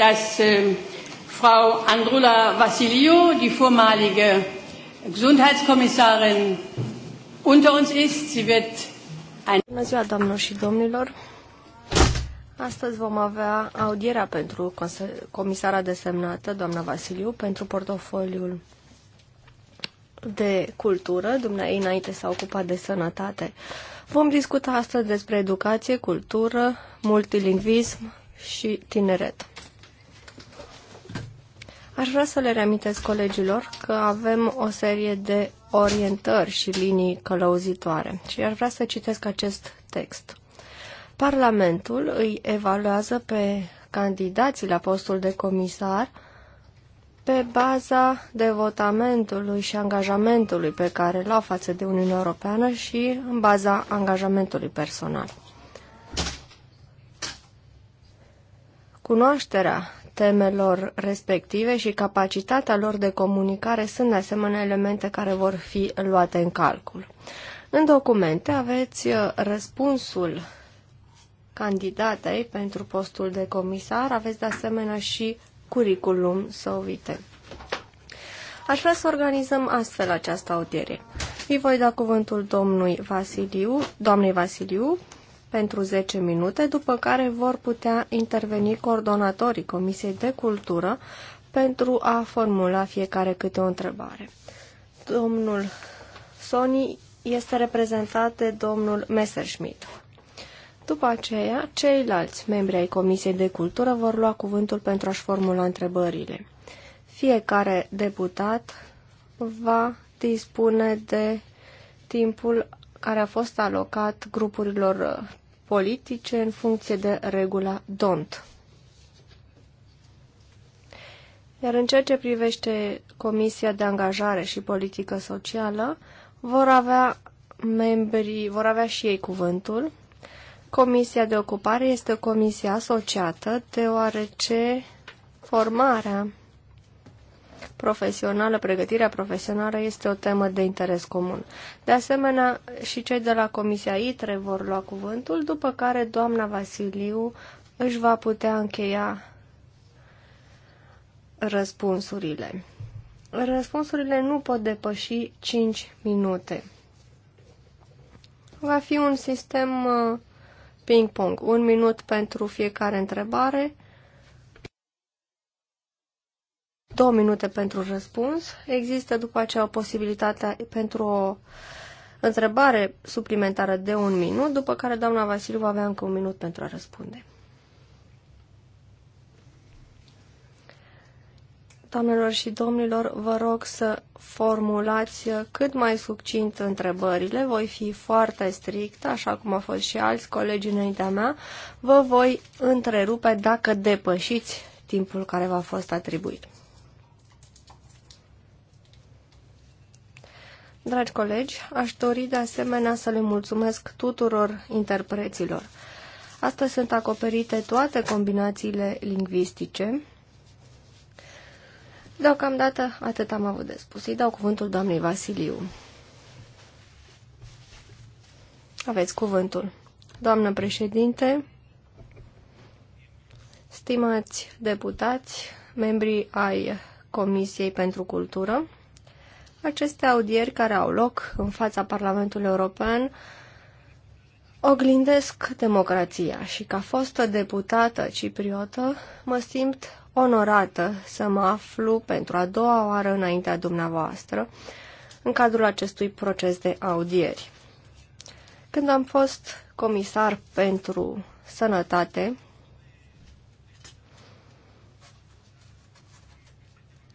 dass äh, Frau Andrula Vassilio, die vormalige Gesundheitskommissarin, unter uns ist. Sie wird ein Bună ziua, doamnelor și domnilor! Astăzi vom avea audierea pentru comisara desemnată, doamna Vasiliu, pentru portofoliul de cultură. Dumnezeu înainte s-a ocupat de sănătate. Vom discuta astăzi despre educație, cultură, multilingvism și tineret. Aș vrea să le reamintesc colegilor că avem o serie de orientări și linii călăuzitoare și ar vrea să citesc acest text. Parlamentul îi evaluează pe candidații la postul de comisar pe baza devotamentului și angajamentului pe care l-au față de Uniunea Europeană și în baza angajamentului personal. Cunoașterea sistemelor respective și capacitatea lor de comunicare sunt de asemenea elemente care vor fi luate în calcul. În documente aveți uh, răspunsul candidatei pentru postul de comisar, aveți de asemenea și curriculum sau vite. Aș vrea să organizăm astfel această audiere. Îi voi da cuvântul domnului Vasiliu, doamnei Vasiliu, pentru 10 minute, după care vor putea interveni coordonatorii Comisiei de Cultură pentru a formula fiecare câte o întrebare. Domnul Sony este reprezentat de domnul Messerschmidt. După aceea, ceilalți membri ai Comisiei de Cultură vor lua cuvântul pentru a-și formula întrebările. Fiecare deputat va dispune de timpul care a fost alocat grupurilor politice în funcție de regula DONT. Iar în ceea ce privește Comisia de Angajare și Politică Socială, vor avea membrii, vor avea și ei cuvântul. Comisia de Ocupare este o comisie asociată, deoarece formarea profesională, pregătirea profesională este o temă de interes comun. De asemenea, și cei de la Comisia ITRE vor lua cuvântul, după care doamna Vasiliu își va putea încheia răspunsurile. Răspunsurile nu pot depăși 5 minute. Va fi un sistem uh, ping-pong, un minut pentru fiecare întrebare, două minute pentru răspuns. Există după aceea o posibilitate pentru o întrebare suplimentară de un minut, după care doamna Vasiliu va avea încă un minut pentru a răspunde. Doamnelor și domnilor, vă rog să formulați cât mai succint întrebările. Voi fi foarte strict, așa cum au fost și alți colegi înaintea mea. Vă voi întrerupe dacă depășiți timpul care v-a fost atribuit. Dragi colegi, aș dori de asemenea să le mulțumesc tuturor interpreților. Astăzi sunt acoperite toate combinațiile lingvistice. Deocamdată atât am avut de spus. Îi dau cuvântul doamnei Vasiliu. Aveți cuvântul. Doamnă președinte, stimați deputați, membrii ai Comisiei pentru Cultură, aceste audieri care au loc în fața Parlamentului European oglindesc democrația și ca fostă deputată cipriotă mă simt onorată să mă aflu pentru a doua oară înaintea dumneavoastră în cadrul acestui proces de audieri. Când am fost comisar pentru sănătate,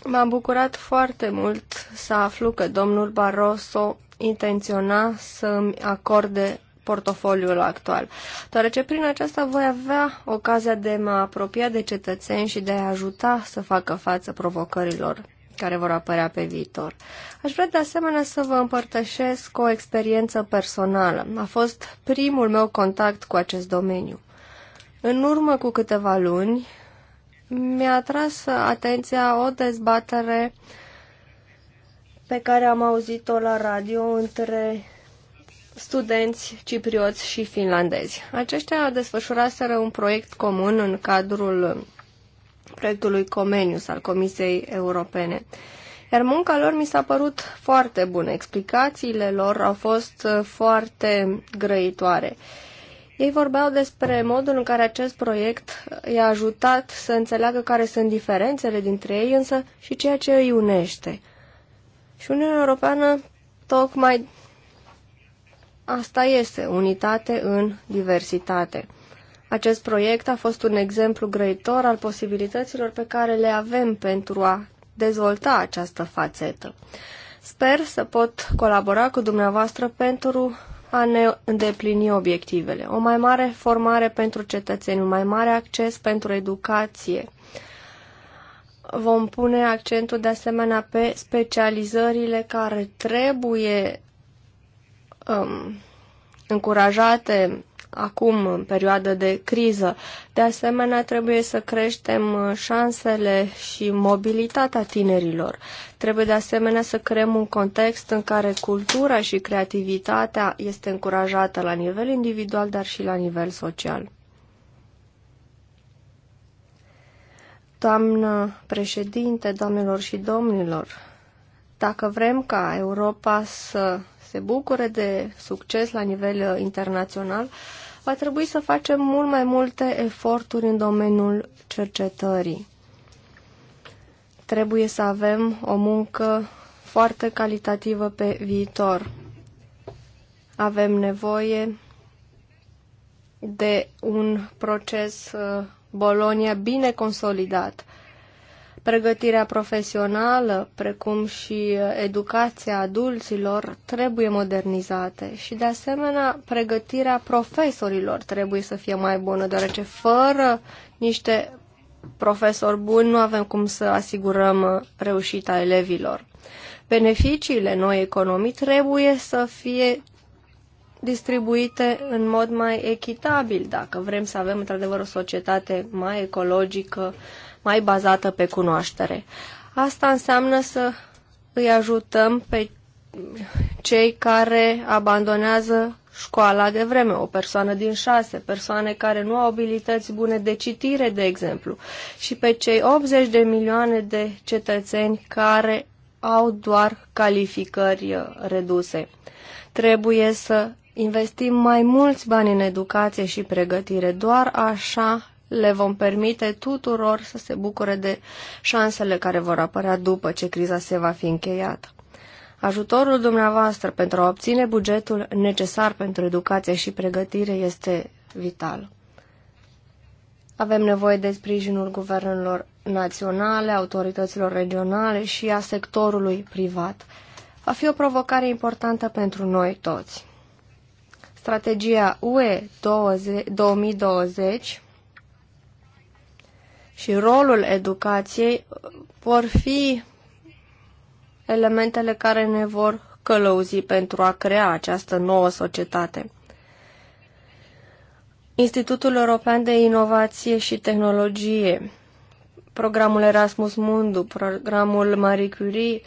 M-am bucurat foarte mult să aflu că domnul Barroso intenționa să îmi acorde portofoliul actual, deoarece prin aceasta voi avea ocazia de a mă apropia de cetățeni și de a ajuta să facă față provocărilor care vor apărea pe viitor. Aș vrea de asemenea să vă împărtășesc o experiență personală. A fost primul meu contact cu acest domeniu. În urmă cu câteva luni, mi-a atras atenția o dezbatere pe care am auzit-o la radio între studenți ciprioți și finlandezi. Aceștia desfășuraseră un proiect comun în cadrul proiectului Comenius al Comisiei Europene. Iar munca lor mi s-a părut foarte bună. Explicațiile lor au fost foarte grăitoare. Uh, ei vorbeau despre modul în care acest proiect i-a ajutat să înțeleagă care sunt diferențele dintre ei, însă și ceea ce îi unește. Și Uniunea Europeană tocmai asta este, unitate în diversitate. Acest proiect a fost un exemplu grăitor al posibilităților pe care le avem pentru a dezvolta această fațetă. Sper să pot colabora cu dumneavoastră pentru a ne îndeplini obiectivele. O mai mare formare pentru cetățeni, un mai mare acces pentru educație. Vom pune accentul de asemenea pe specializările care trebuie um, încurajate acum, în perioadă de criză. De asemenea, trebuie să creștem uh, șansele și mobilitatea tinerilor. Trebuie de asemenea să creăm un context în care cultura și creativitatea este încurajată la nivel individual, dar și la nivel social. Doamnă președinte, doamnelor și domnilor, dacă vrem ca Europa să se bucure de succes la nivel uh, internațional, va trebui să facem mult mai multe eforturi în domeniul cercetării. Trebuie să avem o muncă foarte calitativă pe viitor. Avem nevoie de un proces uh, Bolonia bine consolidat. Pregătirea profesională, precum și uh, educația adulților, trebuie modernizate și, de asemenea, pregătirea profesorilor trebuie să fie mai bună, deoarece fără niște profesori buni nu avem cum să asigurăm uh, reușita elevilor. Beneficiile noi economii trebuie să fie distribuite în mod mai echitabil, dacă vrem să avem într-adevăr o societate mai ecologică, mai bazată pe cunoaștere. Asta înseamnă să îi ajutăm pe cei care abandonează școala de vreme, o persoană din șase, persoane care nu au abilități bune de citire, de exemplu, și pe cei 80 de milioane de cetățeni care au doar calificări uh, reduse. Trebuie să investim mai mulți bani în educație și pregătire, doar așa le vom permite tuturor să se bucure de șansele care vor apărea după ce criza se va fi încheiată. Ajutorul dumneavoastră pentru a obține bugetul necesar pentru educație și pregătire este vital. Avem nevoie de sprijinul guvernelor naționale, autorităților regionale și a sectorului privat. Va fi o provocare importantă pentru noi toți. Strategia UE 2020 și rolul educației uh, vor fi elementele care ne vor călăuzi pentru a crea această nouă societate. Institutul European de Inovație și Tehnologie, programul Erasmus Mundu, programul Marie Curie,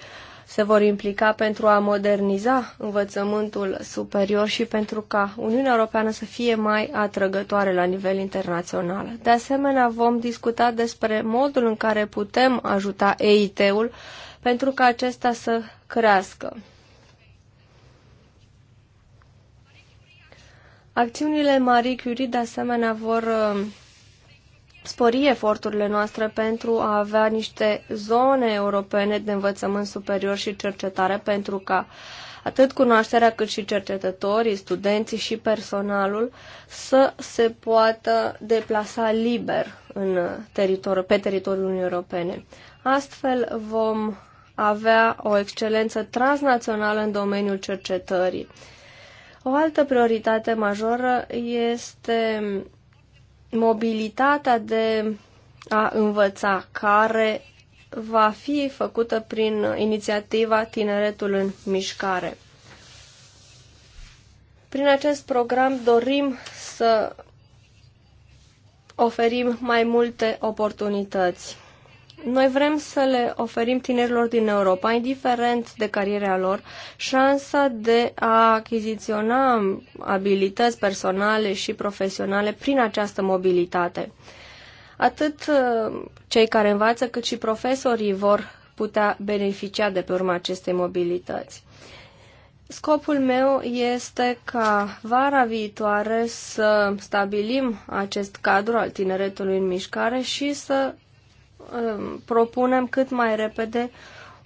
se vor implica pentru a moderniza învățământul superior și pentru ca Uniunea Europeană să fie mai atrăgătoare la nivel internațional. De asemenea, vom discuta despre modul în care putem ajuta EIT-ul pentru ca acesta să crească. Acțiunile Marie Curie, de asemenea, vor uh, spori eforturile noastre pentru a avea niște zone europene de învățământ superior și cercetare pentru ca atât cunoașterea cât și cercetătorii, studenții și personalul să se poată deplasa liber în teritor- pe teritoriul Uniunii Europene. Astfel vom avea o excelență transnațională în domeniul cercetării. O altă prioritate majoră este mobilitatea de a învăța, care va fi făcută prin inițiativa Tineretul în Mișcare. Prin acest program dorim să oferim mai multe oportunități noi vrem să le oferim tinerilor din Europa, indiferent de cariera lor, șansa de a achiziționa abilități personale și profesionale prin această mobilitate. Atât uh, cei care învață, cât și profesorii vor putea beneficia de pe urma acestei mobilități. Scopul meu este ca vara viitoare să stabilim acest cadru al tineretului în mișcare și să Um, propunem cât mai repede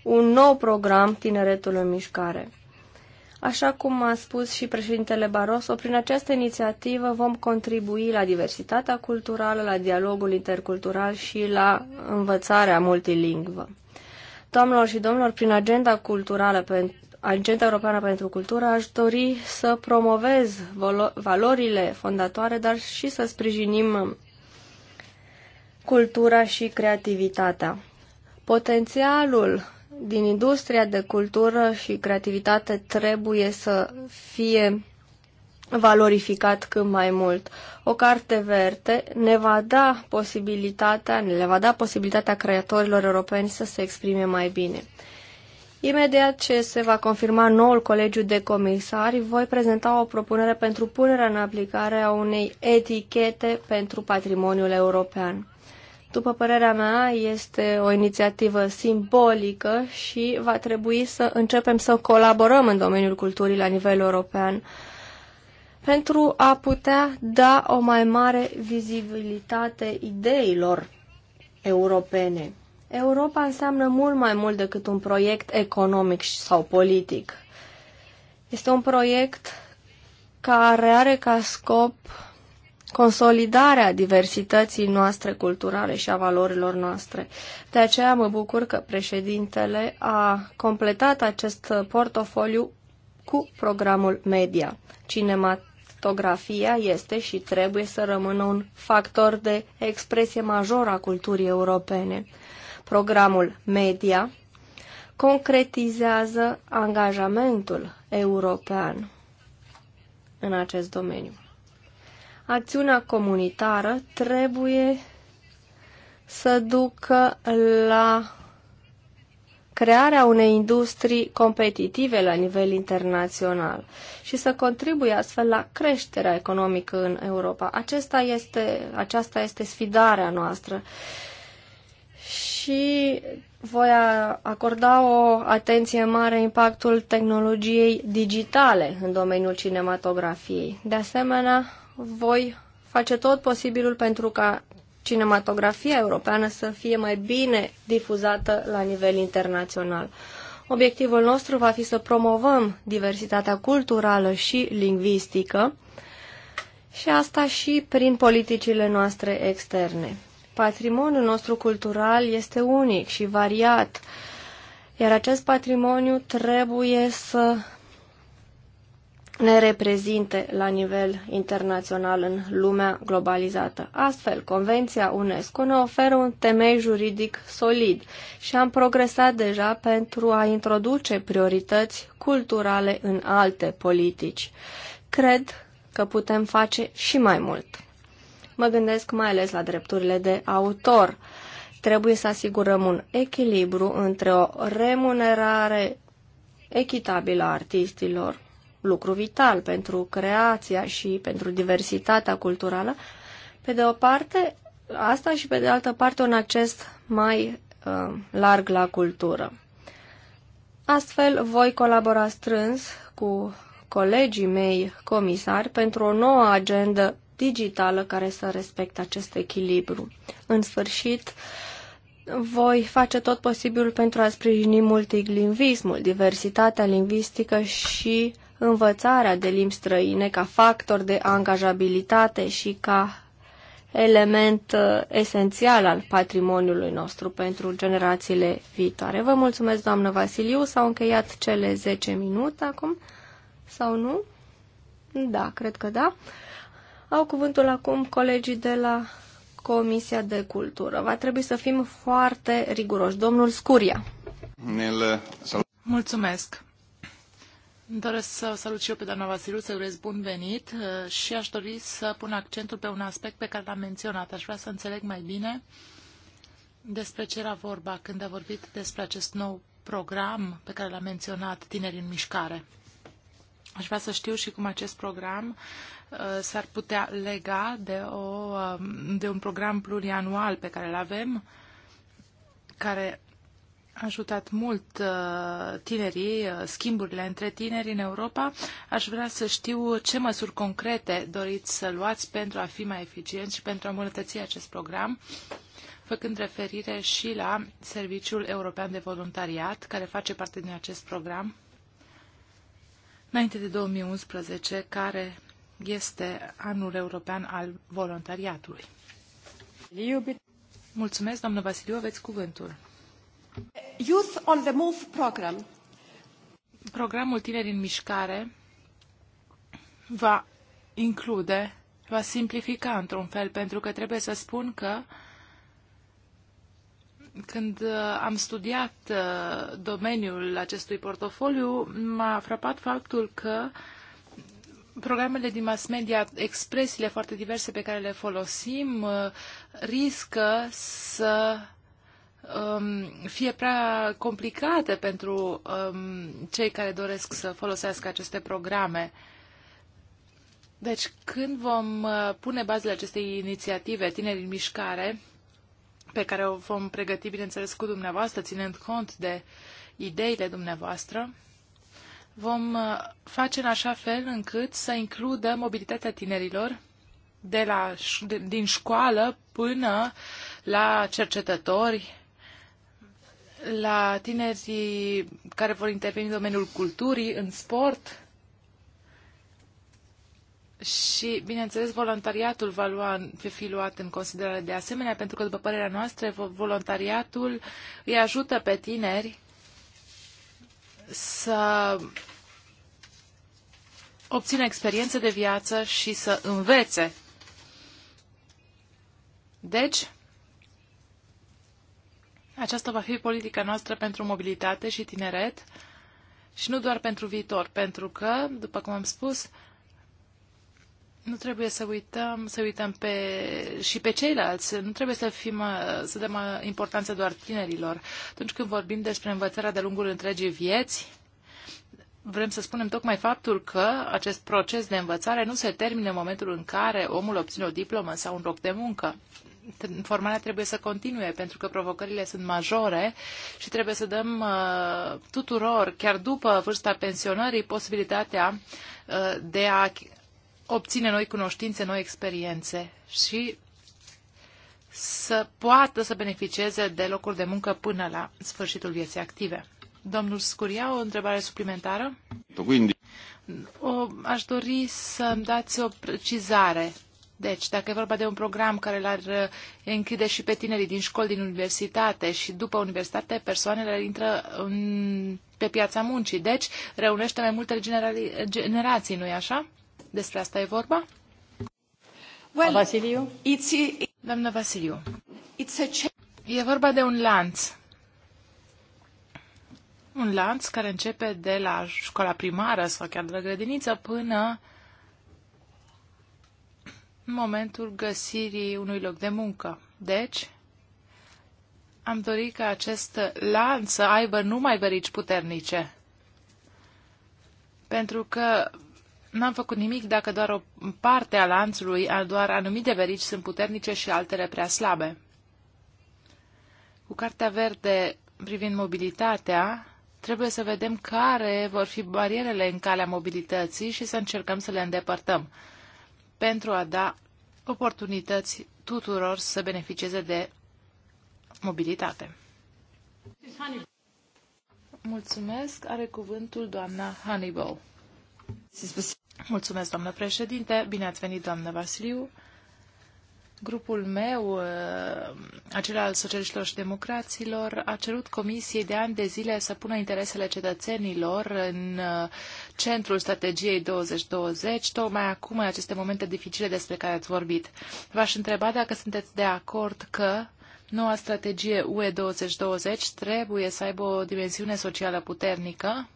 un nou program Tineretul în Mișcare. Așa cum a spus și președintele Barroso, prin această inițiativă vom contribui la diversitatea culturală, la dialogul intercultural și la învățarea multilingvă. Doamnelor și domnilor, prin agenda culturală pentru Agenda Europeană pentru Cultură, aș dori să promovez valorile fondatoare, dar și să sprijinim cultura și creativitatea. Potențialul din industria de cultură și creativitate trebuie să fie valorificat cât mai mult. O carte verde ne va da posibilitatea, ne le va da posibilitatea creatorilor europeni să se exprime mai bine. Imediat ce se va confirma noul colegiu de comisari, voi prezenta o propunere pentru punerea în aplicare a unei etichete pentru patrimoniul european. După părerea mea, este o inițiativă simbolică și va trebui să începem să colaborăm în domeniul culturii la nivel european pentru a putea da o mai mare vizibilitate ideilor europene. Europa înseamnă mult mai mult decât un proiect economic sau politic. Este un proiect care are ca scop consolidarea diversității noastre culturale și a valorilor noastre. De aceea mă bucur că președintele a completat acest portofoliu cu programul media. Cinematografia este și trebuie să rămână un factor de expresie majoră a culturii europene. Programul media concretizează angajamentul european în acest domeniu acțiunea comunitară trebuie să ducă la crearea unei industrii competitive la nivel internațional și să contribuie astfel la creșterea economică în Europa. Acesta este, aceasta este sfidarea noastră. Și voi acorda o atenție mare impactul tehnologiei digitale în domeniul cinematografiei. De asemenea, voi face tot posibilul pentru ca cinematografia europeană să fie mai bine difuzată la nivel internațional. Obiectivul nostru va fi să promovăm diversitatea culturală și lingvistică și asta și prin politicile noastre externe. Patrimoniul nostru cultural este unic și variat, iar acest patrimoniu trebuie să ne reprezinte la nivel internațional în lumea globalizată. Astfel, Convenția UNESCO ne oferă un temei juridic solid și am progresat deja pentru a introduce priorități culturale în alte politici. Cred că putem face și mai mult. Mă gândesc mai ales la drepturile de autor. Trebuie să asigurăm un echilibru între o remunerare echitabilă a artistilor, lucru vital pentru creația și pentru diversitatea culturală, pe de o parte asta și pe de altă parte un acces mai uh, larg la cultură. Astfel voi colabora strâns cu colegii mei comisari pentru o nouă agendă digitală care să respecte acest echilibru. În sfârșit, voi face tot posibilul pentru a sprijini multilingvismul, diversitatea lingvistică și învățarea de limbi străine ca factor de angajabilitate și ca element uh, esențial al patrimoniului nostru pentru generațiile viitoare. Vă mulțumesc, doamnă Vasiliu. S-au încheiat cele 10 minute acum, sau nu? Da, cred că da. Au cuvântul acum colegii de la Comisia de Cultură. Va trebui să fim foarte riguroși. Domnul Scuria. Mulțumesc doresc să salut și eu pe doamna Vasilu, să urez bun venit uh, și aș dori să pun accentul pe un aspect pe care l-am menționat. Aș vrea să înțeleg mai bine despre ce era vorba când a vorbit despre acest nou program pe care l-a menționat Tineri în Mișcare. Aș vrea să știu și cum acest program uh, s-ar putea lega de, o, um, de un program plurianual pe care îl avem, care ajutat mult uh, tinerii, uh, schimburile între tineri în Europa. Aș vrea să știu ce măsuri concrete doriți să luați pentru a fi mai eficienți și pentru a îmbunătăți acest program, făcând referire și la Serviciul European de Voluntariat, care face parte din acest program înainte de 2011, care este anul european al voluntariatului. Mulțumesc, doamnă Vasiliu, aveți cuvântul. Youth on the Move Program. Programul Tineri în Mișcare va include, va simplifica într-un fel, pentru că trebuie să spun că când uh, am studiat uh, domeniul acestui portofoliu, m-a frapat faptul că programele din mass media, expresiile foarte diverse pe care le folosim, uh, riscă să Um, fie prea complicate pentru um, cei care doresc să folosească aceste programe. Deci, când vom uh, pune bazele acestei inițiative Tineri în Mișcare, pe care o vom pregăti, bineînțeles, cu dumneavoastră, ținând cont de ideile dumneavoastră, vom uh, face în așa fel încât să includă mobilitatea tinerilor de la, din școală până la cercetători, la tinerii care vor interveni în domeniul culturii, în sport și, bineînțeles, voluntariatul va lua, fi luat în considerare de asemenea, pentru că, după părerea noastră, voluntariatul îi ajută pe tineri să obțină experiențe de viață și să învețe. Deci, aceasta va fi politica noastră pentru mobilitate și tineret și nu doar pentru viitor, pentru că, după cum am spus, nu trebuie să uităm, să uităm pe, și pe ceilalți. Nu trebuie să, fim, să dăm importanță doar tinerilor. Atunci când vorbim despre învățarea de lungul întregii vieți, vrem să spunem tocmai faptul că acest proces de învățare nu se termină în momentul în care omul obține o diplomă sau un loc de muncă formarea trebuie să continue, pentru că provocările sunt majore și trebuie să dăm uh, tuturor, chiar după vârsta pensionării, posibilitatea uh, de a obține noi cunoștințe, noi experiențe și să poată să beneficieze de locuri de muncă până la sfârșitul vieții active. Domnul Scuria, o întrebare suplimentară? O, aș dori să-mi dați o precizare deci, dacă e vorba de un program care l-ar uh, închide și pe tinerii din școli, din universitate și după universitate, persoanele intră în, pe piața muncii. Deci, reunește mai multe generații, nu-i așa? Despre asta e vorba? Well, Vasiliu? It's it's, Doamna Vasiliu, it's a... e vorba de un lanț. Un lanț care începe de la școala primară sau chiar de la grădiniță până în momentul găsirii unui loc de muncă. Deci, am dorit ca acest lanț să aibă numai bărici puternice. Pentru că n-am făcut nimic dacă doar o parte a lanțului, doar anumite berici sunt puternice și altele prea slabe. Cu cartea verde privind mobilitatea, trebuie să vedem care vor fi barierele în calea mobilității și să încercăm să le îndepărtăm pentru a da oportunități tuturor să beneficieze de mobilitate. Mulțumesc. Are cuvântul doamna Hannibal. Mulțumesc, doamnă președinte. Bine ați venit, doamnă Vasiliu. Grupul meu, uh, acela al socialiștilor și democraților, a cerut Comisiei de ani de zile să pună interesele cetățenilor în uh, centrul strategiei 2020, tocmai acum, în aceste momente dificile despre care ați vorbit. V-aș întreba dacă sunteți de acord că noua strategie UE 2020 trebuie să aibă o dimensiune socială puternică,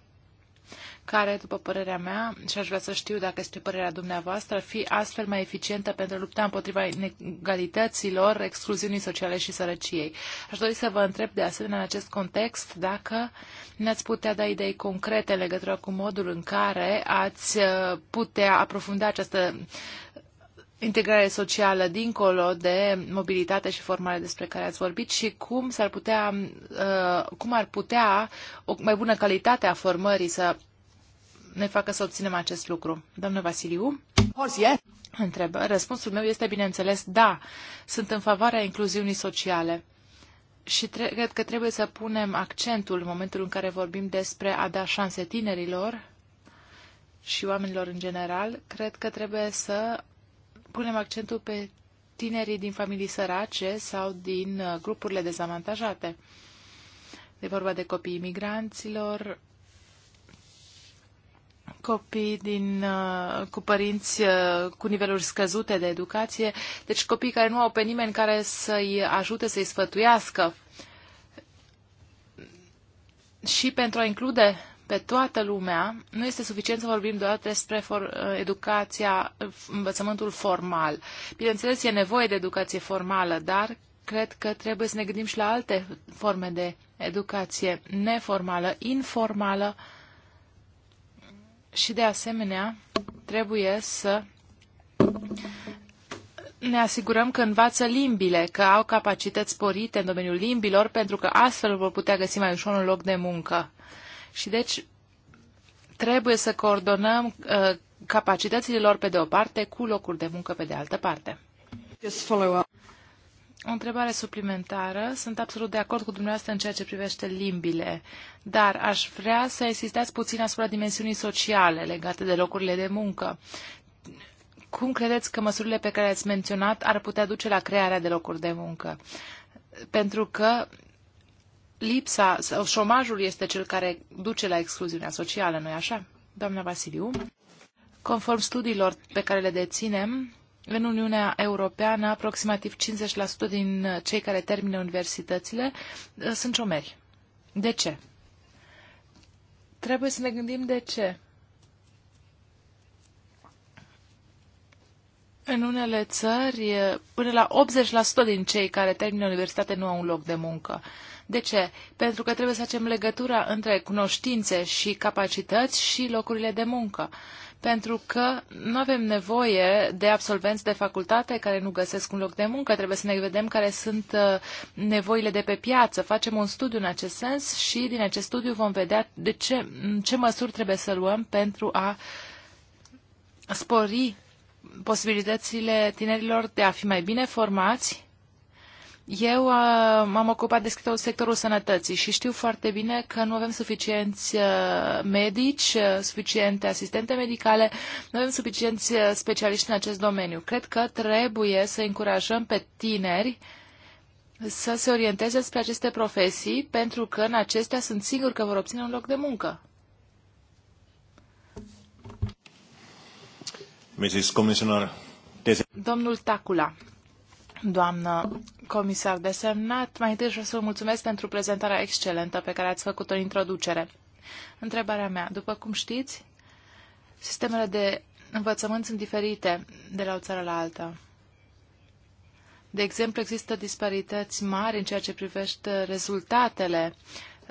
care, după părerea mea, și aș vrea să știu dacă este părerea dumneavoastră, ar fi astfel mai eficientă pentru lupta împotriva inegalităților, excluziunii sociale și sărăciei. Aș dori să vă întreb de asemenea în acest context dacă ne-ați putea da idei concrete în legătură cu modul în care ați uh, putea aprofunda această integrare socială dincolo de mobilitate și formare despre care ați vorbit și cum s-ar putea, uh, cum ar putea o mai bună calitate a formării să ne facă să obținem acest lucru. Domnule Vasiliu? Întrebă. Răspunsul meu este, bineînțeles, da. Sunt în favoarea incluziunii sociale. Și cred că trebuie să punem accentul în momentul în care vorbim despre a da șanse tinerilor și oamenilor în general. Cred că trebuie să punem accentul pe tinerii din familii sărace sau din uh, grupurile dezavantajate. E vorba de copiii migranților, copii din, uh, cu părinți uh, cu niveluri scăzute de educație, deci copii care nu au pe nimeni care să-i ajute, să-i sfătuiască. Și pentru a include pe toată lumea, nu este suficient să vorbim doar despre for, uh, educația, învățământul formal. Bineînțeles, e nevoie de educație formală, dar cred că trebuie să ne gândim și la alte forme de educație neformală, informală, și de asemenea trebuie să ne asigurăm că învață limbile, că au capacități sporite în domeniul limbilor, pentru că astfel vor putea găsi mai ușor un loc de muncă. Și deci trebuie să coordonăm uh, capacitățile lor pe de o parte cu locuri de muncă pe de altă parte. O întrebare suplimentară. Sunt absolut de acord cu dumneavoastră în ceea ce privește limbile, dar aș vrea să existați puțin asupra dimensiunii sociale legate de locurile de muncă. Cum credeți că măsurile pe care le-ați menționat ar putea duce la crearea de locuri de muncă? Pentru că lipsa sau șomajul este cel care duce la excluziunea socială, nu-i așa? Doamna Vasiliu, conform studiilor pe care le deținem, în Uniunea Europeană, aproximativ 50% din cei care termină universitățile uh, sunt șomeri. De ce? Trebuie să ne gândim de ce. În unele țări, uh, până la 80% din cei care termină universitate nu au un loc de muncă. De ce? Pentru că trebuie să facem legătura între cunoștințe și capacități și locurile de muncă. Uh, pentru că nu avem nevoie de absolvenți de facultate care nu găsesc un loc de muncă. Trebuie să ne vedem care sunt uh, nevoile de pe piață. Facem un studiu în acest sens și din acest studiu vom vedea de ce, ce măsuri trebuie să luăm pentru a spori posibilitățile tinerilor de a fi mai bine formați eu uh, m-am ocupat de sectorul sănătății și știu foarte bine că nu avem suficienți uh, medici, uh, suficiente asistente medicale, nu avem suficienți uh, specialiști în acest domeniu. Cred că trebuie să încurajăm pe tineri să se orienteze spre aceste profesii, pentru că în acestea sunt sigur că vor obține un loc de muncă. Mrs. Commissioner. Domnul Tacula. Doamnă comisar desemnat, mai întâi vreau să vă mulțumesc pentru prezentarea excelentă pe care ați făcut-o în introducere. Întrebarea mea, după cum știți, sistemele de învățământ sunt diferite de la o țară la alta. De exemplu, există disparități mari în ceea ce privește rezultatele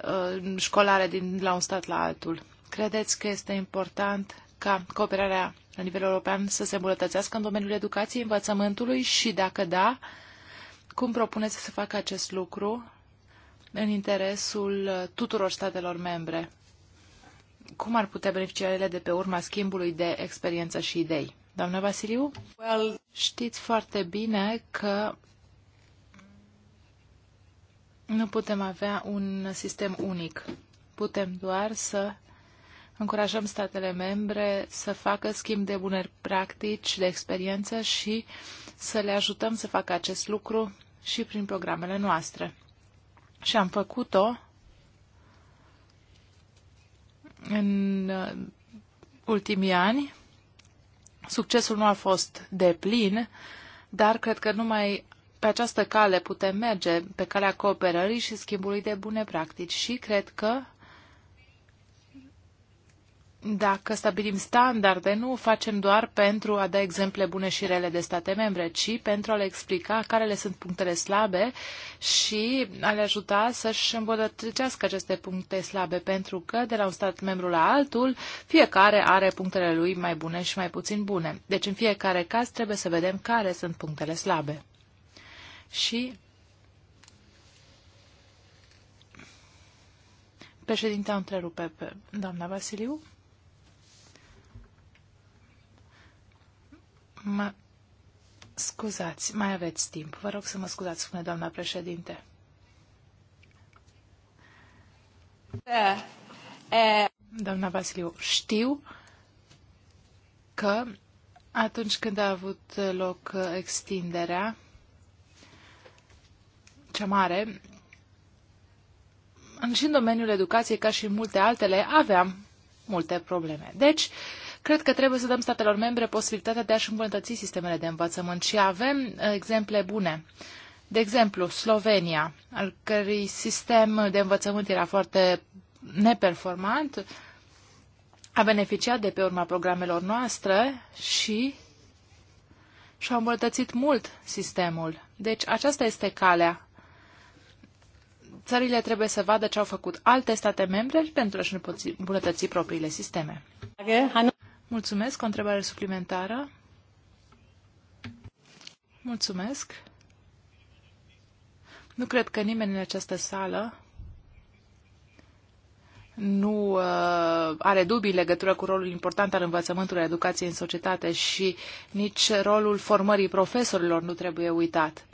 uh, școlare din la un stat la altul. Credeți că este important ca cooperarea la nivel european să se îmbunătățească în domeniul educației, învățământului și, dacă da, cum propuneți să se facă acest lucru în interesul tuturor statelor membre? Cum ar putea beneficia ele de pe urma schimbului de experiență și idei? Doamna Vasiliu? Well, știți foarte bine că nu putem avea un sistem unic. Putem doar să încurajăm statele membre să facă schimb de bune practici, de experiență și să le ajutăm să facă acest lucru și prin programele noastre. Și am făcut-o în uh, ultimii ani. Succesul nu a fost de plin, dar cred că numai pe această cale putem merge, pe calea cooperării și schimbului de bune practici și cred că dacă stabilim standarde, nu o facem doar pentru a da exemple bune și rele de state membre, ci pentru a le explica care le sunt punctele slabe și a le ajuta să-și îmbunătățească aceste puncte slabe, pentru că de la un stat membru la altul, fiecare are punctele lui mai bune și mai puțin bune. Deci în fiecare caz trebuie să vedem care sunt punctele slabe. Și președinte, întrerupe pe doamna Vasiliu. Mă scuzați, mai aveți timp. Vă rog să mă scuzați, spune doamna președinte. Doamna Vasiliu, știu că atunci când a avut loc extinderea cea mare, și în domeniul educației, ca și în multe altele, aveam multe probleme. Deci, uh, Cred că trebuie să dăm statelor membre posibilitatea de a-și îmbunătăți sistemele de învățământ și avem uh, exemple bune. De exemplu, Slovenia, al cărui sistem de învățământ era foarte neperformant, a beneficiat de pe urma programelor noastre și și a îmbunătățit mult sistemul. Deci aceasta este calea. Țările trebuie să vadă ce au făcut alte state membre pentru a-și îmbunătăți propriile sisteme. Mulțumesc. O întrebare suplimentară? Mulțumesc. Nu cred că nimeni în această sală nu uh, are dubii în legătură cu rolul important al învățământului educației în societate și nici rolul formării profesorilor nu trebuie uitat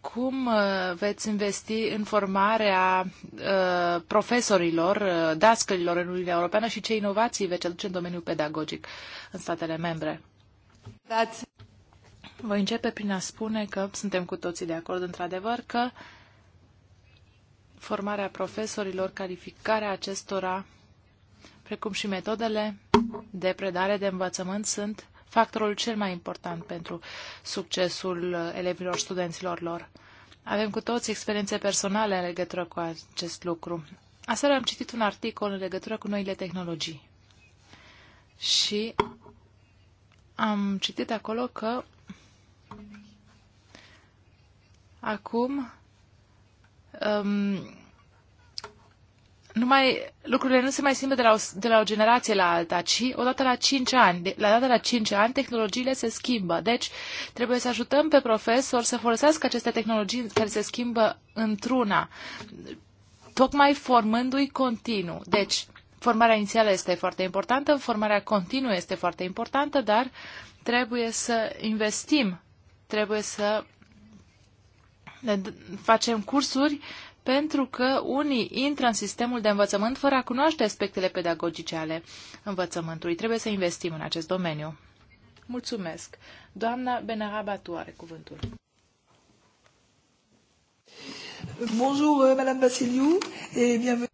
cum uh, veți investi în formarea uh, profesorilor, uh, dascărilor în Uniunea Europeană și ce inovații veți aduce în domeniul pedagogic în statele membre? That's... Voi începe prin a spune că suntem cu toții de acord, într-adevăr, că formarea profesorilor, calificarea acestora, precum și metodele de predare de învățământ sunt factorul cel mai important pentru succesul elevilor, studenților lor. Avem cu toți experiențe personale în legătură cu acest lucru. Aseară am citit un articol în legătură cu noile tehnologii. Și am citit acolo că acum um, nu mai, lucrurile nu se mai schimbă de la, o, de la o generație la alta, ci odată la 5 ani. De, la data la 5 ani, tehnologiile se schimbă. Deci, trebuie să ajutăm pe profesori să folosească aceste tehnologii care se schimbă într-una, tocmai formându-i continuu. Deci, formarea inițială este foarte importantă, formarea continuă este foarte importantă, dar trebuie să investim, trebuie să facem cursuri uh, pentru că unii intră în sistemul de învățământ fără a cunoaște aspectele pedagogice ale învățământului. Trebuie să investim în acest domeniu. Mulțumesc. Doamna Benarabatu are cuvântul. Bonjour, euh, Madame Vasiliu, et bienvenue.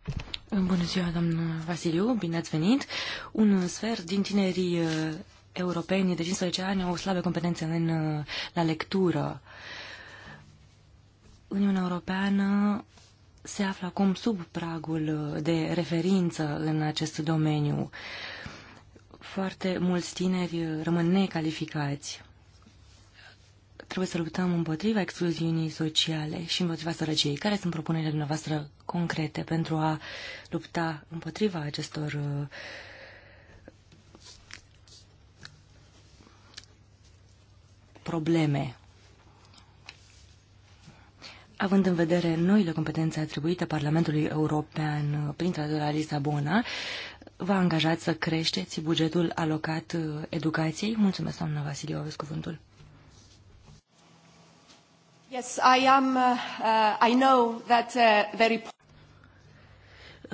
Bună ziua, doamnă Vasiliu, bine ați venit. Un sfert din tinerii uh, europeni de 15 ani au slabe competențe în, uh, la lectură. Uniunea Europeană se află acum sub pragul uh, de referință în acest domeniu. Foarte mulți tineri uh, rămân necalificați. Trebuie să luptăm împotriva excluziunii sociale și împotriva sărăciei. Care sunt propunerile dumneavoastră concrete pentru a lupta împotriva acestor uh, probleme? Având în vedere noile competențe atribuite Parlamentului European prin tratatul Lisabona, vă angajați să creșteți bugetul alocat uh, educației? Mulțumesc, doamna Vasilie, aveți cuvântul. Yes, I am, uh, uh I know that uh, very...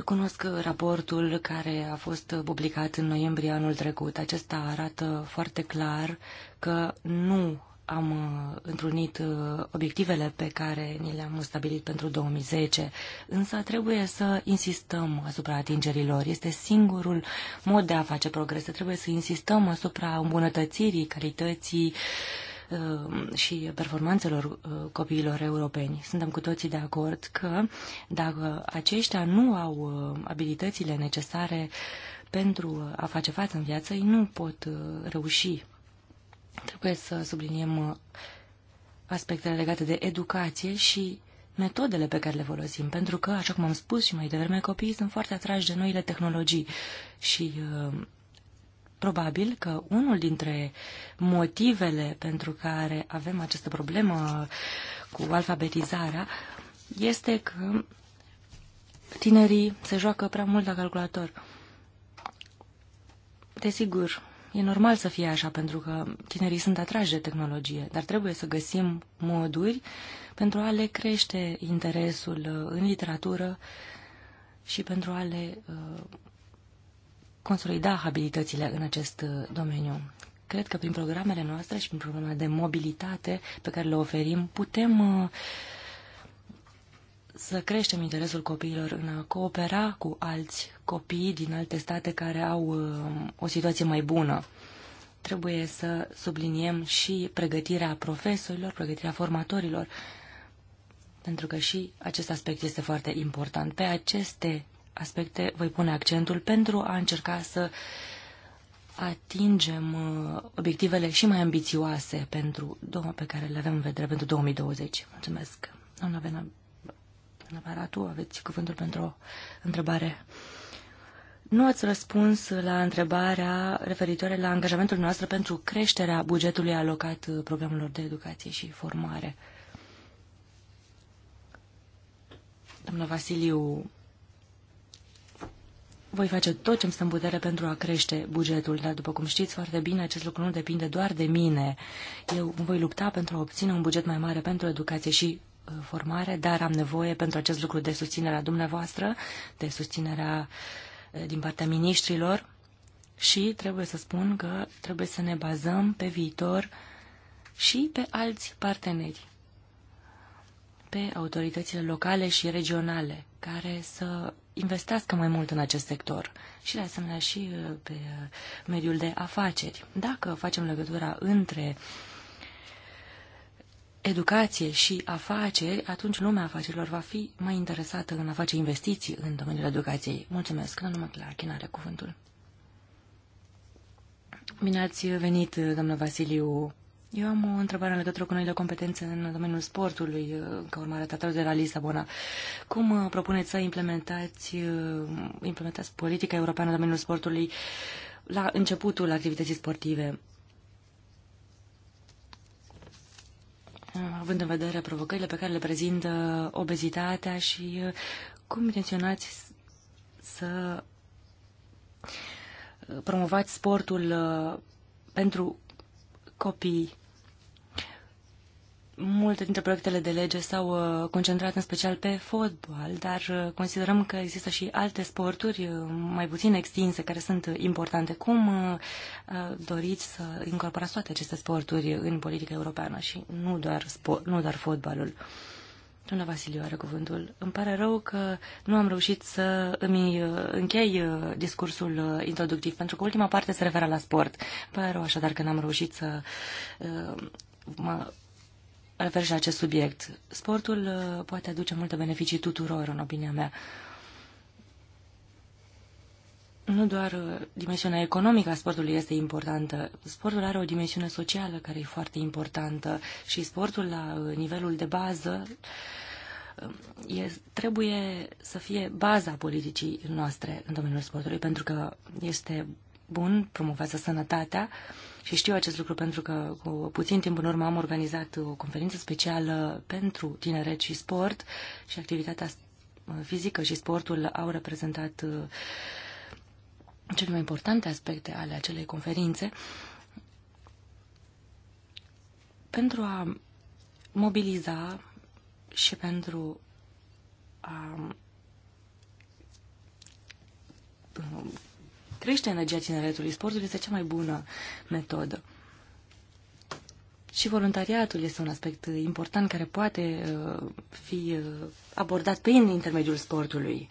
Cunosc uh, raportul care a fost publicat în noiembrie anul trecut. Acesta arată foarte clar că nu am uh, întrunit uh, obiectivele pe care ni le-am stabilit pentru 2010, însă trebuie să insistăm asupra atingerilor. Este singurul mod de a face progrese. Trebuie să insistăm asupra îmbunătățirii calității uh, și performanțelor copiilor europeni. Suntem cu toții de acord că dacă aceștia nu au abilitățile necesare pentru a face față în viață, ei nu pot reuși Trebuie să subliniem uh, aspectele legate de educație și metodele pe care le folosim, pentru că, așa cum am spus și mai devreme, copiii sunt foarte atrași de noile tehnologii și uh, probabil că unul dintre motivele pentru care avem această problemă cu alfabetizarea este că tinerii se joacă prea mult la calculator. Desigur, E normal să fie așa, pentru că tinerii sunt atrași de tehnologie, dar trebuie să găsim moduri pentru a le crește interesul uh, în literatură și pentru a le uh, consolida habilitățile în acest uh, domeniu. Cred că prin programele noastre și prin programa de mobilitate pe care le oferim, putem să creștem interesul copiilor în a coopera cu alți copii din alte state care au uh, o situație mai bună. Trebuie să subliniem și pregătirea profesorilor, pregătirea formatorilor, pentru că și acest aspect este foarte important. Pe aceste aspecte voi pune accentul pentru a încerca să atingem uh, obiectivele și mai ambițioase pentru două pe care le avem în vedere pentru 2020. Mulțumesc, doamna Vena Doamna Paratu, aveți cuvântul pentru o întrebare. Nu ați răspuns la întrebarea referitoare la angajamentul noastră pentru creșterea bugetului alocat uh, programelor de educație și formare. Domnul Vasiliu, voi face tot ce mi stă în putere pentru a crește bugetul, dar după cum știți foarte bine, acest lucru nu depinde doar de mine. Eu voi lupta pentru a obține un buget mai mare pentru educație și Uh, formare, dar am nevoie pentru acest lucru de susținerea dumneavoastră, de susținerea uh, din partea ministrilor și trebuie să spun că trebuie să ne bazăm pe viitor și pe alți parteneri, pe autoritățile locale și regionale, care să investească mai mult în acest sector și, de asemenea, și uh, pe mediul de afaceri. Dacă facem legătura între uh, educație și afaceri, atunci lumea afacerilor va fi mai interesată în a face investiții în domeniul educației. Mulțumesc. nu numai la are cuvântul. Bine ați venit, domnul Vasiliu. Eu am o întrebare în legătură cu noile competențe în domeniul sportului, ca urmare a de la Lisabona. Cum uh, propuneți să implementați, uh, implementați politica europeană în domeniul sportului la începutul activității sportive? având în vedere provocările pe care le prezintă obezitatea și uh, cum intenționați să uh, promovați sportul uh, pentru copii multe dintre proiectele de lege s-au uh, concentrat în special pe fotbal, dar uh, considerăm că există și alte sporturi uh, mai puțin extinse care sunt importante. Cum doriți să incorporați toate aceste sporturi în politica europeană și nu doar, sport, nu doar fotbalul? Doamna Vasiliu are cuvântul. Îmi pare rău că nu am reușit să îmi închei discursul introductiv, pentru că ultima parte se referă la sport. Îmi pare rău așadar că n-am reușit să mă refer și acest subiect. Sportul uh, poate aduce multe beneficii tuturor, în opinia mea. Nu doar uh, dimensiunea economică a sportului este importantă. Sportul are o dimensiune socială care e foarte importantă și sportul la uh, nivelul de bază um, e, trebuie să fie baza politicii noastre în domeniul sportului, pentru că este bun, promovează sănătatea, uh, și știu acest lucru pentru că cu puțin timp în urmă am organizat o conferință specială pentru tineret și sport și activitatea fizică și sportul au reprezentat uh, cele mai importante aspecte ale acelei conferințe. Pentru a mobiliza și pentru a uh, crește energia tineretului. Sportul este cea mai bună metodă. Și voluntariatul este un aspect important care poate uh, fi uh, abordat prin intermediul sportului.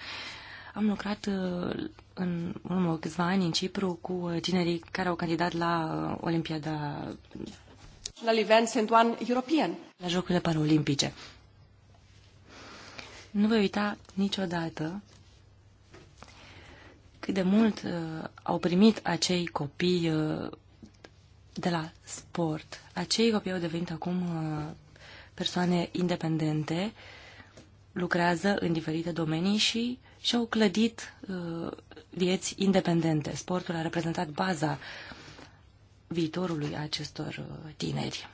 Am lucrat uh, în urmă câțiva ani în Cipru cu tinerii care au candidat la Olimpiada la events one European. La Jocurile Paralimpice. Nu voi uita niciodată cât de mult uh, au primit acei copii uh, de la sport. Acei copii au devenit acum uh, persoane independente, lucrează în diferite domenii și și-au clădit uh, vieți independente. Sportul a reprezentat baza viitorului acestor uh, tineri.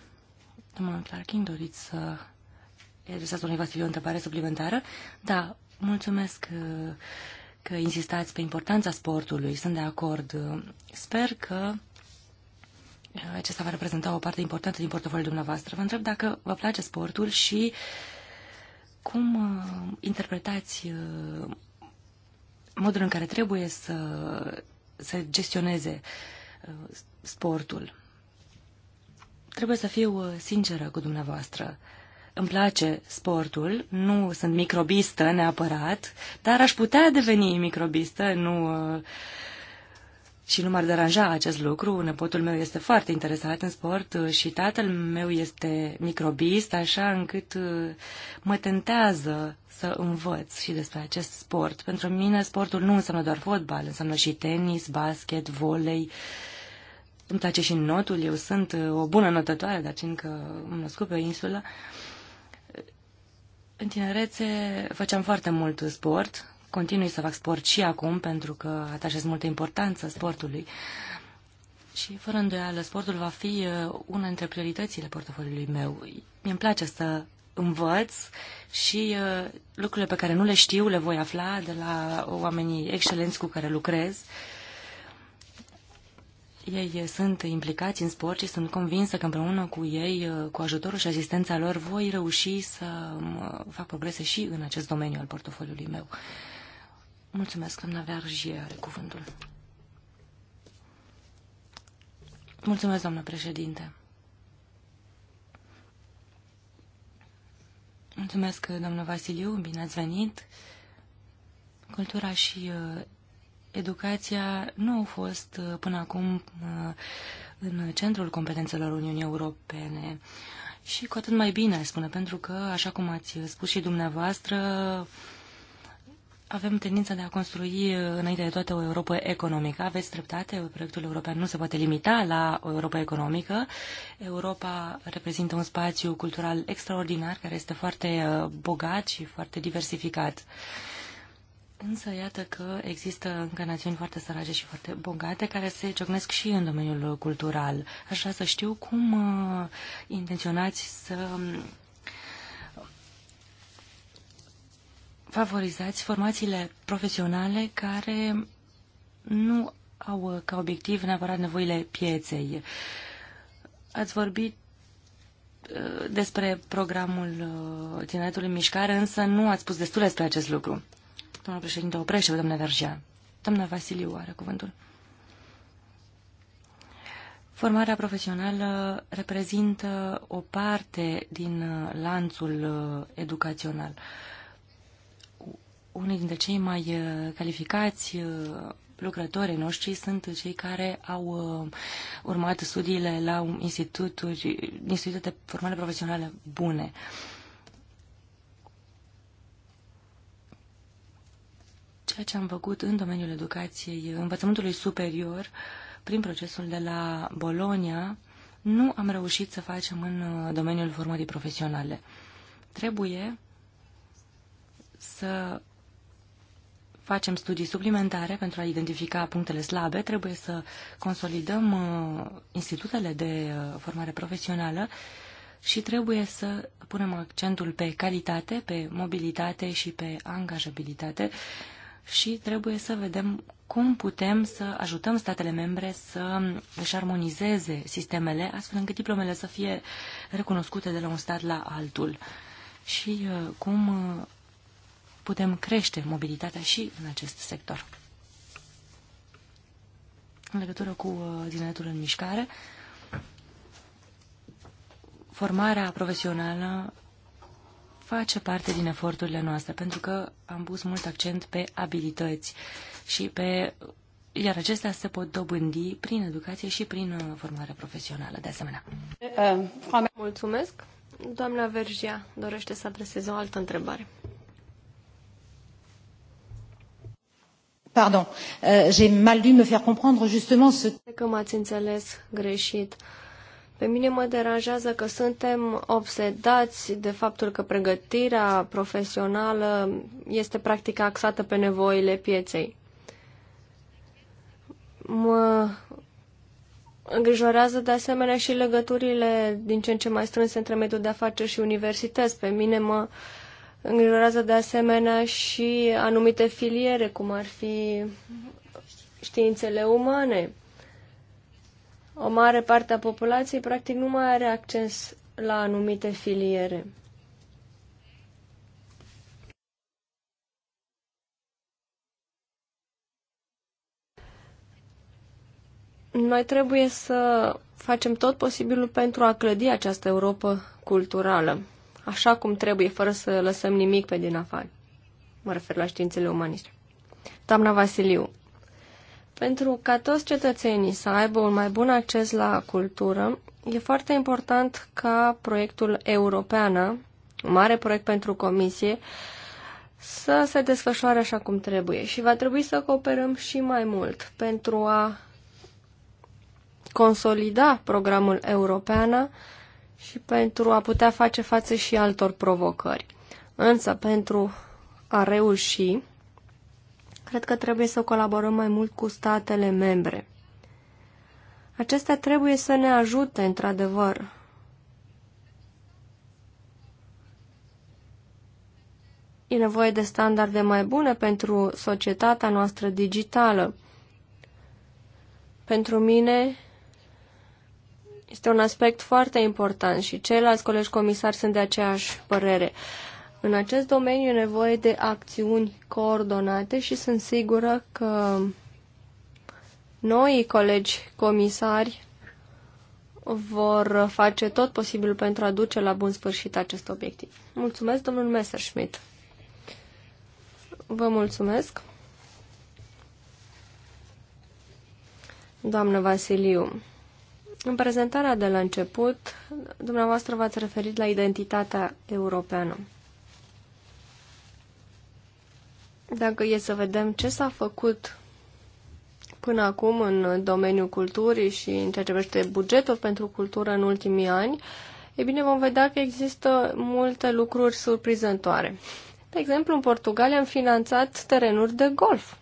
Domnul Clarkin, doriți să adresați unui Vasiliu o întrebare suplimentară? Da, mulțumesc uh, că insistați pe importanța sportului. Sunt de acord. Sper că uh, acesta va reprezenta o parte importantă din portofoliul dumneavoastră. Vă întreb dacă vă place sportul și cum uh, interpretați uh, modul în care trebuie să, se gestioneze sportul. Trebuie să fiu sinceră cu dumneavoastră. Îmi place sportul, nu sunt microbistă neapărat, dar aș putea deveni microbistă, nu... Și nu m-ar deranja acest lucru. Nepotul meu este foarte interesat în sport uh, și tatăl meu este microbist, așa încât uh, mă tentează să învăț și despre acest sport. Pentru mine sportul nu înseamnă doar fotbal, înseamnă și tenis, basket, volei, îmi place și notul, eu sunt uh, o bună notătoare, dar fiindcă am născut pe insulă, în tinerețe făceam foarte mult sport. Continui să fac sport și acum, pentru că atașez multă importanță sportului. Și, fără îndoială, sportul va fi uh, una dintre prioritățile portofoliului meu. mi îmi place să învăț și uh, lucrurile pe care nu le știu le voi afla de la oamenii excelenți cu care lucrez. Uh, ei sunt implicați în sport și sunt convinsă că împreună cu ei, uh, cu ajutorul și asistența lor, voi reuși să uh, fac progrese și în acest domeniu al portofoliului meu. Mulțumesc, doamna Vergie are cuvântul. Mulțumesc, doamna președinte. Mulțumesc, doamnă Vasiliu, bine ați venit. Cultura și uh, educația nu a fost uh, până acum uh, în centrul competențelor Uniunii Europene. Și cu atât mai bine, aș spune, pentru că, așa cum ați spus și dumneavoastră, avem tendința de a construi uh, înainte de toate o Europa economică. Aveți dreptate, proiectul european nu se poate limita la o Europa economică. Europa reprezintă un spațiu cultural extraordinar care este foarte bogat și foarte diversificat. Însă iată că există încă națiuni foarte sărace și foarte bogate care se ciocnesc și în domeniul cultural. Aș vrea să știu cum uh, intenționați să um, favorizați formațiile profesionale care nu au uh, ca obiectiv neapărat nevoile pieței. Ați vorbit uh, despre programul uh, Tineretului Mișcare, însă nu ați spus destul despre acest lucru. Domnul președinte, oprește vă domnule Vergea. Domnul Vasiliu are cuvântul. Formarea profesională reprezintă o parte din uh, lanțul uh, educațional. Unii dintre cei mai uh, calificați lucrătorii noștri sunt cei care au urmat studiile la instituturi, institute de formare profesională bune. Uh, ceea ce am făcut în domeniul educației, învățământului superior, prin procesul de la Bologna, nu am reușit să facem în uh, domeniul formării profesionale. Trebuie să facem studii suplimentare pentru a identifica punctele slabe, trebuie să consolidăm uh, institutele de uh, formare profesională și trebuie să punem accentul pe calitate, pe mobilitate și pe angajabilitate și trebuie să vedem cum putem să ajutăm statele membre să își armonizeze sistemele astfel încât diplomele să fie recunoscute de la un stat la altul și uh, cum uh, putem crește mobilitatea și în acest sector. În legătură cu uh, tineretul în mișcare, formarea profesională face parte din eforturile noastre, pentru că am pus mult accent pe abilități și pe iar acestea se pot dobândi prin educație și prin uh, formare profesională, de asemenea. Mulțumesc. Doamna Vergia dorește să adreseze o altă întrebare. Pardon, euh, j'ai mal dû me faire comprendre justement ce... Că m-ați înțeles greșit. Uh, pe mine mă deranjează că suntem obsedați de faptul că pregătirea profesională este practic axată pe nevoile pieței. Mă îngrijorează de asemenea și legăturile din ce în ce mai strânse între mediul de afaceri și universități. Pe mine mă îngrijorează de asemenea și anumite filiere, cum ar fi științele umane o mare parte a populației practic nu mai are acces la anumite filiere. Noi trebuie să facem tot posibilul pentru a clădi această Europa culturală, așa cum trebuie, fără să lăsăm nimic pe din afară. Mă refer la științele umaniste. Doamna Vasiliu, pentru ca toți cetățenii să aibă un mai bun acces la cultură, e foarte important ca proiectul Europeană, un mare proiect pentru Comisie, să se desfășoare așa cum trebuie și va trebui să cooperăm și mai mult pentru a consolida programul europeană și pentru a putea face față și altor provocări. Însă, pentru a reuși, Cred că trebuie să colaborăm mai mult cu statele membre. Acestea trebuie să ne ajute, într-adevăr. E nevoie de standarde mai bune pentru societatea noastră digitală. Pentru mine este un aspect foarte important și ceilalți colegi comisari sunt de aceeași părere. În acest domeniu e nevoie de acțiuni coordonate și sunt sigură că noi colegi comisari vor face tot posibilul pentru a duce la bun sfârșit acest obiectiv. Mulțumesc, domnul Messerschmidt. Vă mulțumesc. Doamnă Vasiliu, în prezentarea de la început, dumneavoastră v-ați referit la identitatea europeană. Dacă e să vedem ce s-a făcut până acum în domeniul culturii și în ceea ce privește bugetul pentru cultură în ultimii ani, e bine, vom vedea că există multe lucruri surprizătoare. De exemplu, în Portugalia am finanțat terenuri de golf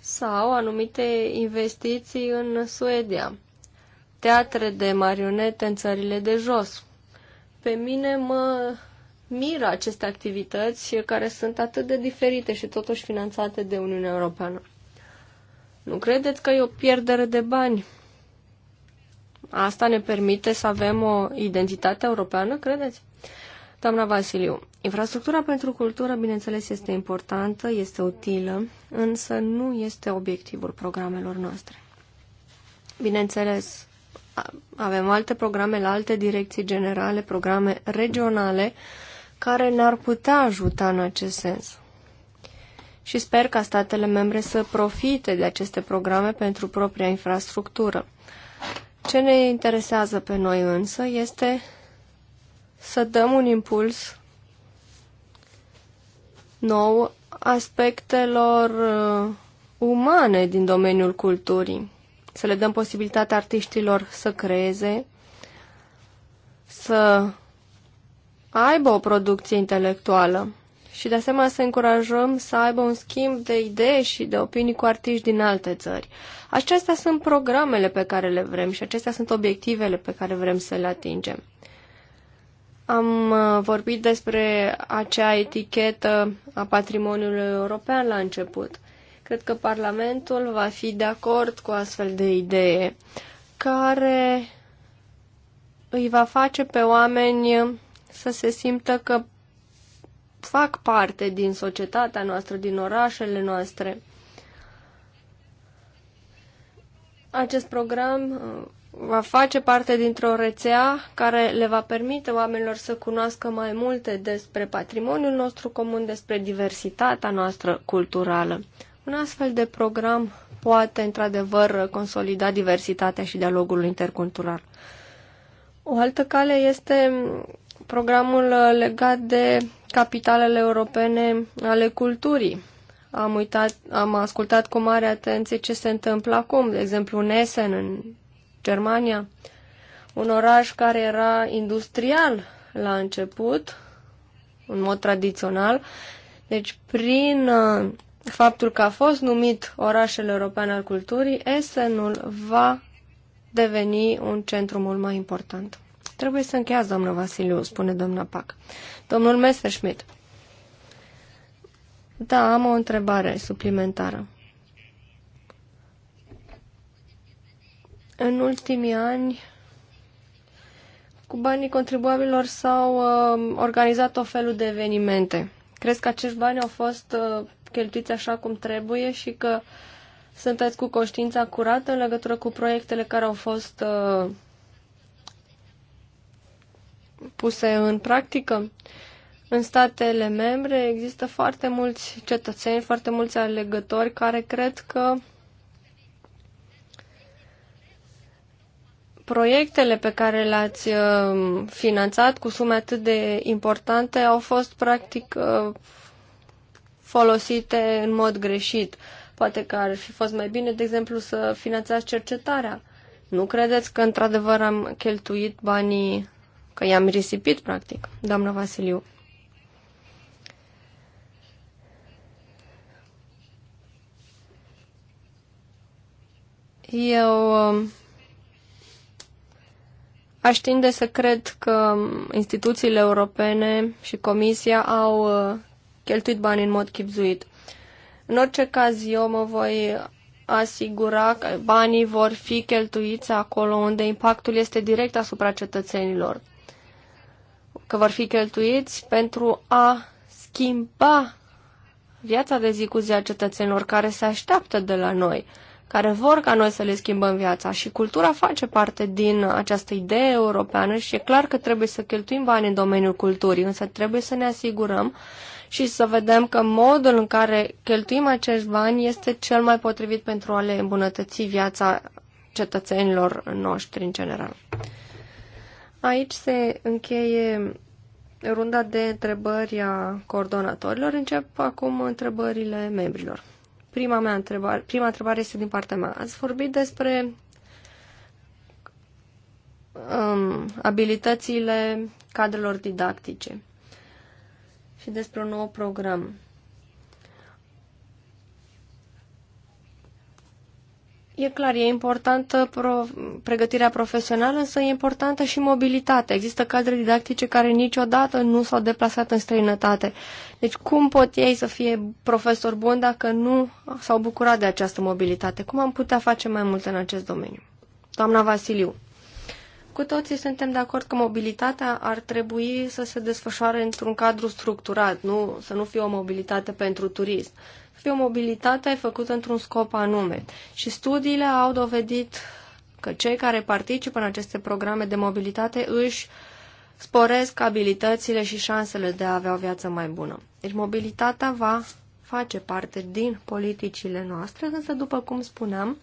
sau anumite investiții în Suedia, teatre de marionete în țările de jos. Pe mine mă miră aceste activități care sunt atât de diferite și totuși finanțate de Uniunea Europeană. Nu credeți că e o pierdere de bani? Asta ne permite să avem o identitate europeană, credeți? Doamna Vasiliu, infrastructura pentru cultură, bineînțeles, este importantă, este utilă, însă nu este obiectivul programelor noastre. Bineînțeles, avem alte programe la alte direcții generale, programe regionale care ne-ar putea ajuta în acest sens. Și sper ca statele membre să profite de aceste programe pentru propria infrastructură. Ce ne interesează pe noi însă este să dăm un impuls nou aspectelor uh, umane din domeniul culturii. Să le dăm posibilitatea artiștilor să creeze, să aibă o producție intelectuală și de asemenea să încurajăm să aibă un schimb de idei și de opinii cu artiști din alte țări. Acestea sunt programele pe care le vrem și acestea sunt obiectivele pe care vrem să le atingem. Am uh, vorbit despre acea etichetă a patrimoniului european la început. Cred că Parlamentul va fi de acord cu astfel de idee care îi va face pe oameni să se simtă că fac parte din societatea noastră, din orașele noastre. Acest program uh, va face parte dintr-o rețea care le va permite oamenilor să cunoască mai multe despre patrimoniul nostru comun, despre diversitatea noastră culturală. Un astfel de program poate, într-adevăr, consolida diversitatea și dialogul intercultural. O altă cale este programul uh, legat de capitalele europene ale culturii. Am, uitat, am ascultat cu mare atenție ce se întâmplă acum, de exemplu în Essen, în Germania, un oraș care era industrial la început, în mod tradițional. Deci, prin uh, faptul că a fost numit orașul european al culturii, Essenul va deveni un centru mult mai important. Trebuie să încheiați, doamnă Vasiliu, spune doamna Pac. Domnul Messerschmidt. Da, am o întrebare suplimentară. În ultimii ani, cu banii contribuabilor s-au uh, organizat tot felul de evenimente. Crezi că acești bani au fost uh, cheltuiți așa cum trebuie și că sunteți cu conștiința curată în legătură cu proiectele care au fost uh, puse în practică. În statele membre există foarte mulți cetățeni, foarte mulți alegători care cred că proiectele pe care le-ați uh, finanțat cu sume atât de importante au fost practic uh, folosite în mod greșit. Poate că ar fi fost mai bine, de exemplu, să finanțați cercetarea. Nu credeți că într-adevăr am cheltuit banii că i-am risipit, practic, doamna Vasiliu. Eu um, aș tinde să cred că instituțiile europene și Comisia au uh, cheltuit bani în mod chipzuit. În orice caz, eu mă voi asigura că banii vor fi cheltuiți acolo unde impactul este direct asupra cetățenilor că vor fi cheltuiți pentru a schimba viața de zi cu zi a cetățenilor care se așteaptă de la noi, care vor ca noi să le schimbăm viața. Și cultura face parte din această idee europeană și e clar că trebuie să cheltuim bani în domeniul culturii, însă trebuie să ne asigurăm și să vedem că modul în care cheltuim acești bani este cel mai potrivit pentru a le îmbunătăți viața cetățenilor noștri în general. Aici se încheie runda de întrebări a coordonatorilor. Încep acum întrebările membrilor. Prima, mea întrebare, prima întrebare este din partea mea. Ați vorbit despre um, abilitățile cadrelor didactice și despre un nou program. E clar, e importantă pro- pregătirea profesională, însă e importantă și mobilitatea. Există cadre didactice care niciodată nu s-au deplasat în străinătate. Deci cum pot ei să fie profesori buni dacă nu s-au bucurat de această mobilitate? Cum am putea face mai mult în acest domeniu? Doamna Vasiliu, cu toții suntem de acord că mobilitatea ar trebui să se desfășoare într-un cadru structurat, nu, să nu fie o mobilitate pentru turism pe o mobilitate făcută într-un scop anume. Și studiile au dovedit că cei care participă în aceste programe de mobilitate își sporesc abilitățile și șansele de a avea o viață mai bună. Deci mobilitatea va face parte din politicile noastre, însă, după cum spuneam,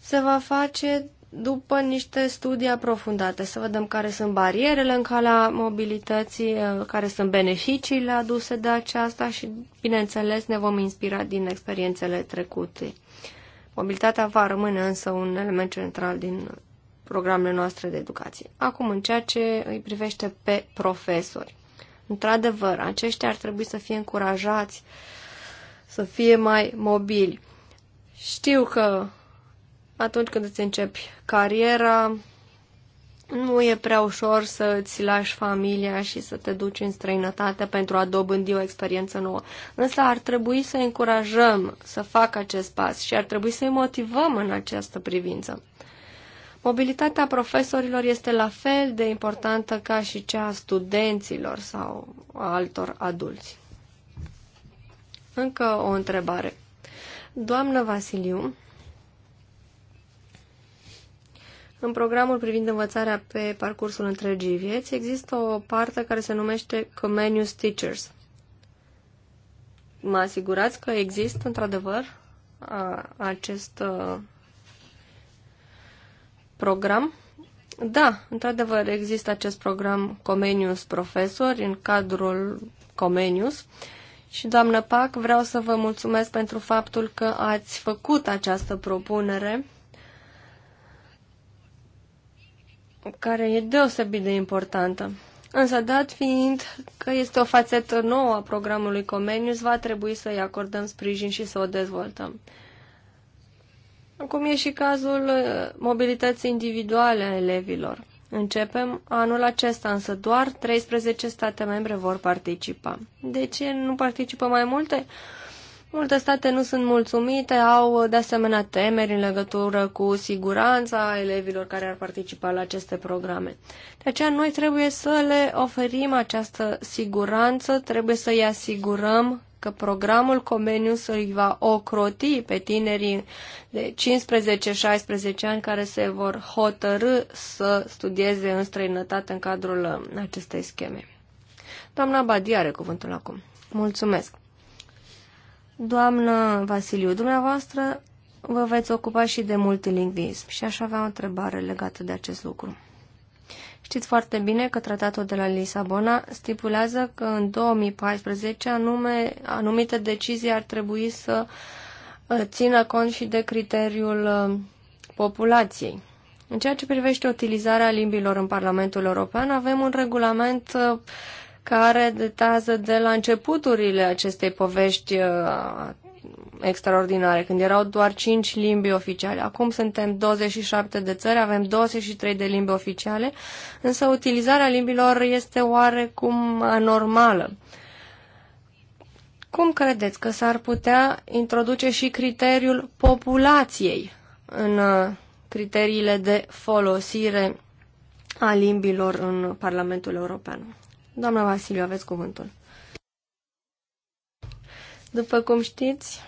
se va face după niște studii aprofundate, să vedem care sunt barierele în calea mobilității, eh, care sunt beneficiile aduse de aceasta și, bineînțeles, ne vom inspira din experiențele trecute. Mobilitatea va rămâne însă un element central din programele noastre de educație. Acum, în ceea ce îi privește pe profesori. Într-adevăr, aceștia ar trebui să fie încurajați să fie mai mobili. Știu că atunci când îți începi cariera, nu e prea ușor să îți lași familia și să te duci în străinătate pentru a dobândi o experiență nouă. Însă ar trebui să încurajăm să facă acest pas și ar trebui să-i motivăm în această privință. Mobilitatea profesorilor este la fel de importantă ca și cea a studenților sau a altor adulți. Încă o întrebare. Doamnă Vasiliu, În programul privind învățarea pe parcursul întregii vieți există o parte care se numește Comenius Teachers. Mă asigurați că există într-adevăr acest program? Da, într-adevăr există acest program Comenius profesor în cadrul Comenius. Și, doamnă Pac, vreau să vă mulțumesc pentru faptul că ați făcut această propunere care e deosebit de importantă. Însă, dat fiind că este o fațetă nouă a programului Comenius, va trebui să-i acordăm sprijin și să o dezvoltăm. Acum e și cazul uh, mobilității individuale a elevilor. Începem anul acesta, însă doar 13 state membre vor participa. De ce nu participă mai multe? Multe state nu sunt mulțumite, au de asemenea temeri în legătură cu siguranța elevilor care ar participa la aceste programe. De aceea noi trebuie să le oferim această siguranță, trebuie să îi asigurăm că programul Comenius îi va ocroti pe tinerii de 15-16 ani care se vor hotărâ să studieze în străinătate în cadrul uh, acestei scheme. Doamna Badia are cuvântul acum. Mulțumesc! Doamnă Vasiliu, dumneavoastră vă veți ocupa și de multilingvism și aș avea o întrebare legată de acest lucru. Știți foarte bine că tratatul de la Lisabona stipulează că în 2014 anume, anumite decizii ar trebui să uh, țină cont și de criteriul uh, populației. În ceea ce privește utilizarea limbilor în Parlamentul European, avem un regulament uh, care datează de la începuturile acestei povești uh, extraordinare, când erau doar 5 limbi oficiale. Acum suntem 27 de țări, avem 23 de limbi oficiale, însă utilizarea limbilor este oarecum anormală. Cum credeți că s-ar putea introduce și criteriul populației în uh, criteriile de folosire a limbilor în Parlamentul European? Doamna Vasiliu, aveți cuvântul. După cum știți,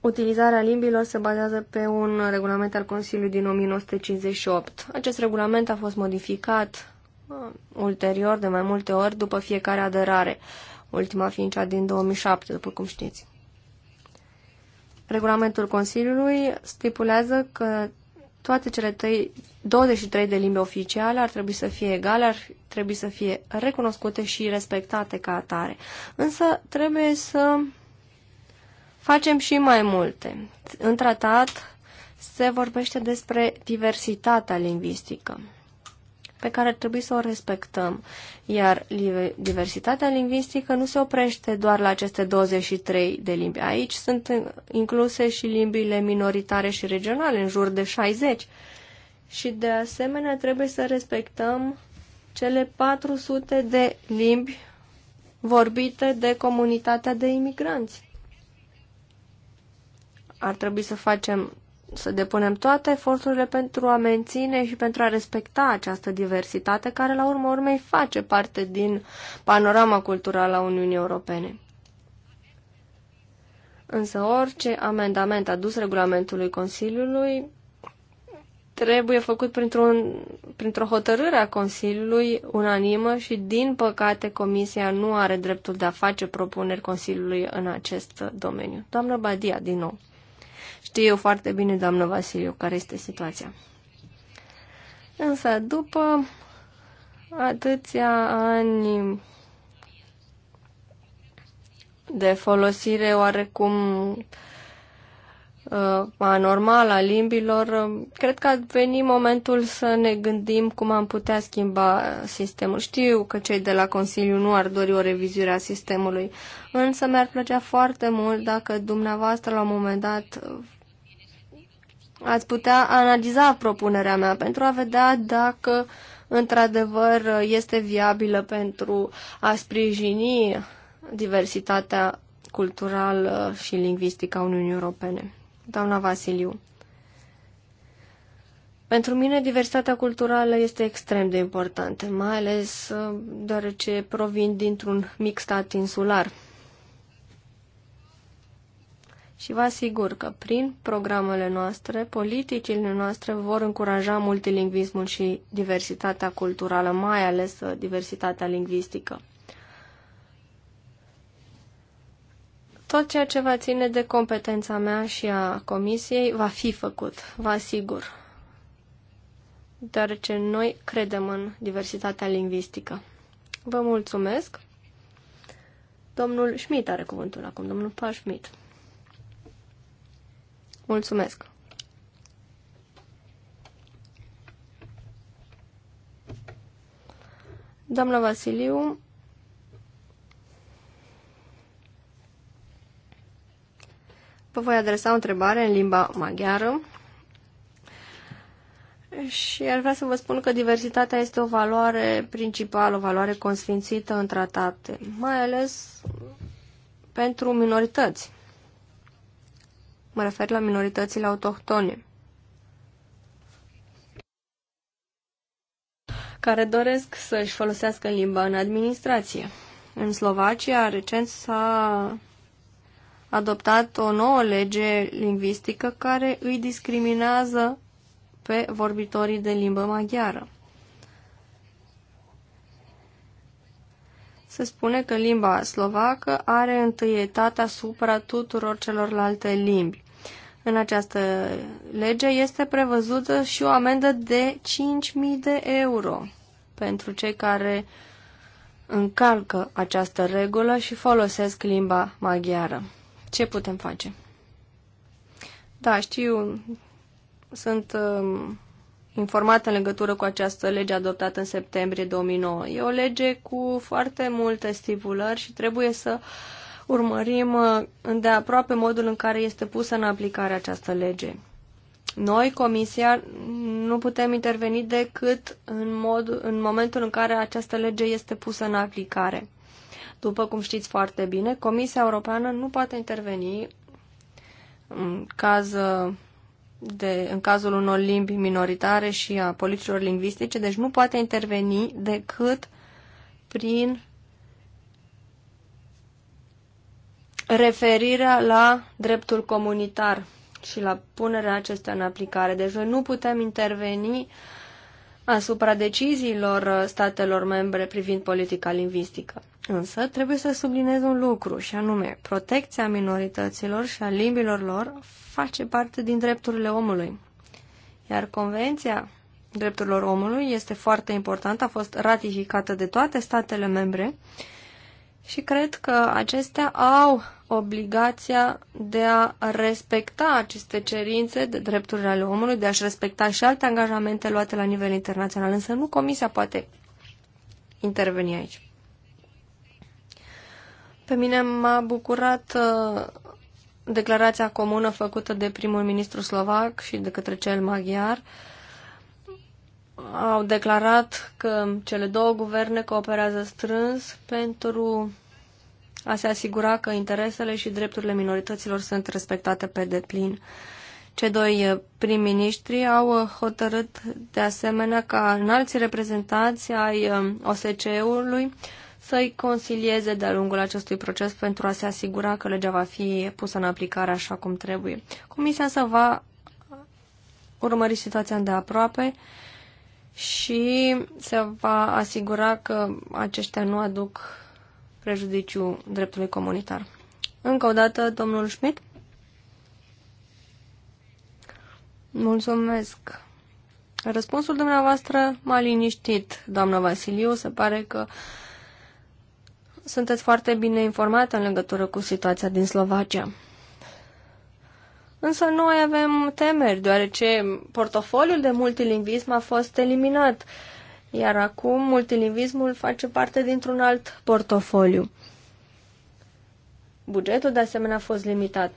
utilizarea limbilor se bazează pe un regulament al Consiliului din 1958. Acest regulament a fost modificat uh, ulterior de mai multe ori după fiecare aderare, ultima fiind cea din 2007, după cum știți. Regulamentul Consiliului stipulează că toate cele tăi 23 de limbi oficiale ar trebui să fie egale, ar trebui să fie recunoscute și respectate ca atare. Însă trebuie să facem și mai multe. În tratat se vorbește despre diversitatea lingvistică pe care ar trebui să o respectăm. Iar diversitatea lingvistică nu se oprește doar la aceste 23 de limbi. Aici sunt incluse și limbile minoritare și regionale, în jur de 60. Și de asemenea trebuie să respectăm cele 400 de limbi vorbite de comunitatea de imigranți. Ar trebui să facem să depunem toate eforturile pentru a menține și pentru a respecta această diversitate care, la urmă urmei, face parte din panorama culturală a Uniunii Europene. Însă orice amendament adus regulamentului Consiliului trebuie făcut printr o printr-o hotărâre a Consiliului unanimă și, din păcate, Comisia nu are dreptul de a face propuneri Consiliului în acest domeniu. Doamnă Badia, din nou. Știu eu foarte bine, doamnă Vasiliu, care este situația. Însă, după atâția ani de folosire oarecum Uh, anormal a limbilor, uh, cred că a venit momentul să ne gândim cum am putea schimba sistemul. Știu că cei de la Consiliu nu ar dori o revizuire a sistemului, însă mi-ar plăcea foarte mult dacă dumneavoastră la un moment dat ați putea analiza propunerea mea pentru a vedea dacă într-adevăr este viabilă pentru a sprijini diversitatea cultural și lingvistică a Uniunii Europene doamna Vasiliu. Pentru mine diversitatea culturală este extrem de importantă, mai ales uh, deoarece provin dintr-un mic stat insular. Și vă asigur că prin programele noastre, politicile noastre vor încuraja multilingvismul și diversitatea culturală, mai ales uh, diversitatea lingvistică. Tot ceea ce va ține de competența mea și a comisiei va fi făcut, vă asigur, deoarece noi credem în diversitatea lingvistică. Vă mulțumesc. Domnul Schmidt are cuvântul acum, domnul Paș Schmidt. Mulțumesc. Doamna Vasiliu vă voi adresa o întrebare în limba maghiară și ar vrea să vă spun că diversitatea este o valoare principală, o valoare consfințită în tratate, mai ales pentru minorități. Mă refer la minoritățile autohtone. care doresc să-și folosească limba în administrație. În Slovacia, recent s-a adoptat o nouă lege lingvistică care îi discriminează pe vorbitorii de limbă maghiară. Se spune că limba slovacă are întâietate asupra tuturor celorlalte limbi. În această lege este prevăzută și o amendă de 5.000 de euro pentru cei care încalcă această regulă și folosesc limba maghiară ce putem face. Da, știu, sunt uh, um, informată în legătură cu această lege adoptată în septembrie 2009. E o lege cu foarte multe stipulări și trebuie să urmărim uh, îndeaproape modul în care este pusă în aplicare această lege. Noi, Comisia, nu putem interveni decât în, mod, în momentul în care această lege este pusă în aplicare. După cum știți foarte bine, Comisia Europeană nu poate interveni în, caz uh, de, în cazul unor limbi minoritare și a politicilor lingvistice, deci nu poate interveni decât prin referirea la dreptul comunitar și la punerea acestea în aplicare. Deci noi nu putem interveni uh, asupra deciziilor uh, statelor membre privind politica lingvistică. Însă, trebuie să subliniez un lucru, și anume, protecția minorităților și a limbilor lor face parte din drepturile omului. Iar Convenția Drepturilor Omului este foarte importantă, a fost ratificată de toate statele membre și cred că acestea au obligația de a respecta aceste cerințe de drepturile ale omului, de a-și respecta și alte angajamente luate la nivel internațional, însă nu Comisia poate interveni aici. Pe mine m-a bucurat uh, declarația comună făcută de primul ministru slovac și de către cel maghiar. Au declarat că cele două guverne cooperează strâns pentru a se asigura că interesele și drepturile minorităților sunt respectate pe deplin. Cei doi eh, prim-ministri au eh, hotărât de asemenea ca înalții reprezentanți ai eh, OSCE-ului să-i consilieze de-a lungul acestui proces pentru a se asigura că legea va fi pusă în aplicare așa cum trebuie. Comisia să va urmări situația de aproape și se va asigura că aceștia nu aduc prejudiciu dreptului comunitar. Încă o dată, domnul Schmidt. Mulțumesc. Răspunsul dumneavoastră m-a liniștit, doamnă Vasiliu. Se pare că sunteți foarte bine informată în legătură cu situația din Slovacia. Însă noi avem temeri, deoarece portofoliul de multilingvism a fost eliminat. Uh, iar acum multilingvismul face parte dintr-un alt portofoliu. Bugetul de asemenea a fost limitat.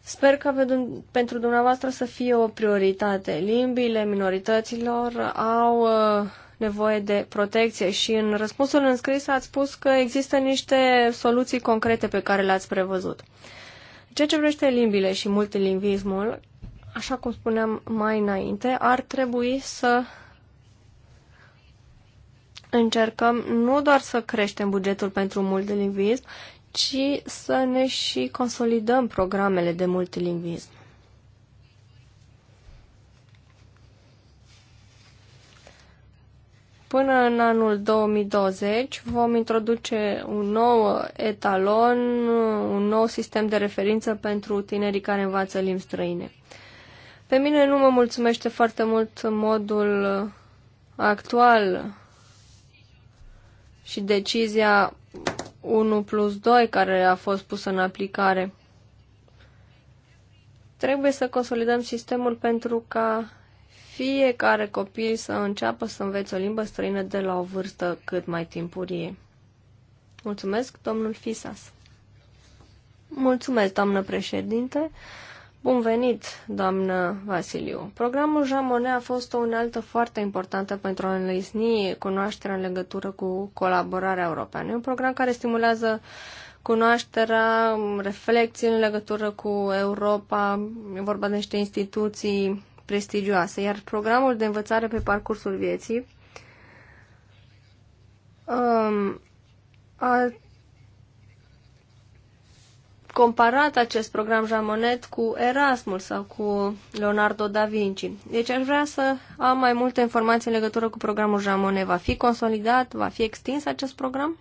Sper că pentru dumneavoastră să fie o prioritate. Limbile minorităților au uh, nevoie de protecție și în răspunsul înscris ați spus că există niște soluții concrete pe care le-ați prevăzut. Ceea ce vrește limbile și multilingvismul, așa cum spuneam mai înainte, ar trebui să încercăm nu doar să creștem bugetul pentru multilingvism, ci să ne și consolidăm programele de multilingvism. Până în anul 2020 vom introduce un nou etalon, un nou sistem de referință pentru tinerii care învață limbi străine. Pe mine nu mă mulțumește foarte mult modul actual și decizia 1 plus 2 care a fost pusă în aplicare. Trebuie să consolidăm sistemul pentru ca fiecare copil să înceapă să învețe o limbă străină de la o vârstă cât mai timpurie. Mulțumesc, domnul Fisas. Mulțumesc, doamnă președinte. Bun venit, doamnă Vasiliu. Programul Jamone a fost o unealtă foarte importantă pentru a înlesni cunoașterea în legătură cu colaborarea europeană. E un program care stimulează cunoașterea, reflexii în legătură cu Europa, e vorba de niște instituții prestigioase, iar programul de învățare pe parcursul vieții um, a comparat acest program Jamonet cu Erasmus sau cu Leonardo da Vinci. Deci aș vrea să am mai multe informații în legătură cu programul Jamonet. Va fi consolidat? Va fi extins acest program?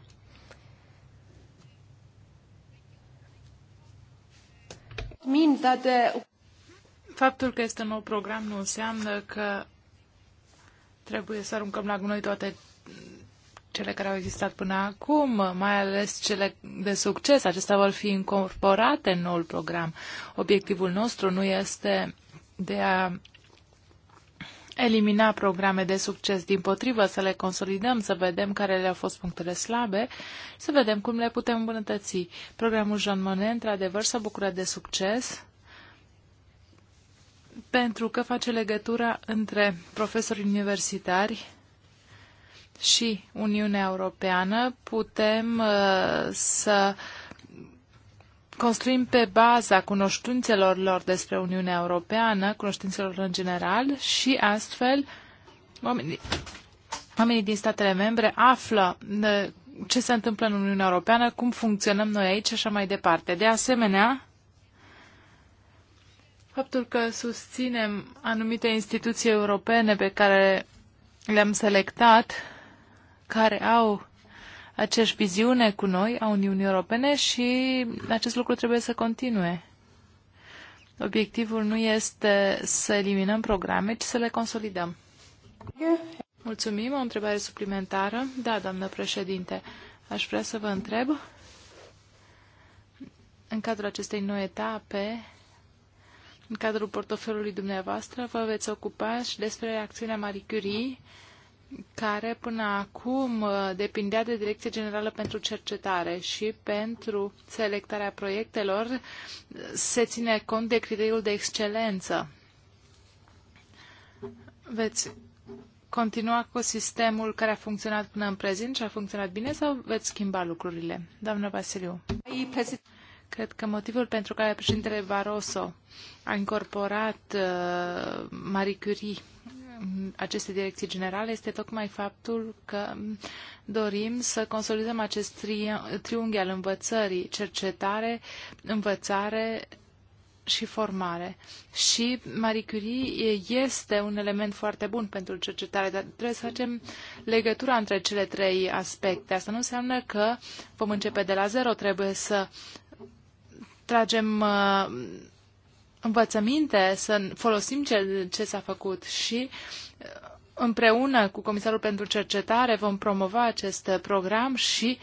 Faptul că este un nou program nu înseamnă că trebuie să aruncăm la gunoi toate cele care au existat până acum, mai ales cele de succes, acestea vor fi incorporate în noul program. Obiectivul nostru nu este de a elimina programe de succes, din potrivă să le consolidăm, să vedem care le-au fost punctele slabe, să vedem cum le putem îmbunătăți. Programul Jean Monnet, într-adevăr, s-a bucurat de succes pentru că face legătura între profesori universitari și Uniunea Europeană putem uh, să construim pe baza cunoștințelor lor despre Uniunea Europeană, cunoștințelor în general și astfel oamenii, oamenii din statele membre află uh, ce se întâmplă în Uniunea Europeană, cum funcționăm noi aici și așa mai departe. De asemenea, faptul că susținem anumite instituții europene pe care le-am selectat care au aceeași viziune cu noi a Uniunii Europene și acest lucru trebuie să continue. Obiectivul nu este să eliminăm programe, ci să le consolidăm. Mulțumim. O întrebare suplimentară? Da, doamnă președinte. Aș vrea să vă întreb, în cadrul acestei noi etape, în cadrul portofelului dumneavoastră, vă veți ocupa și despre acțiunea Marie Curie care până acum uh, depindea de Direcția Generală pentru Cercetare și pentru selectarea proiectelor uh, se ține cont de criteriul de excelență. Veți continua cu sistemul care a funcționat până în prezent și a funcționat bine sau veți schimba lucrurile? Doamna Vasiliu. Cred că motivul pentru care președintele Barroso a incorporat uh, Marie Curie aceste direcții generale este tocmai faptul că dorim să consolidăm acest tri triunghi al învățării, cercetare, învățare și formare. Și Marie Curie este un element foarte bun pentru cercetare, dar trebuie să facem legătura între cele trei aspecte. Asta nu înseamnă că vom începe de la zero, trebuie să tragem uh, învățăminte, să folosim ce, ce s-a făcut și uh, împreună cu Comisarul pentru Cercetare vom promova acest program și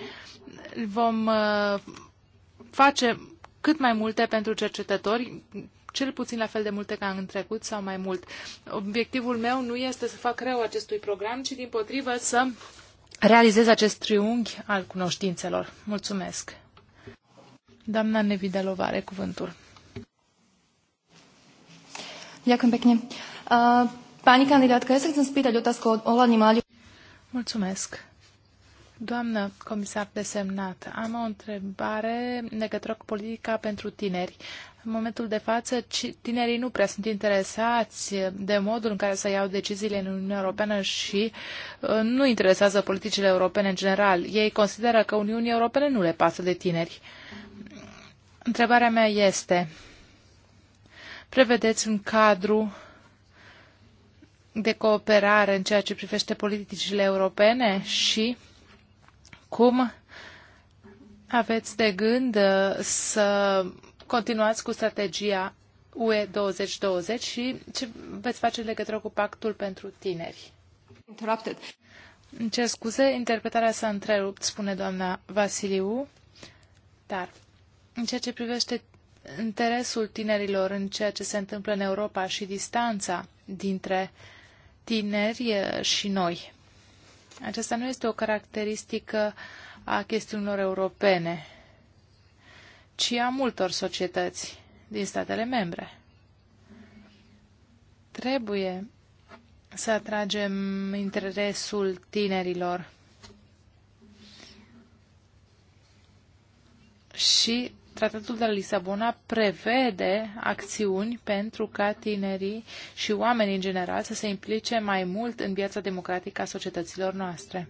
vom uh, face cât mai multe pentru cercetători, cel puțin la fel de multe ca în trecut sau mai mult. Obiectivul meu nu este să fac rău acestui program, ci din potrivă să realizez acest triunghi al cunoștințelor. Mulțumesc! Doamna Nevidalova are cuvântul. Ďakujem pekne. Pani kandidátka, ja sa chcem spýtať otázku ohľadne mladí. Mulțumesc. Doamnă comisar desemnat, am o întrebare în legătură cu politica pentru tineri. În momentul de față, tinerii nu prea sunt interesați de modul în care să iau deciziile în Uniunea Europeană și uh, nu interesează politicile europene în general. Ei consideră că Uniunii Europene nu le pasă de tineri. Întrebarea mea este, prevedeți un cadru de cooperare în ceea ce privește politicile europene și cum aveți de gând uh, să continuați cu strategia UE 2020 și ce veți face în legătură cu pactul pentru tineri? Interrupted. În ce scuze, interpretarea s-a întrerupt, spune doamna Vasiliu, dar în ceea ce privește interesul tinerilor în ceea ce se întâmplă în Europa și distanța dintre tineri și noi. Aceasta nu este o caracteristică a chestiunilor europene, ci a multor societăți din statele membre. Trebuie să atragem interesul tinerilor și Tratatul de la Lisabona prevede acțiuni pentru ca tinerii și oamenii în general să se implice mai mult în viața democratică a societăților noastre.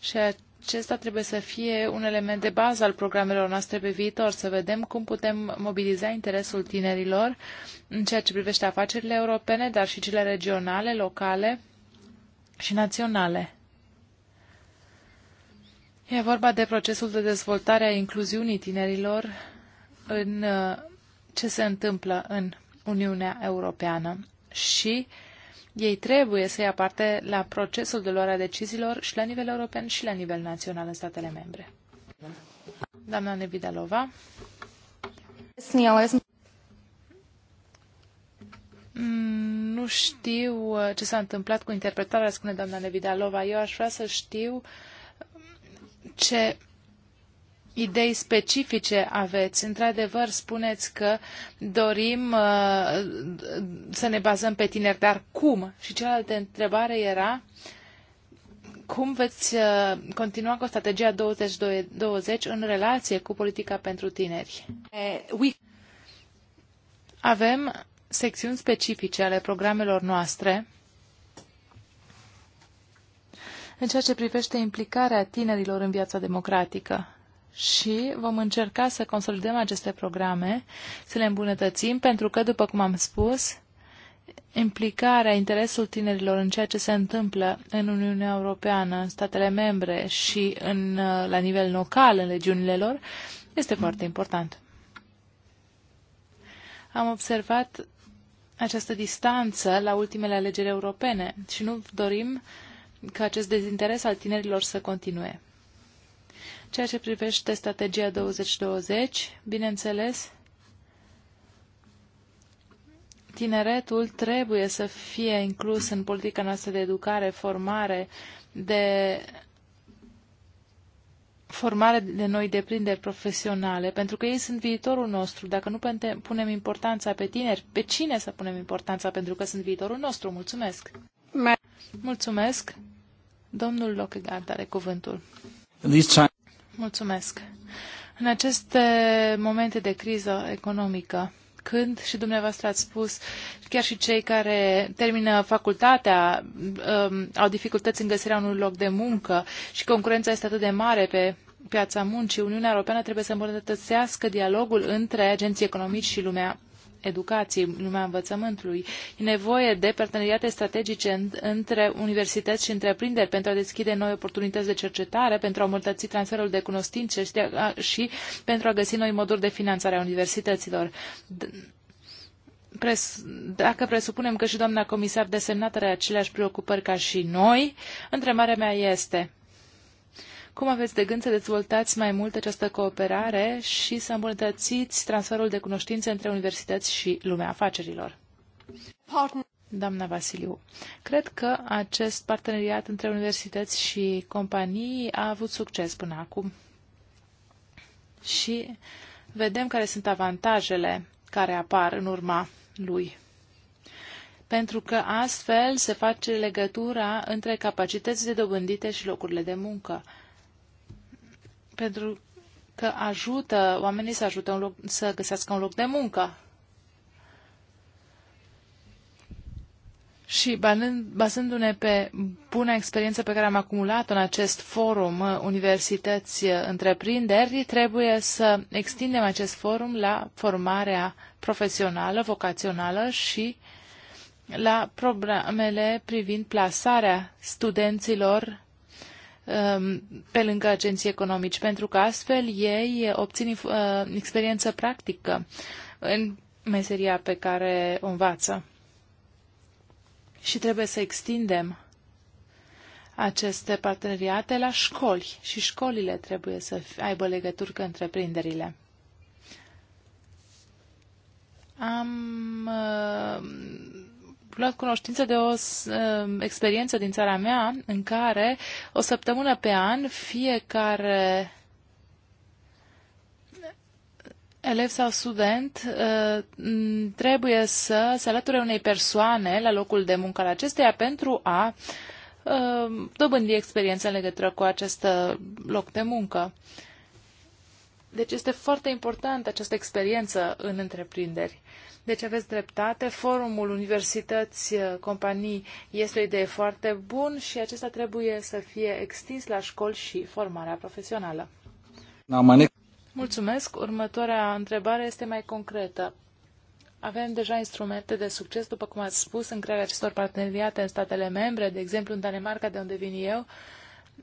Și acesta trebuie să fie un element de bază al programelor noastre pe viitor, să vedem cum putem mobiliza interesul tinerilor în ceea ce privește afacerile europene, dar și cele regionale, locale și naționale. E vorba de procesul de dezvoltare a incluziunii tinerilor în uh, ce se întâmplă în Uniunea Europeană și ei trebuie să ia parte la procesul de luare a deciziilor și la nivel european și la nivel național în statele membre. Doamna Nevidalova. Mm, nu știu uh, ce s-a întâmplat cu interpretarea, spune doamna Nevidalova. Eu aș vrea să știu uh, ce idei specifice aveți. Într-adevăr, spuneți că dorim uh, să ne bazăm pe tineri, dar cum? Și cealaltă întrebare era cum veți uh, continua cu strategia 2020 în relație cu politica pentru tineri? Eh, Avem secțiuni specifice ale programelor noastre în ceea ce privește implicarea tinerilor în viața democratică. Și vom încerca să consolidăm aceste programe, să le îmbunătățim, pentru că, după cum am spus, implicarea, interesul tinerilor în ceea ce se întâmplă în Uniunea Europeană, în statele membre și în, la nivel local, în regiunile lor, este foarte important. Am observat această distanță la ultimele alegeri europene și nu dorim uh, ca acest dezinteres al tinerilor să continue. Ceea ce privește strategia 2020, bineînțeles, tineretul trebuie să fie inclus în politica noastră de educare, formare, de formare de noi deprinderi profesionale, pentru că ei sunt viitorul nostru. Dacă nu punem importanța pe tineri, pe cine să punem importanța, pentru că sunt viitorul nostru? Mulțumesc! Mulțumesc! Domnul Lockhart are cuvântul. Mulțumesc. În aceste momente de criză economică, când și dumneavoastră ați spus, chiar și cei care termină facultatea um, au dificultăți în găsirea unui loc de muncă și concurența este atât de mare pe piața muncii, Uniunea Europeană trebuie să îmbunătățească dialogul între agenții economici și lumea educației, în lumea învățământului. E nevoie de parteneriate strategice între universități și întreprinderi pentru a deschide noi oportunități de cercetare, pentru a îmbunătăți transferul de cunoștințe și, și pentru a găsi noi moduri de finanțare a universităților. Pres, dacă presupunem că și doamna comisar desemnată are aceleași preocupări ca și noi, întrebarea mea este, cum aveți de gând să dezvoltați mai mult această cooperare și să îmbunătățiți transferul de cunoștințe între universități și lumea afacerilor? Doamna Vasiliu, cred că acest parteneriat între universități și companii a avut succes până acum. Și vedem care sunt avantajele care apar în urma lui. Pentru că astfel se face legătura între capacitățile dobândite și locurile de muncă pentru că ajută oamenii să ajută un loc, să găsească un loc de muncă. Și bazându-ne pe buna experiență pe care am acumulat în acest forum uh, Universități uh, Întreprinderi, trebuie să extindem acest forum la formarea profesională, vocațională și la programele privind plasarea studenților Um, pe lângă agenții economici, pentru că astfel ei obțin uh, experiență practică în meseria pe care o învață. Și trebuie să extindem aceste parteneriate la școli și școlile trebuie să aibă legături cu întreprinderile. Am uh, luat cunoștință de o um, experiență din țara mea în care o săptămână pe an fiecare elev sau student uh, trebuie să se alăture unei persoane la locul de muncă al acesteia pentru a um, dobândi experiență în legătură cu acest uh, loc de muncă. Deci este foarte importantă această experiență în întreprinderi. Deci aveți dreptate, forumul universități, eh, companii este o idee foarte bună și acesta trebuie să fie extins la școli și formarea profesională. Mulțumesc. Următoarea întrebare este mai concretă. Avem deja instrumente de succes, după cum ați spus, în crearea acestor parteneriate în statele membre, de exemplu în Danemarca, de unde vin eu.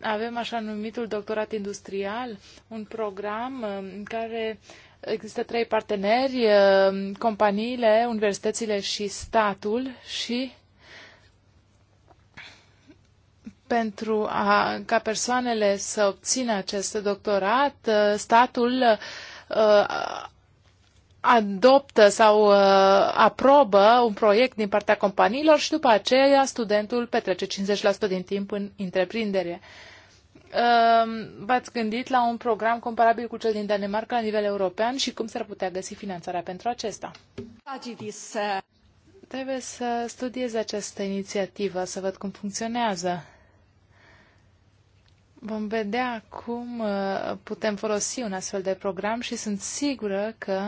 Avem așa numitul doctorat industrial, un program eh, în care uh, Există trei parteneri, uh, companiile, universitățile și statul și pentru a, ca persoanele să obțină acest doctorat, uh, statul uh, adoptă sau aprobă un proiect din partea companiilor și după aceea studentul petrece 50% din timp în întreprindere. Ehm, v-ați gândit la un program comparabil cu cel din Danemarca la nivel european și cum s-ar putea găsi finanțarea pentru acesta? Trebuie să studiez această inițiativă, să văd cum funcționează. Vom vedea cum eh, putem folosi un astfel de program și sunt sigură că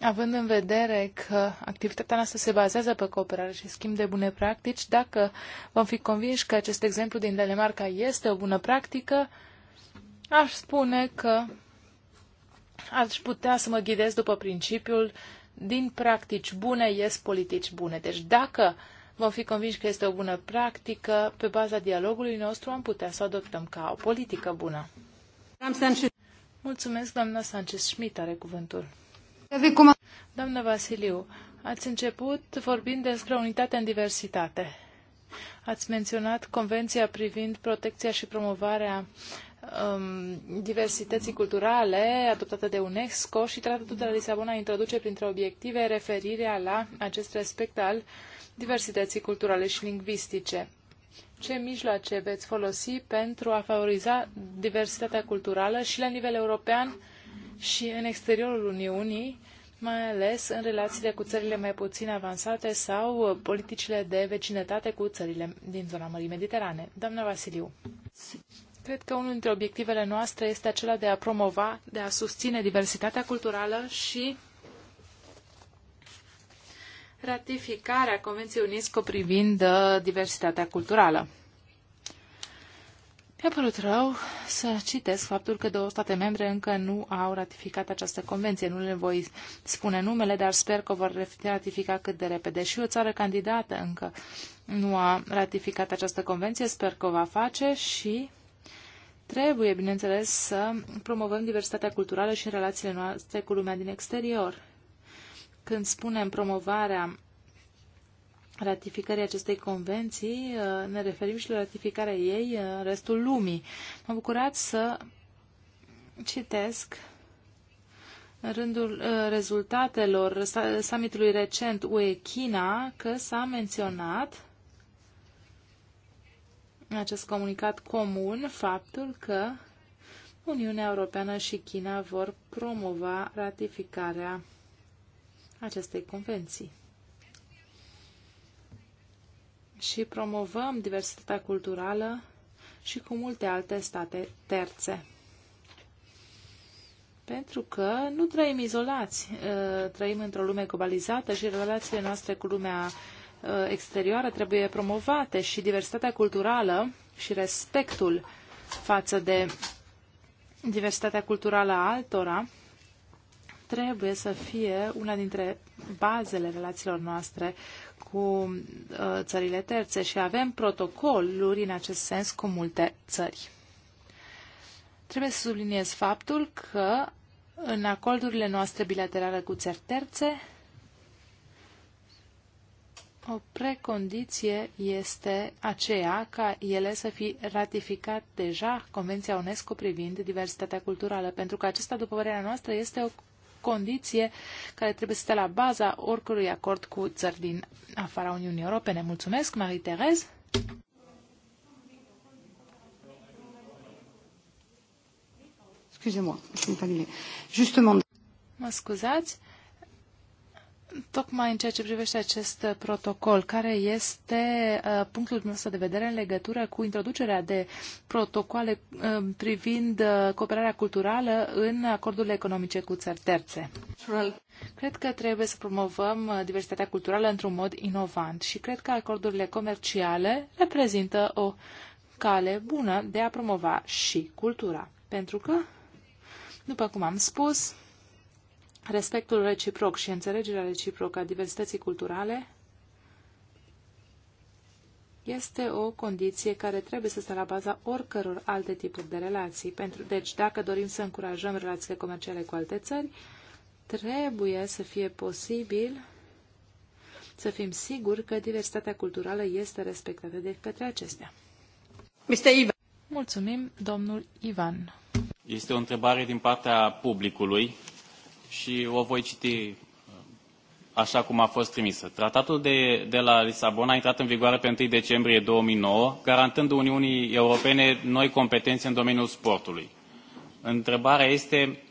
având în vedere că activitatea noastră se bazează pe cooperare și schimb de bune practici, dacă vom fi convinși că acest exemplu din Danemarca este o bună practică, aș spune că aș putea să mă ghidez după principiul din practici bune ies politici bune. Deci dacă vom fi convinși că este o bună practică, pe baza dialogului nostru am putea să o adoptăm ca o politică bună. Mulțumesc, doamna Sanchez-Schmidt are cuvântul. Doamnă Vasiliu, ați început vorbind despre unitatea în diversitate. Ați menționat Convenția privind protecția și promovarea um, diversității culturale adoptată de UNESCO și Tratatul de la Lisabona introduce printre obiective referirea la acest respect al diversității culturale și lingvistice. Ce mijloace veți folosi pentru a favoriza diversitatea culturală și la nivel european și în exteriorul Uniunii, mai ales în relațiile cu țările mai puțin avansate sau uh, politicile de vecinătate cu țările din zona Mării Mediterane. Doamna Vasiliu. Cred că unul dintre obiectivele noastre este acela de a promova, de a susține diversitatea culturală și ratificarea Convenției UNESCO privind uh, diversitatea culturală. Mi-a părut rău să citesc faptul că două state membre încă nu au ratificat această convenție. Nu le voi spune numele, dar sper că o vor ratifica cât de repede. Și o țară candidată încă nu a ratificat această convenție, sper că o va face și trebuie, bineînțeles, să promovăm diversitatea culturală și relațiile noastre cu lumea din exterior. Când spunem promovarea ratificării acestei convenții, uh, ne referim și la ratificarea ei în restul lumii. Mă bucurat să citesc în rândul uh, rezultatelor summitului recent UE-China că s-a menționat în acest comunicat comun faptul că Uniunea Europeană și China vor promova ratificarea acestei convenții și promovăm diversitatea culturală și cu multe alte state terțe. Pentru că nu trăim izolați, uh, trăim într-o lume globalizată și relațiile noastre cu lumea uh, exterioară trebuie promovate și diversitatea culturală și respectul față de diversitatea culturală a altora trebuie să fie una dintre bazele relațiilor noastre cu uh, țările terțe și avem protocoluri în acest sens cu multe țări. Trebuie să subliniez faptul că în acordurile noastre bilaterale cu țări terțe, o precondiție este aceea ca ele să fi ratificat deja Convenția UNESCO privind diversitatea culturală, pentru că acesta, după părerea noastră, este o condiție care trebuie să stea la baza oricărui acord cu țări din afara Uniunii Europene. Mulțumesc, Marie-Therese! Excusez-moi, je n'ai pas Justement. Mă scuzați tocmai în ceea ce privește acest uh, protocol, care este uh, punctul meu de vedere în legătură cu introducerea de protocoale um, privind uh, cooperarea culturală în acordurile economice cu țări terțe. Cred că trebuie să promovăm diversitatea culturală într-un mod inovant și cred că acordurile comerciale reprezintă o cale bună de a promova și cultura. Pentru că, după cum am spus, respectul reciproc și înțelegerea reciprocă a diversității culturale este o condiție care trebuie să stă la baza oricăror alte tipuri de relații. Pentru, deci, dacă dorim să încurajăm relațiile comerciale cu alte țări, trebuie să fie posibil să fim siguri că diversitatea culturală este respectată de către acestea. Mr. Ivan. Mulțumim, domnul Ivan. Este o întrebare din partea publicului și o voi citi uh, așa cum a fost trimisă. Tratatul de, de la Lisabona a intrat în vigoare pe 1 decembrie 2009, garantând Uniunii Europene noi competențe în domeniul sportului. Întrebarea este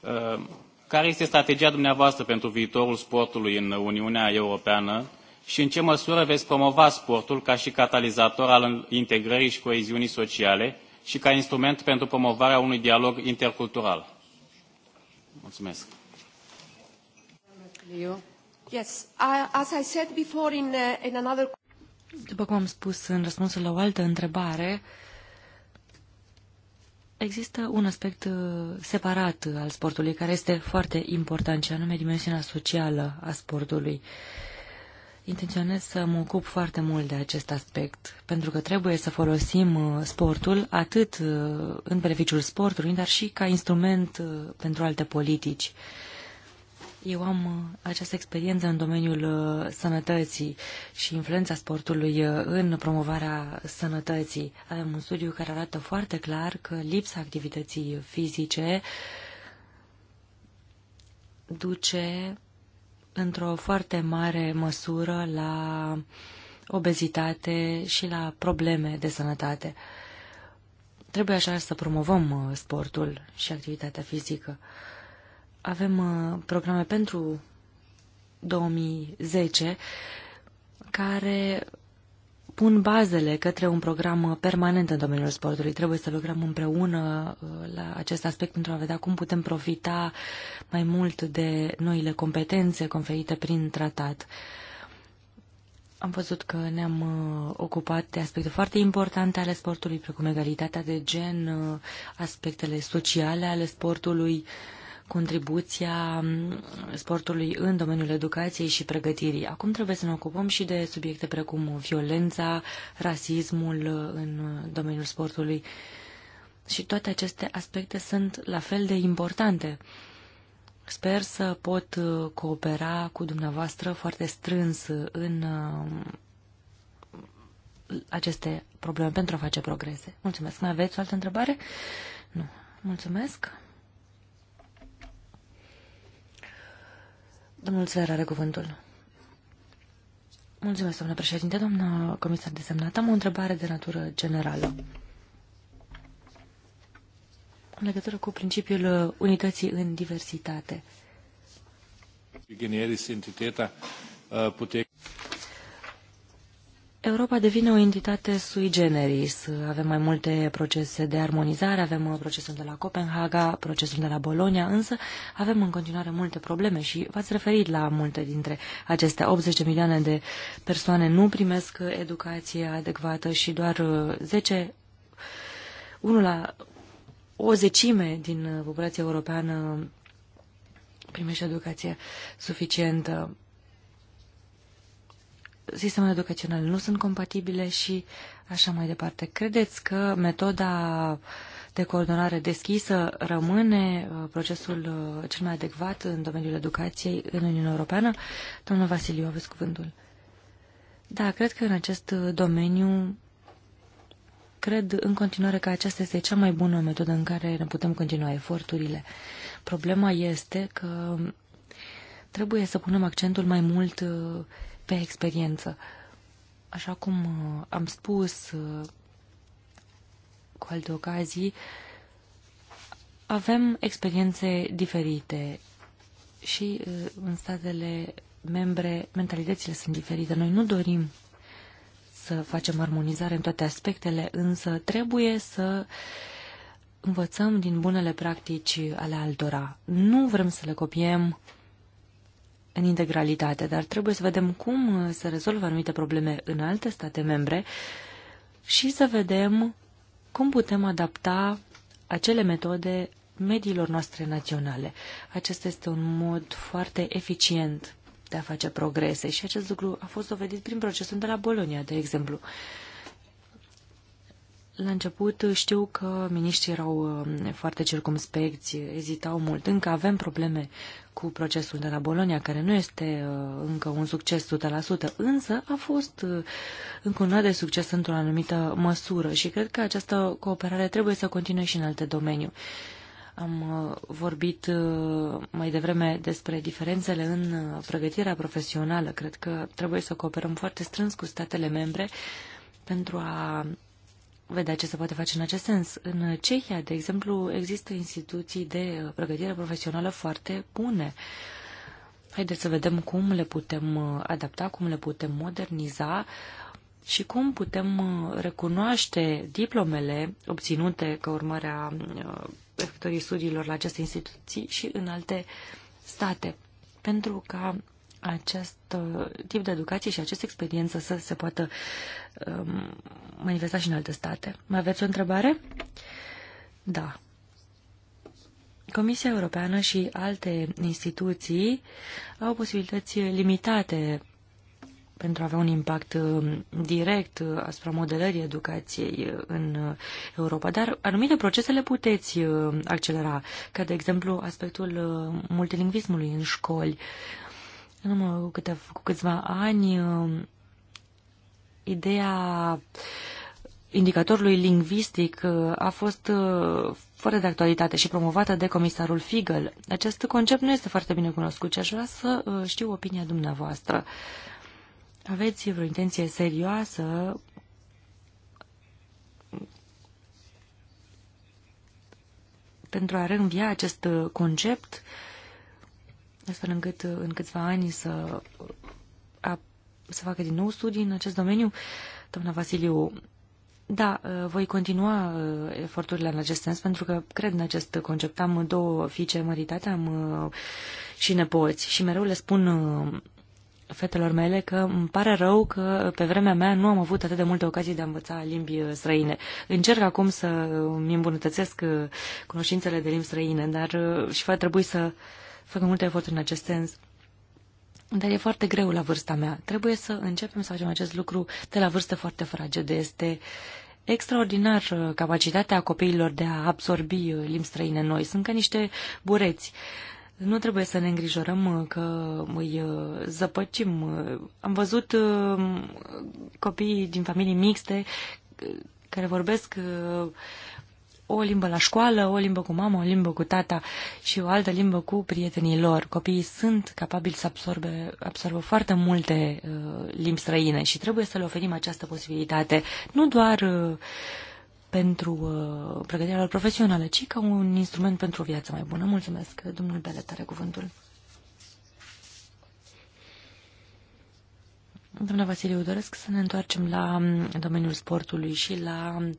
uh, care este strategia dumneavoastră pentru viitorul sportului în Uniunea Europeană și în ce măsură veți promova sportul ca și catalizator al integrării și coeziunii sociale și ca instrument pentru promovarea unui dialog intercultural? Mulțumesc. Yes, as I said before in, uh, in another... După cum am spus în răspunsul la o altă întrebare, există un aspect uh, separat al sportului care este foarte important, și anume dimensiunea socială a sportului. Intenționez să mă ocup foarte mult de acest aspect, pentru că trebuie să folosim uh, sportul atât în beneficiul sportului, dar și ca instrument pentru alte politici. Eu am uh, această experiență în domeniul uh, sănătății și influența sportului uh, în promovarea sănătății. Avem un studiu care arată foarte clar că lipsa activității fizice duce într-o foarte mare măsură la obezitate și la probleme de sănătate. Trebuie așa să promovăm sportul și activitatea fizică avem uh, programe pentru 2010 care pun bazele către un program uh, permanent în domeniul sportului. Trebuie să lucrăm împreună uh, la acest aspect pentru a vedea cum putem profita mai mult de noile competențe conferite prin tratat. Am văzut că ne-am ocupat de aspecte foarte importante ale sportului, precum egalitatea de gen, aspectele sociale ale sportului, uh, contribuția mm, sportului în domeniul educației și pregătirii. Acum trebuie să ne ocupăm și de subiecte precum violența, rasismul uh, în uh, domeniul sportului. Și toate aceste aspecte sunt la fel de importante. Sper să pot uh, coopera cu dumneavoastră foarte strâns în aceste probleme pentru a face progrese. Mulțumesc. Mai aveți o altă întrebare? Nu. Mulțumesc. Domnul Țver are cuvântul. Mulțumesc, doamnă președinte, doamnă comisar semnat. Am o întrebare de natură generală. În legătură cu principiul unității în diversitate. Generis entitatea putere Europa devine o entitate sui generis. Avem mai multe procese de armonizare, avem uh, procesul de la Copenhaga, procesul de la Bologna, însă avem în continuare multe probleme și v-ați referit la multe dintre aceste 80 de milioane de persoane nu primesc uh, educație adecvată și doar 10, uh, 1 la o zecime din populația europeană primește educație suficientă sistemele educaționale nu sunt compatibile și așa mai departe. Credeți că metoda de coordonare deschisă rămâne uh, procesul uh, cel mai adecvat în domeniul educației în Uniunea Europeană? Domnul Vasiliu, aveți cuvântul. Da, cred că în acest uh, domeniu cred în continuare că aceasta este cea mai bună metodă în care ne putem continua eforturile. Problema este că trebuie să punem accentul mai mult pe experiență. Așa cum uh, am spus uh, cu alte ocazii, avem experiențe diferite și uh, în statele membre mentalitățile sunt diferite. Noi nu dorim să facem armonizare în toate aspectele, însă trebuie să învățăm din bunele practici ale altora. Nu vrem să le copiem în integralitate, dar trebuie să vedem cum uh, se rezolvă anumite probleme în alte state membre și să vedem cum putem adapta acele metode mediilor noastre naționale. Acesta este un mod foarte eficient de a face progrese și acest lucru a fost dovedit prin procesul de la Bolonia, de exemplu. Uh, la început știu că miniștrii erau um, foarte circumspecți, ezitau mult. Încă avem probleme cu procesul de la Bolonia, care nu este uh, încă un succes 100%, însă a fost uh, un de succes într-o anumită măsură și cred că această cooperare trebuie să continue și în alte domenii. Am uh, vorbit mai devreme despre diferențele în pregătirea profesională. Cred că trebuie să cooperăm foarte strâns cu statele membre pentru a vedea ce se poate face în acest sens. În Cehia, de exemplu, există instituții de pregătire profesională foarte bune. Haideți să vedem cum le putem uh, adapta, cum le putem moderniza și cum putem uh, recunoaște diplomele obținute ca urmare a uh, efectorii studiilor la aceste instituții și în alte state. Pentru ca acest uh, tip de educație și această experiență să se poată um, manifesta și în alte state. Mai aveți o întrebare? Da. Comisia Europeană și alte instituții au posibilități limitate pentru a avea un impact um, direct uh, asupra modelării educației uh, în Europa. Dar anumite procese le puteți accelera, ca de exemplu aspectul multilingvismului în școli. În urmă cu, câte, cu câțiva ani, um, ideea indicatorului lingvistic uh, a fost uh, fără de actualitate și promovată de comisarul Figel. Acest concept nu este foarte bine cunoscut și aș vrea să uh, știu opinia dumneavoastră. Aveți vreo intenție serioasă pentru a reînvia acest concept uh, astfel încât uh, în câțiva ani să, a, să facă din nou studii în acest domeniu. Doamna Vasiliu, da, uh, voi continua uh, eforturile în acest sens, pentru că cred în acest concept. Am două fiice măritate, am și nepoți și mereu le spun fetelor mele că îmi pare rău că pe vremea mea nu am avut atât de multe ocazii de a învăța limbi străine. Încerc acum să îmi îmbunătățesc cunoștințele de limbi străine, dar și va trebui să făcând multe eforturi în acest sens. Dar e foarte greu la vârsta mea. Trebuie să începem să facem acest lucru de la vârstă foarte fragedă. Este extraordinar uh, capacitatea copiilor de a absorbi uh, limbi străine noi. Sunt ca niște bureți. Nu trebuie să ne îngrijorăm uh, că îi zăpăcim. Am văzut copiii din familii mixte care vorbesc o limbă la școală, o limbă cu mama, o limbă cu tata și o altă limbă cu prietenii lor. Copiii sunt capabili să absorbe, absorbe foarte multe uh, limbi străine și trebuie să le oferim această posibilitate, nu doar uh, pentru uh, pregătirea lor profesională, ci ca un instrument pentru o viață mai bună. Mulțumesc, domnul Beletare, cuvântul. Doamna Vasiliu, doresc să ne întoarcem la mm, domeniul sportului și la mm,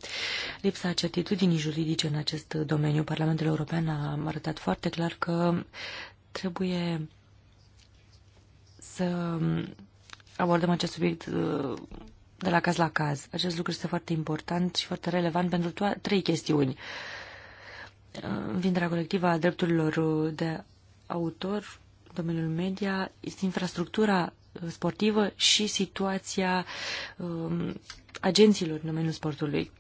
lipsa certitudinii juridice în acest domeniu. Parlamentul European a arătat foarte clar că trebuie să mm, abordăm acest subiect uh, de la caz la caz. Acest lucru este foarte important și foarte relevant pentru trei chestiuni. Uh, Vinderea colectivă a drepturilor uh, de autor, domeniul media, este infrastructura sportivă și situația um, agenților în domeniul sportului.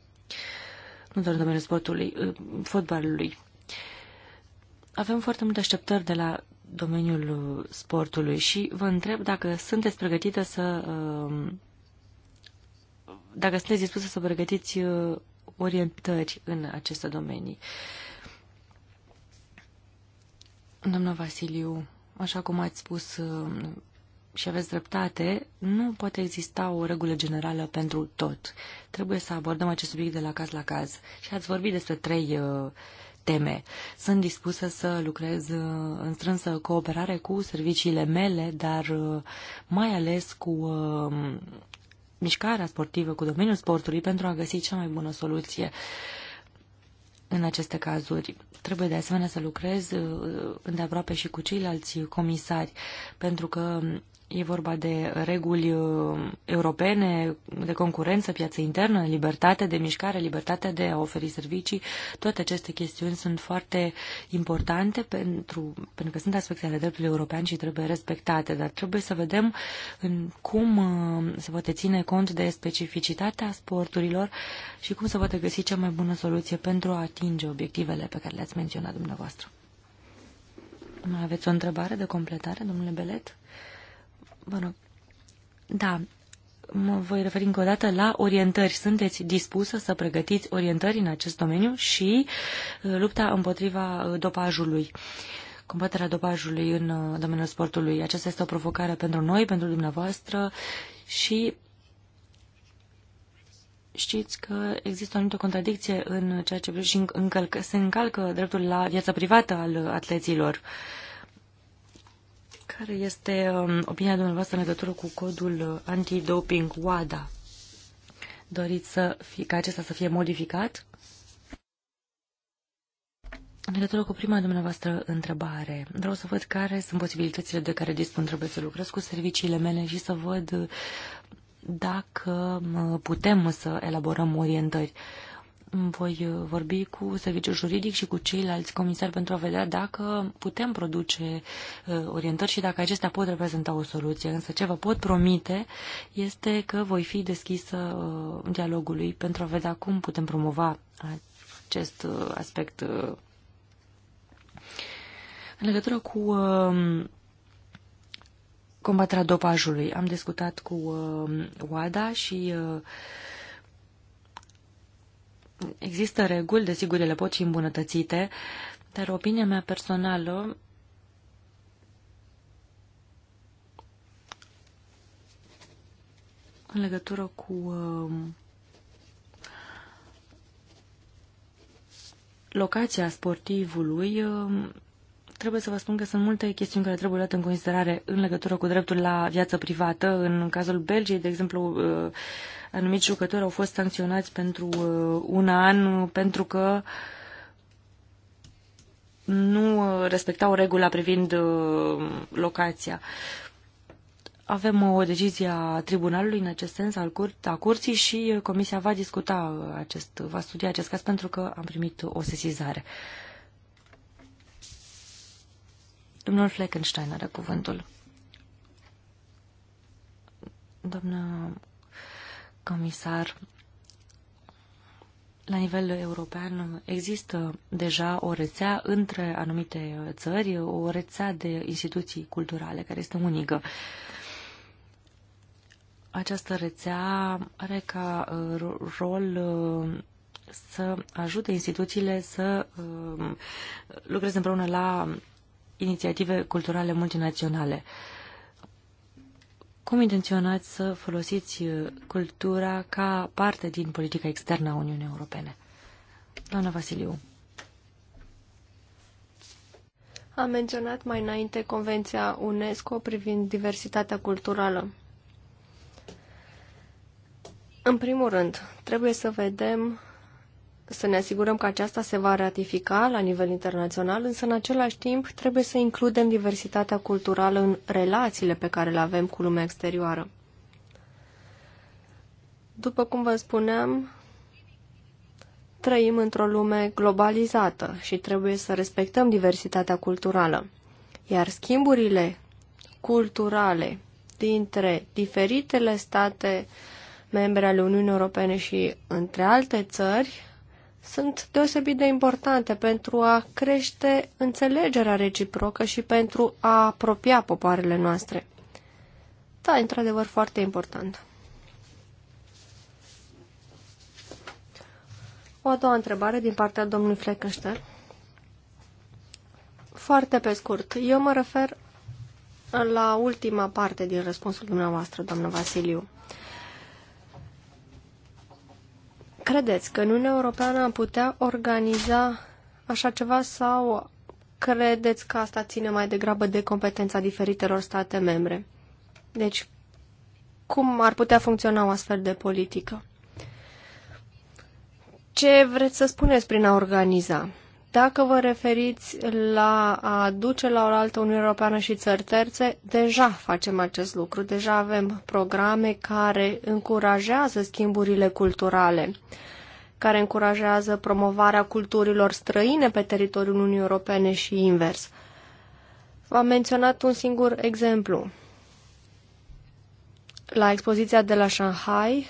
Nu doar în domeniul sportului, uh, fotbalului. Avem foarte multe așteptări de la domeniul uh, sportului și vă întreb dacă sunteți pregătită să um, dacă sunteți dispusă să pregătiți uh, orientări în aceste domenii. Doamna Vasiliu, așa cum ați spus și aveți dreptate, nu poate exista o regulă generală pentru tot. Trebuie să abordăm acest subiect de la caz la caz. Și ați vorbit despre trei uh, teme. Sunt dispusă să lucrez uh, în strânsă cooperare cu serviciile mele, dar uh, mai ales cu uh, mișcarea sportivă, cu domeniul sportului, pentru a găsi cea mai bună soluție în aceste cazuri. Trebuie de asemenea să lucrez uh, îndeaproape și cu ceilalți comisari, pentru că E vorba de reguli uh, europene, de concurență, piață internă, libertate de mișcare, libertate de a oferi servicii. Toate aceste chestiuni sunt foarte importante pentru, pentru că sunt aspecte ale dreptului european și trebuie respectate, dar trebuie să vedem în cum uh, se poate ține cont de specificitatea sporturilor și cum se poate găsi cea mai bună soluție pentru a atinge obiectivele pe care le-ați menționat dumneavoastră. Mai aveți o întrebare de completare, domnule Belet? Vă rog. Da, mă voi referi încă o dată la orientări. Sunteți dispusă să pregătiți orientări în acest domeniu și uh, lupta împotriva uh, dopajului. Combaterea dopajului în uh, domeniul sportului. Aceasta este o provocare pentru noi, pentru dumneavoastră și știți că există o anumită contradicție în ceea ce și încălcă, se încalcă dreptul la viața privată al atleților. Uh, care este um, opinia dumneavoastră în legătură cu codul uh, antidoping WADA? Doriți să fie, ca acesta să fie modificat? În legătură cu prima dumneavoastră întrebare, vreau să văd care sunt posibilitățile de care dispun. Trebuie să lucrez cu serviciile mele și să văd uh, dacă uh, putem să elaborăm orientări. Uh, voi uh, vorbi cu serviciul juridic și cu ceilalți comisari pentru a vedea dacă putem produce uh, orientări și dacă acestea pot reprezenta o soluție. Însă ce vă pot promite este că voi fi deschisă uh, dialogului pentru a vedea cum putem promova acest aspect în legătură cu combaterea dopajului. Am discutat cu OADA și Există reguli, desigur, ele pot fi îmbunătățite, dar opinia mea personală în legătură cu uh, locația sportivului uh, Trebuie să vă spun că sunt multe chestiuni care trebuie luate în considerare în legătură cu dreptul la viață privată. În cazul Belgiei, de exemplu, uh, anumiti jucători au fost sancționați pentru uh, un an pentru că nu uh, respectau regula privind locația. Avem o decizie a tribunalului în acest sens, al cur- a curții și comisia va discuta acest, va studia acest caz pentru că am primit o sesizare. Domnul Fleckenstein are cuvântul. Doamna comisar, la nivel european există deja o rețea între anumite țări, o rețea de instituții culturale care este unică. Această rețea are ca uh, rol uh, să ajute instituțiile să uh, lucreze împreună la inițiative culturale multinaționale. Cum intenționați să folosiți uh, cultura ca parte din politica externă a Uniunii Europene? Doamna Vasiliu. Am menționat mai înainte Convenția UNESCO privind diversitatea culturală. În primul rând, trebuie să vedem să ne asigurăm că aceasta se va ratifica la nivel internațional, însă în același timp trebuie să includem diversitatea culturală în relațiile pe care le avem cu lumea exterioară. După cum vă spuneam, trăim într-o lume globalizată și trebuie să respectăm diversitatea culturală, iar schimburile culturale dintre diferitele state membre ale Uniunii Europene și între alte țări sunt deosebit de importante pentru a crește înțelegerea reciprocă și pentru a apropia popoarele noastre. Da, într-adevăr, foarte important. O a doua întrebare din partea domnului Fleckenstein. Foarte pe scurt, eu mă refer la ultima parte din răspunsul dumneavoastră, doamnă Vasiliu. Credeți că în Uniunea Europeană am putea organiza așa ceva sau credeți că asta ține mai degrabă de competența diferitelor state membre? Deci, cum ar putea funcționa o astfel de politică? Ce vreți să spuneți prin a organiza? Dacă vă referiți la a duce la oaltă Uniunea Europeană și țări terțe, deja facem acest lucru, deja avem programe care încurajează schimburile culturale, care încurajează promovarea culturilor străine pe teritoriul Uniunii Europene și invers. V-am menționat un singur exemplu. La expoziția de la Shanghai,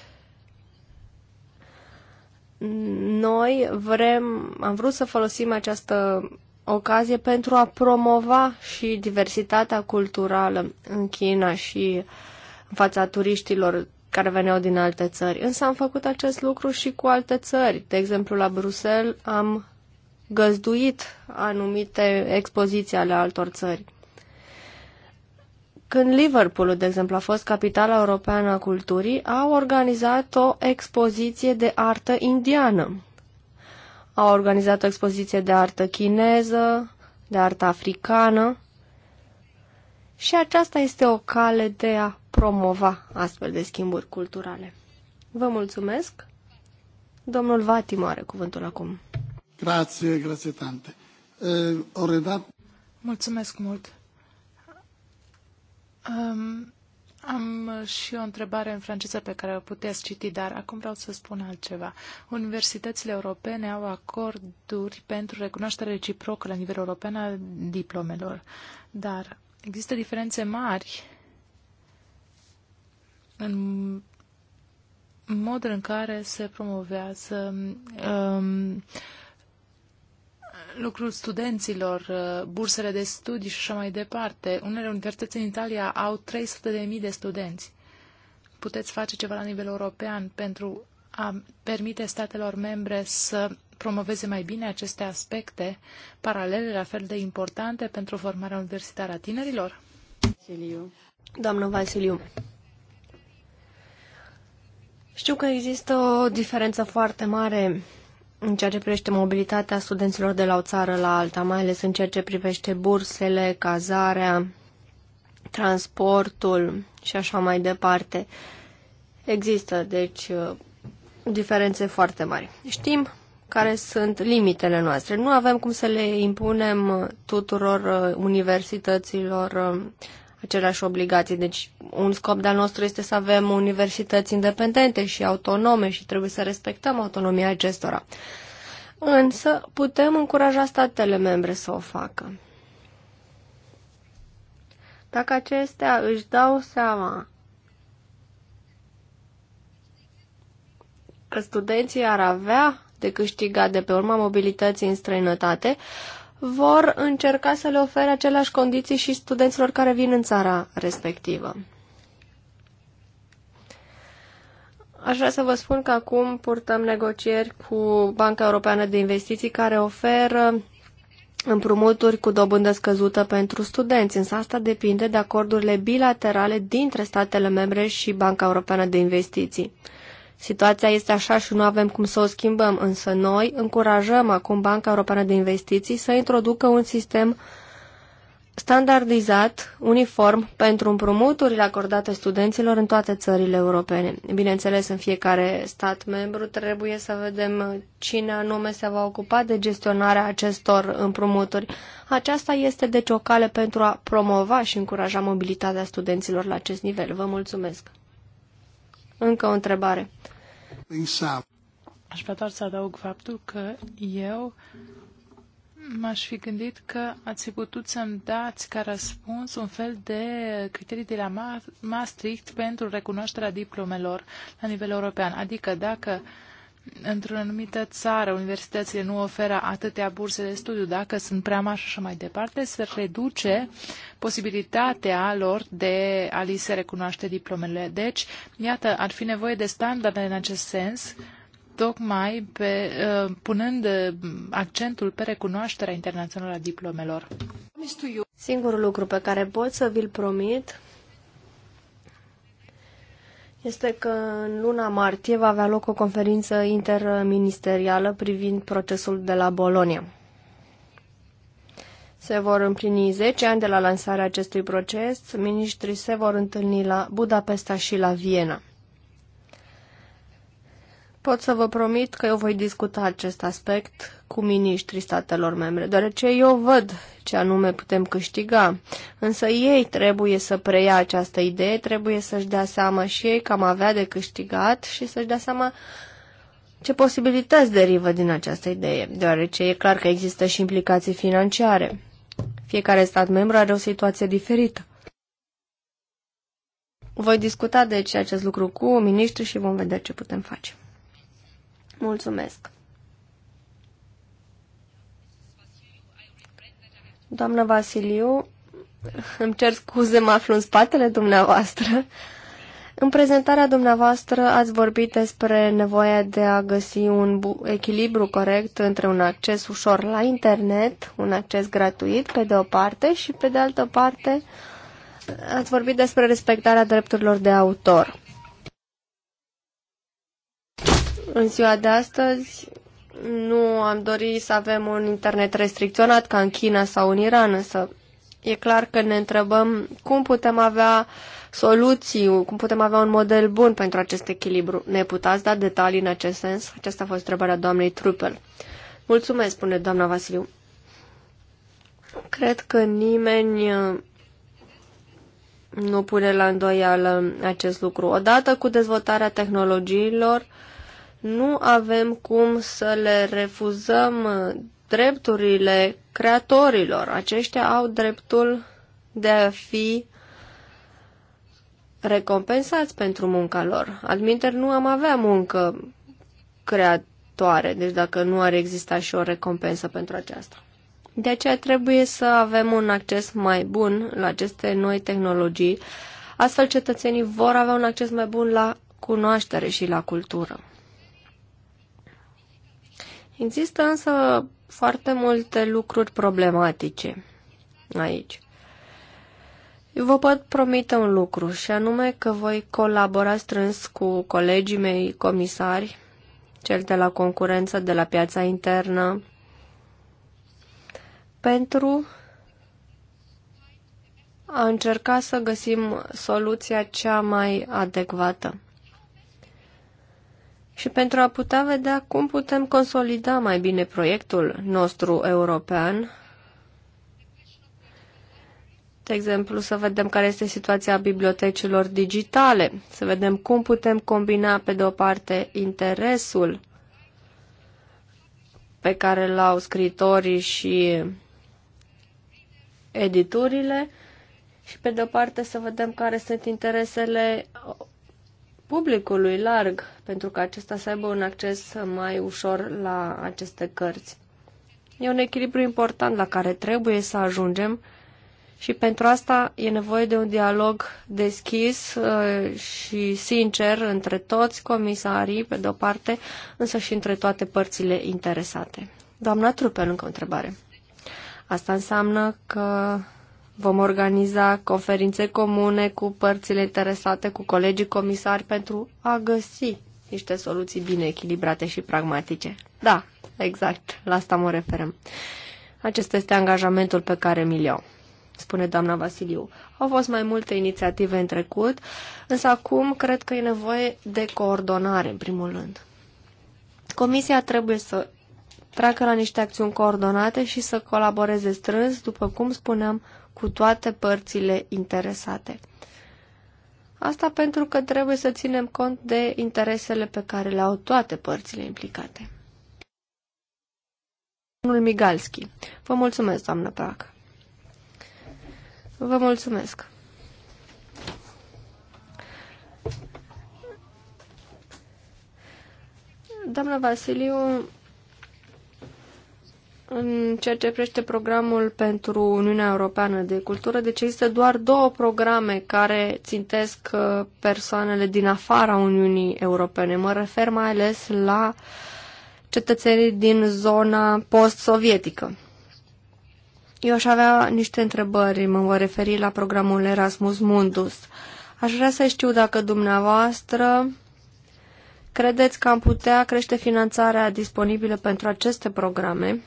noi vrem, am vrut să folosim această ocazie pentru a promova și diversitatea culturală în China și în fața turiștilor care veneau din alte țări. Însă am făcut acest lucru și cu alte țări. De exemplu, la Bruxelles am găzduit anumite expoziții ale altor țări când Liverpool, de exemplu, a fost capitala europeană a culturii, au organizat o expoziție de artă indiană. Au organizat o expoziție de artă chineză, de artă africană și aceasta este o cale de a promova astfel de schimburi culturale. Vă mulțumesc! Domnul Vatim are cuvântul acum. Grație, grație tante. E, eh, redat... Mulțumesc mult! Um, am și o întrebare în franceză pe care o puteți citi, dar acum vreau să spun altceva. Universitățile europene au acorduri pentru recunoaștere reciprocă la nivel european a diplomelor, dar există diferențe mari în modul în care se promovează um, lucrul studenților, uh, bursele de studii și așa mai departe. Unele universități în Italia au 300.000 de studenți. Puteți face ceva la nivel european pentru a permite statelor membre să promoveze mai bine aceste aspecte paralele la fel de importante pentru formarea universitară a tinerilor? Vasiliu. Doamnă Vasiliu, știu că există o diferență foarte mare în ceea ce privește mobilitatea studenților de la o țară la alta, mai ales în ceea ce privește bursele, cazarea, transportul și așa mai departe. Există, deci, diferențe foarte mari. Știm care sunt limitele noastre. Nu avem cum să le impunem tuturor uh, universităților uh, aceleași obligații. Deci un scop de-al nostru este să avem universități independente și autonome și trebuie să respectăm autonomia acestora. Însă putem încuraja statele membre să o facă. Dacă acestea își dau seama că studenții ar avea de câștigat de pe urma mobilității în străinătate, vor încerca să le ofere aceleași condiții și studenților care vin în țara respectivă. Aș vrea să vă spun că acum purtăm negocieri cu Banca Europeană de Investiții care oferă împrumuturi cu dobândă scăzută pentru studenți, însă asta depinde de acordurile bilaterale dintre statele membre și Banca Europeană de Investiții. Situația este așa și nu avem cum să o schimbăm, însă noi încurajăm acum Banca Europeană de Investiții să introducă un sistem standardizat, uniform, pentru împrumuturile acordate studenților în toate țările europene. Bineînțeles, în fiecare stat membru trebuie să vedem cine anume se va ocupa de gestionarea acestor împrumuturi. Aceasta este deci o cale pentru a promova și încuraja mobilitatea studenților la acest nivel. Vă mulțumesc! Încă o întrebare. Aș vrea doar să adaug faptul că eu m-aș fi gândit că ați putut să-mi dați ca răspuns un fel de criterii de la Ma Maastricht pentru recunoașterea diplomelor la nivel european. Adică dacă uh, într-o anumită țară universitățile nu oferă atâtea burse de studiu, dacă sunt prea mari și așa mai departe, se reduce posibilitatea lor de a li se recunoaște diplomele. Deci, iată, ar fi nevoie de standarde în acest sens, tocmai pe, uh, punând uh, accentul pe recunoașterea internațională a diplomelor. Singurul lucru pe care pot să vi-l promit este că în luna martie va avea loc o conferință interministerială privind procesul de la Bolonia. Se vor împlini 10 ani de la lansarea acestui proces. Ministrii se vor întâlni la Budapesta și la Viena pot să vă promit că eu voi discuta acest aspect cu miniștrii statelor membre, deoarece eu văd ce anume putem câștiga. Însă ei trebuie să preia această idee, trebuie să-și dea seama și ei că am avea de câștigat și să-și dea seama ce posibilități derivă din această idee, deoarece e clar că există și implicații financiare. Fiecare stat membru are o situație diferită. Voi discuta deci acest lucru cu miniștri și vom vedea ce putem face. Mulțumesc. Doamnă Vasiliu, îmi cer scuze, mă aflu în spatele dumneavoastră. În prezentarea dumneavoastră ați vorbit despre nevoia de a găsi un echilibru corect între un acces ușor la internet, un acces gratuit pe de o parte și pe de altă parte ați vorbit despre respectarea drepturilor de autor. În ziua de astăzi nu am dorit să avem un internet restricționat ca în China sau în Iran, însă e clar că ne întrebăm cum putem avea soluții, cum putem avea un model bun pentru acest echilibru. Ne puteți da detalii în acest sens? Aceasta a fost întrebarea doamnei Trupel. Mulțumesc, spune doamna Vasiliu. Cred că nimeni uh, nu pune la îndoială acest lucru. Odată cu dezvoltarea tehnologiilor, uh, nu avem cum să le refuzăm drepturile creatorilor. Aceștia au dreptul de a fi recompensați pentru munca lor. Adminter, nu am avea muncă creatoare, deci dacă nu ar exista și o recompensă pentru aceasta. De aceea trebuie să avem un acces mai bun la aceste noi tehnologii, astfel cetățenii vor avea un acces mai bun la cunoaștere și la cultură. Există însă foarte multe lucruri problematice aici. vă pot promite un lucru și anume că voi colabora strâns cu colegii mei comisari, cel de la concurență, de la piața internă, pentru a încerca să găsim soluția cea mai adecvată și pentru a putea vedea cum putem consolida mai bine proiectul nostru european. De exemplu, să vedem care este situația bibliotecilor digitale, să vedem cum putem combina, pe de o parte, interesul pe care l au scritorii și editurile și pe de o parte să vedem care sunt interesele publicului larg pentru ca acesta să aibă un acces mai ușor la aceste cărți. E un echilibru important la care trebuie să ajungem și pentru asta e nevoie de un dialog deschis uh, și sincer între toți comisarii, pe de-o parte, însă și între toate părțile interesate. Doamna Trupel, încă o întrebare. Asta înseamnă că Vom organiza conferințe comune cu părțile interesate, cu colegii comisari, pentru a găsi niște soluții bine echilibrate și pragmatice. Da, exact, la asta mă referăm. Acesta este angajamentul pe care mi-l iau, spune doamna Vasiliu. Au fost mai multe inițiative în trecut, însă acum cred că e nevoie de coordonare, în primul rând. Comisia trebuie să treacă la niște acțiuni coordonate și să colaboreze strâns, după cum spuneam, cu toate părțile interesate. Asta pentru că trebuie să ținem cont de interesele pe care le au toate părțile implicate. Domnul Migalski. Vă mulțumesc, doamnă Prac. Vă mulțumesc. Doamna Vasiliu, în ceea ce privește programul pentru Uniunea Europeană de Cultură, deci există doar două programe care țintesc uh, persoanele din afara Uniunii Europene. Mă refer mai ales la cetățenii din zona post-sovietică. Eu aș avea niște întrebări, mă voi referi la programul Erasmus Mundus. Aș vrea să știu dacă dumneavoastră credeți că am putea crește finanțarea disponibilă pentru aceste programe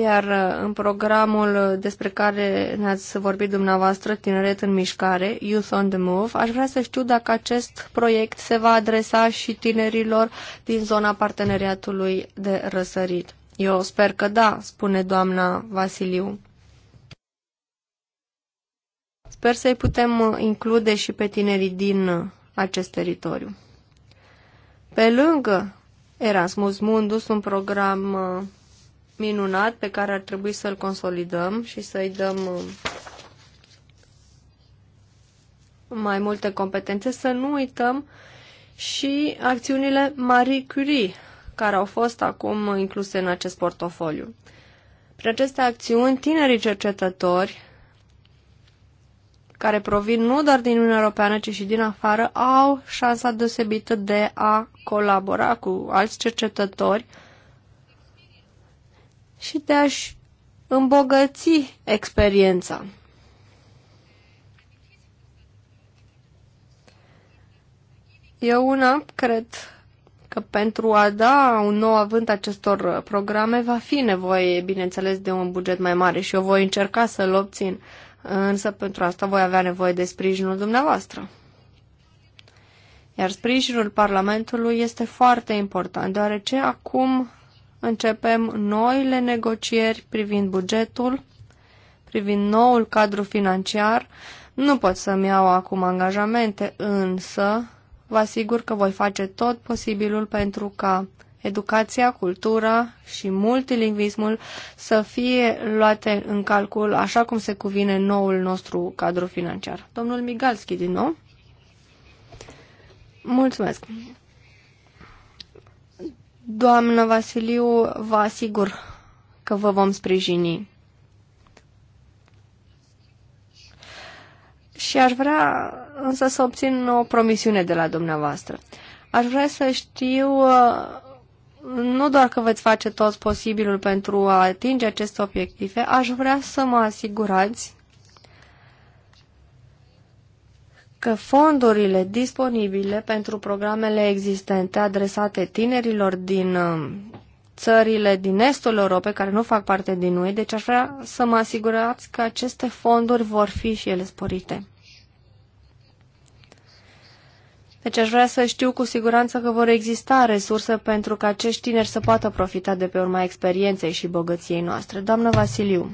iar uh, în programul uh, despre care ne-ați vorbit dumneavoastră, Tineret în Mișcare, Youth on the Move, aș vrea să știu dacă acest proiect se va adresa și tinerilor din zona parteneriatului de răsărit. Eu sper că da, spune doamna Vasiliu. Sper să-i putem uh, include și pe tinerii din acest teritoriu. Pe lângă Erasmus Mundus, un program minunat pe care ar trebui să-l consolidăm și să-i dăm um, mai multe competențe, să nu uităm și acțiunile Marie Curie, care au fost acum incluse în acest portofoliu. Prin aceste acțiuni, tinerii cercetători, care provin nu doar din Uniunea Europeană, ci și din afară, au șansa deosebită de a colabora cu alți cercetători și de a-și îmbogăți experiența. Eu una cred că pentru a da un nou avânt acestor programe va fi nevoie, bineînțeles, de un buget mai mare și eu voi încerca să-l obțin, însă pentru asta voi avea nevoie de sprijinul dumneavoastră. Iar sprijinul Parlamentului este foarte important, deoarece acum începem noile negocieri privind bugetul, privind noul cadru financiar. Nu pot să-mi iau acum angajamente, însă vă asigur că voi face tot posibilul pentru ca educația, cultura și multilingvismul să fie luate în calcul așa cum se cuvine noul nostru cadru financiar. Domnul Migalski, din nou. Mulțumesc. Doamnă Vasiliu, vă asigur că vă vom sprijini. Și aș vrea însă să obțin o promisiune de la dumneavoastră. Aș vrea să știu nu doar că veți face tot posibilul pentru a atinge aceste obiective, aș vrea să mă asigurați că fondurile disponibile pentru programele existente adresate tinerilor din um, țările din estul Europei care nu fac parte din noi, deci aș vrea să mă asigurați că aceste fonduri vor fi și ele sporite. Deci aș vrea să știu cu siguranță că vor exista resurse pentru ca acești tineri să poată profita de pe urma experienței și bogăției noastre. Doamnă Vasiliu.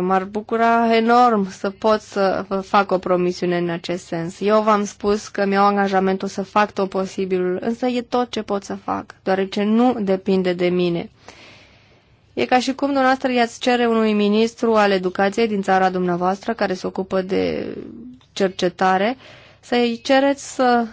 M-ar bucura enorm să pot să vă fac o promisiune în acest sens. Eu v-am spus că mi-au angajamentul să fac tot posibilul, însă e tot ce pot să fac, deoarece nu depinde de mine. E ca și cum dumneavoastră i-ați cere unui ministru al educației din țara dumneavoastră, care se ocupă de cercetare, să-i cereți să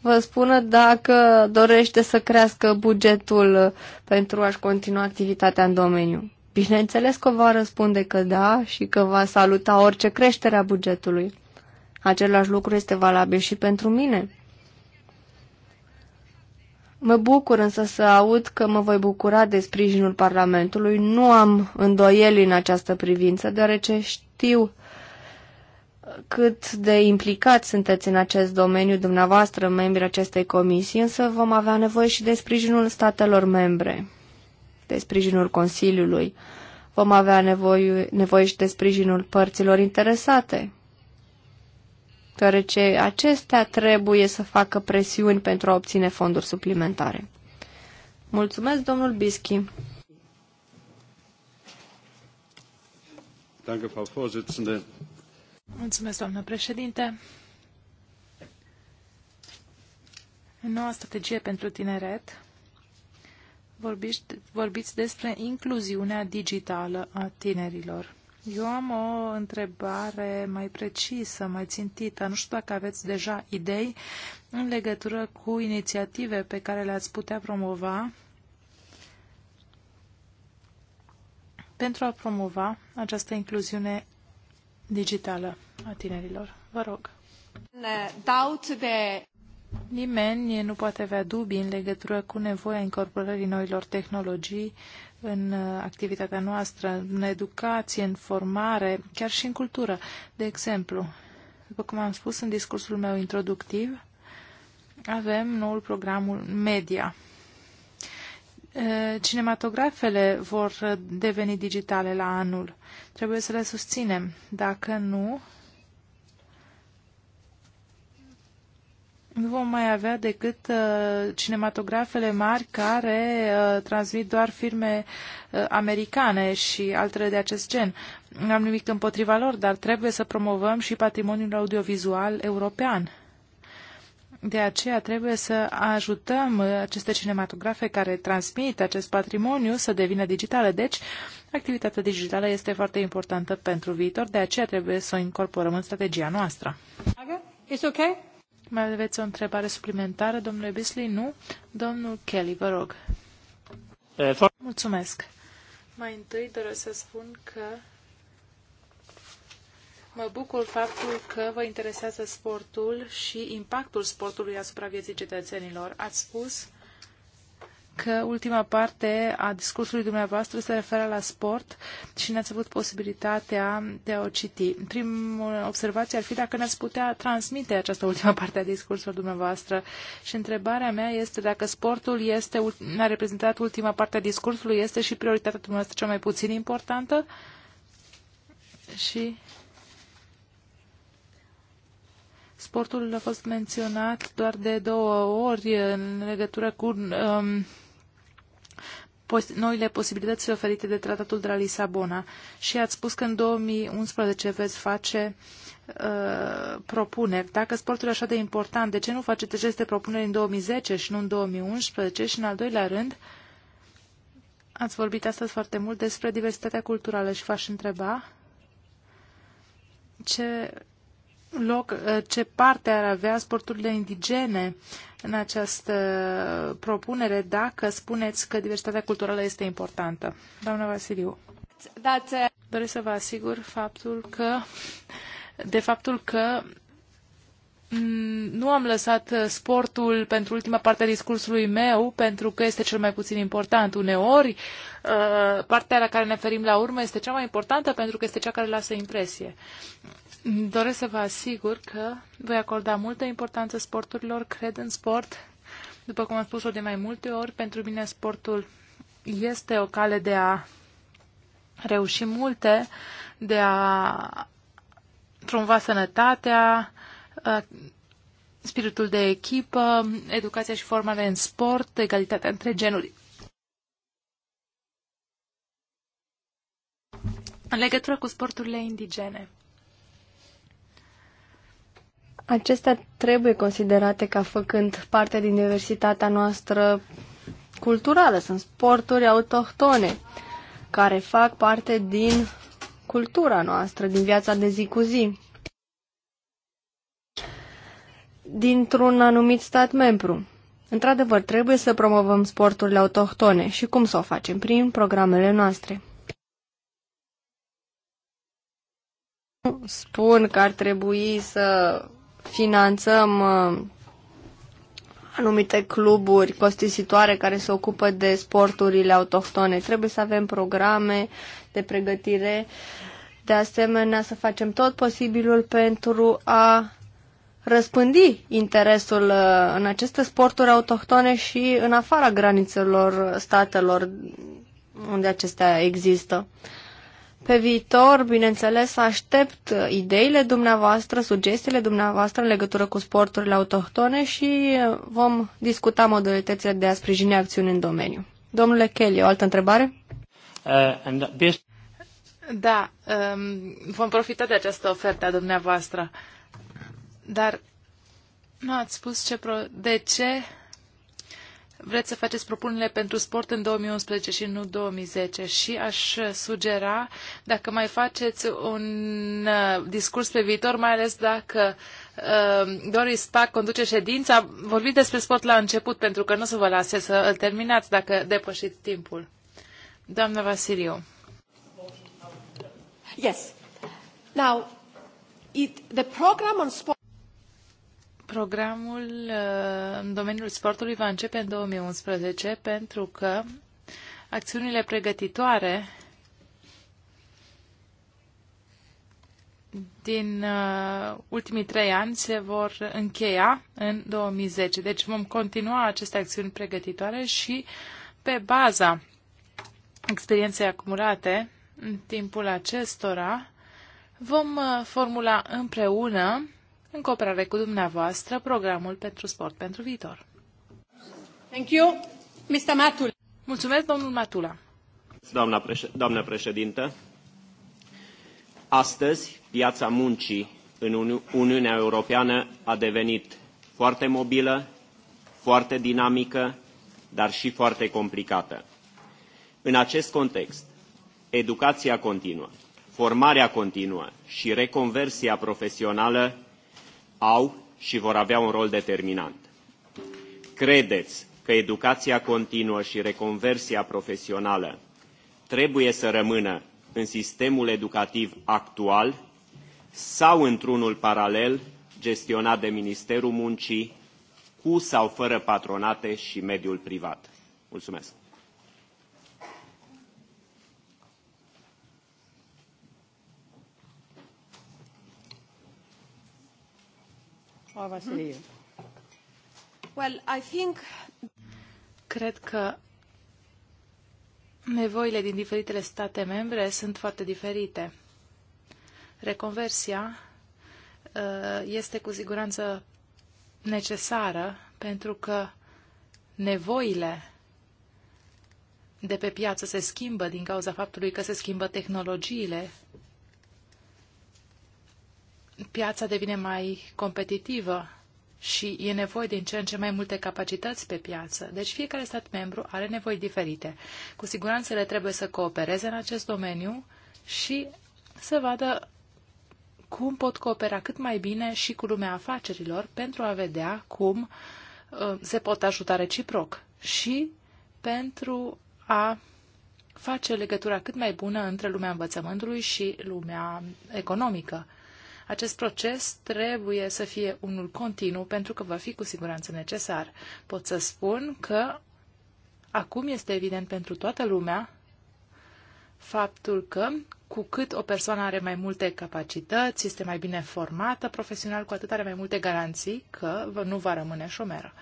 vă spună dacă dorește să crească bugetul pentru a-și continua activitatea în domeniu. Bineînțeles că va răspunde că da și că va saluta orice creștere a bugetului. Același lucru este valabil și pentru mine. Mă bucur însă să aud că mă voi bucura de sprijinul Parlamentului. Nu am îndoieli în această privință, deoarece știu cât de implicați sunteți în acest domeniu dumneavoastră, membrii acestei comisii, însă vom avea nevoie și de sprijinul statelor membre de sprijinul Consiliului. Vom avea nevoie, nevoie și de sprijinul părților interesate, deoarece acestea trebuie să facă presiuni pentru a obține fonduri suplimentare. Mulțumesc, domnul Bischi. Mulțumesc, doamnă președinte. Noua strategie pentru tineret vorbiți, vorbiți despre incluziunea digitală a tinerilor. Eu am o întrebare mai precisă, mai țintită. Nu știu dacă aveți deja idei în legătură cu inițiative pe care le-ați putea promova pentru a promova această incluziune digitală a tinerilor. Vă rog. Doubt de Nimeni nu poate avea dubii în legătură cu nevoia incorporării noilor tehnologii în uh, activitatea noastră, în educație, în formare, chiar și în cultură. De exemplu, după cum am spus în discursul meu introductiv, avem noul programul media. Uh, cinematografele vor uh, deveni digitale la anul. Trebuie să le susținem. Dacă nu, nu vom mai avea decât uh, cinematografele mari care uh, transmit doar filme uh, americane și altele de acest gen. Nu am nimic împotriva lor, dar trebuie să promovăm și patrimoniul audiovizual european. De aceea trebuie să ajutăm uh, aceste cinematografe care transmit acest patrimoniu să devină digitale. Deci, activitatea digitală este foarte importantă pentru viitor, de aceea trebuie să o incorporăm în strategia noastră. It's okay? Mai aveți o întrebare suplimentară, domnule Bisley? Nu? Domnul Kelly, vă rog. Eh, Mulțumesc. Mai întâi doresc să spun că mă bucur faptul că vă interesează sportul și impactul sportului asupra vieții cetățenilor. Ați spus că ultima parte a discursului dumneavoastră se referă la sport și ne-ați avut posibilitatea de a o citi. Primul observație ar fi dacă ne-ați putea transmite această ultima parte a discursului dumneavoastră și întrebarea mea este dacă sportul este, a reprezentat ultima parte a discursului, este și prioritatea dumneavoastră cea mai puțin importantă? Și sportul a fost menționat doar de două ori în legătură cu um, pos noile posibilități oferite de tratatul de la Lisabona și ați spus că în 2011 veți face uh, propuneri. Dacă sportul e așa de important, de ce nu faceți aceste propuneri în 2010 și nu în 2011? Și în al doilea rând, ați vorbit astăzi foarte mult despre diversitatea culturală și v-aș întreba ce loc, uh, ce parte ar avea sporturile indigene în această propunere dacă spuneți că diversitatea culturală este importantă. Doamna Vasiliu, uh, doresc să vă asigur faptul că, de faptul că nu am lăsat sportul pentru ultima parte a discursului meu, pentru că este cel mai puțin important. Uneori, uh, partea la care ne ferim la urmă este cea mai importantă pentru că este cea care lasă impresie. Doresc să vă asigur că voi acorda multă importanță sporturilor, cred în sport. După cum am spus-o de mai multe ori, pentru mine sportul este o cale de a reuși multe, de a promova sănătatea, spiritul de echipă, educația și formarea în sport, egalitatea între genuri. În legătură cu sporturile indigene. Acestea trebuie considerate ca făcând parte din diversitatea noastră culturală. Sunt sporturi autohtone care fac parte din cultura noastră, din viața de zi cu zi. Dintr-un anumit stat membru. Într-adevăr, trebuie să promovăm sporturile autohtone și cum să o facem? Prin programele noastre. spun că ar trebui să finanțăm uh, anumite cluburi costisitoare care se ocupă de sporturile autohtone. Trebuie să avem programe de pregătire. De asemenea, să facem tot posibilul pentru a răspândi interesul uh, în aceste sporturi autohtone și în afara granițelor statelor unde acestea există. Pe viitor, bineînțeles, aștept uh, ideile dumneavoastră, sugestiile dumneavoastră în legătură cu sporturile autohtone și uh, vom discuta modalitățile de a sprijini acțiuni în domeniu. Domnule Kelly, o altă întrebare? Uh, da, um, vom profita de această ofertă a dumneavoastră. Dar nu ați spus ce pro... de ce vreți să faceți propunerile pentru sport în 2011 și nu 2010 și aș sugera dacă mai faceți un uh, discurs pe viitor, mai ales dacă uh, Doris Pac conduce ședința, vorbiți despre sport la început pentru că nu o să vă lase să îl terminați dacă depășiți timpul. Doamna Vasiliu. Yes. Now, it, the program on sport Programul uh, în domeniul sportului va începe în 2011 pentru că acțiunile pregătitoare din uh, ultimii trei ani se vor încheia în 2010. Deci vom continua aceste acțiuni pregătitoare și pe baza experienței acumulate în timpul acestora vom uh, formula împreună în cooperare cu dumneavoastră, programul pentru sport pentru viitor. Thank you, Mr. Matul. Mulțumesc, domnul Matula. Doamna, președ doamna președintă, astăzi piața muncii în Uni Uniunea Europeană a devenit foarte mobilă, foarte dinamică, dar și foarte complicată. În acest context, educația continuă, formarea continuă și reconversia profesională au și vor avea un rol determinant. Credeți că educația continuă și reconversia profesională trebuie să rămână în sistemul educativ actual sau într-unul paralel gestionat de Ministerul Muncii, cu sau fără patronate și mediul privat. Mulțumesc! Well, I think... Cred că nevoile din diferitele state membre sunt foarte diferite. Reconversia uh, este cu siguranță necesară pentru că nevoile de pe piață se schimbă din cauza faptului că se schimbă tehnologiile piața devine mai competitivă și e nevoie din ce în ce mai multe capacități pe piață. Deci fiecare stat membru are nevoi diferite. Cu siguranță le trebuie să coopereze în acest domeniu și să vadă cum pot coopera cât mai bine și cu lumea afacerilor pentru a vedea cum uh, se pot ajuta reciproc și pentru a face legătura cât mai bună între lumea învățământului și lumea economică. Acest proces trebuie să fie unul continuu pentru că va fi cu siguranță necesar. Pot să spun că acum este evident pentru toată lumea faptul că cu cât o persoană are mai multe capacități, este mai bine formată profesional, cu atât are mai multe garanții că nu va rămâne șomeră.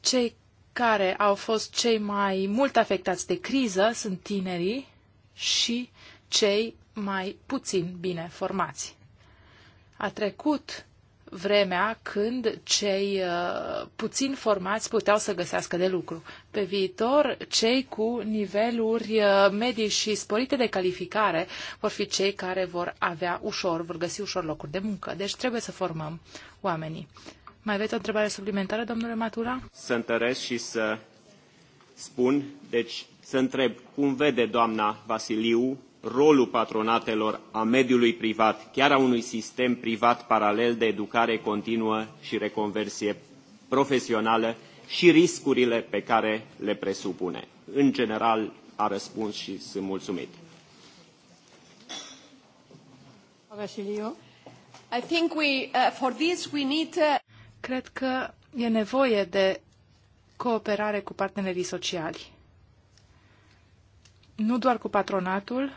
Cei care au fost cei mai mult afectați de criză sunt tinerii și cei mai puțin bine formați. A trecut vremea când cei uh, puțin formați puteau să găsească de lucru. Pe viitor, cei cu niveluri uh, medii și sporite de calificare vor fi cei care vor avea ușor, vor găsi ușor locuri de muncă. Deci trebuie să formăm oamenii. Mai aveți o întrebare suplimentară, domnule Matura? Să întăresc și să spun, deci să întreb cum vede doamna Vasiliu rolul patronatelor a mediului privat, chiar a unui sistem privat paralel de educare continuă și reconversie profesională și riscurile pe care le presupune. În general, a răspuns și sunt mulțumit. I think we, uh, for this we need, uh, Cred că e nevoie de cooperare cu partenerii sociali. Nu doar cu patronatul,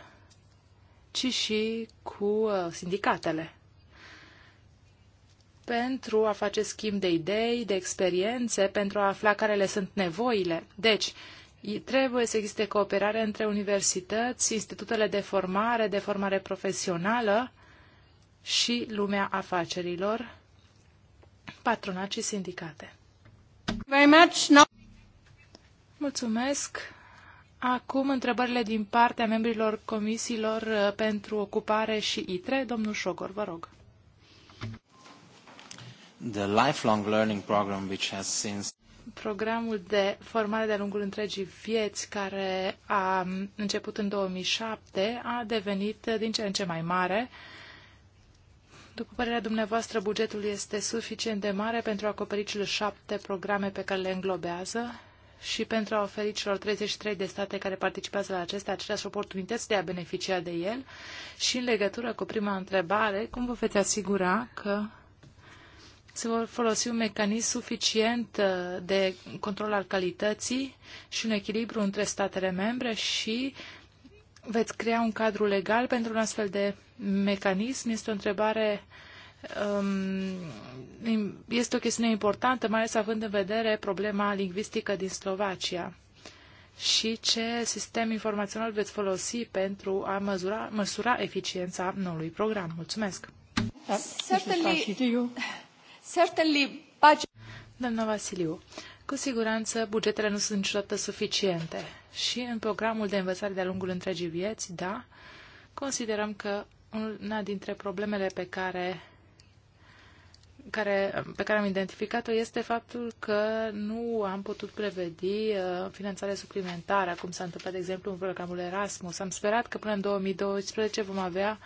ci și cu uh, sindicatele pentru a face schimb de idei, de experiențe, pentru a afla care le sunt nevoile. Deci, trebuie să existe cooperare între universități, institutele de formare, de formare profesională și lumea afacerilor, patronat și sindicate. Very much. No. Mulțumesc. Acum întrebările din partea membrilor comisiilor uh, pentru ocupare și ITRE. Domnul Șogor, vă rog. The lifelong learning program which has since programul de formare de-a lungul întregii vieți, care a um, început în 2007, a devenit uh, din ce în ce mai mare. După părerea dumneavoastră, bugetul este suficient de mare pentru a acoperi cele șapte programe pe care le înglobează? și pentru a oferi celor 33 de state care participează la acestea aceleași oportunități de a beneficia de el? Și în legătură cu prima întrebare, cum vă veți asigura că se vor folosi un mecanism suficient uh, de control al calității și un echilibru între statele membre și veți crea un cadru legal pentru un astfel de mecanism? Este o întrebare uh, Um, este o chestiune importantă, mai ales având în vedere problema lingvistică din Slovacia și ce sistem informațional veți folosi pentru a măsura, măsura eficiența noului program. Mulțumesc! Da, certainly, certainly Doamna Vasiliu, cu siguranță bugetele nu sunt niciodată suficiente și în programul de învățare de-a lungul întregii vieți, da, considerăm că una dintre problemele pe care care, pe care am identificat-o este faptul că nu am putut prevedi uh, finanțare suplimentară, cum s-a întâmplat, de exemplu, în programul Erasmus. Am sperat că până în 2012 vom avea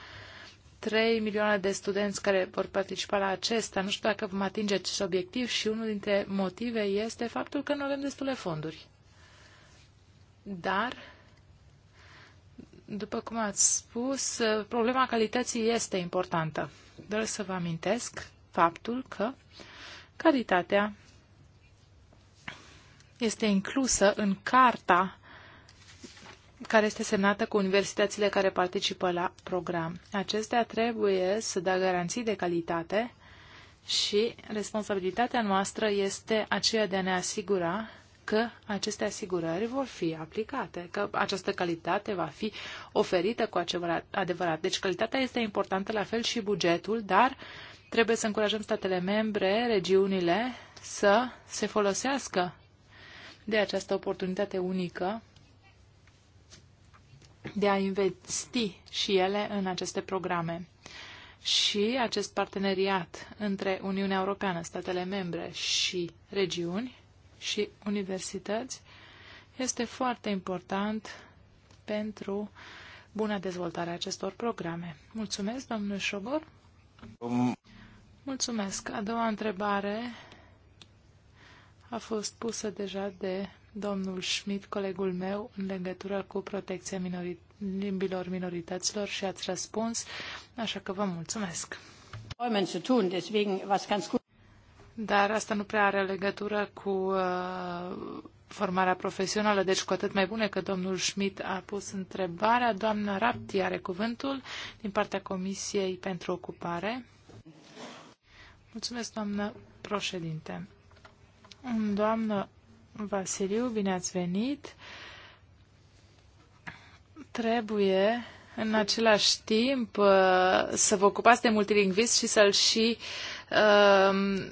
3 milioane de studenți care vor participa la acesta. Nu știu dacă vom atinge acest obiectiv și unul dintre motive este faptul că nu avem destule fonduri. Dar, după cum ați spus, uh, problema calității este importantă. Doresc să vă amintesc faptul că caritatea este inclusă în carta care este semnată cu universitățile care participă la program. Acestea trebuie să dea garanții de calitate și responsabilitatea noastră este aceea de a ne asigura că aceste asigurări vor fi aplicate, că această calitate va fi oferită cu adevărat. Deci calitatea este importantă, la fel și bugetul, dar Trebuie să încurajăm statele membre, regiunile, să se folosească de această oportunitate unică de a investi și ele în aceste programe. Și acest parteneriat între Uniunea Europeană, statele membre și regiuni și universități este foarte important pentru buna dezvoltare a acestor programe. Mulțumesc, domnul Șogor. Um. Mulțumesc. A doua întrebare a fost pusă deja de domnul Schmidt, colegul meu, în legătură cu protecția minori... limbilor minorităților și ați răspuns, așa că vă mulțumesc. Dar asta nu prea are legătură cu uh, formarea profesională, deci cu atât mai bune că domnul Schmidt a pus întrebarea. Doamna Rapti are cuvântul din partea Comisiei pentru Ocupare. Mulțumesc, doamnă președinte. Doamnă Vasiliu, bine ați venit. Trebuie în același timp uh, să vă ocupați de multilingvism și să-l și um,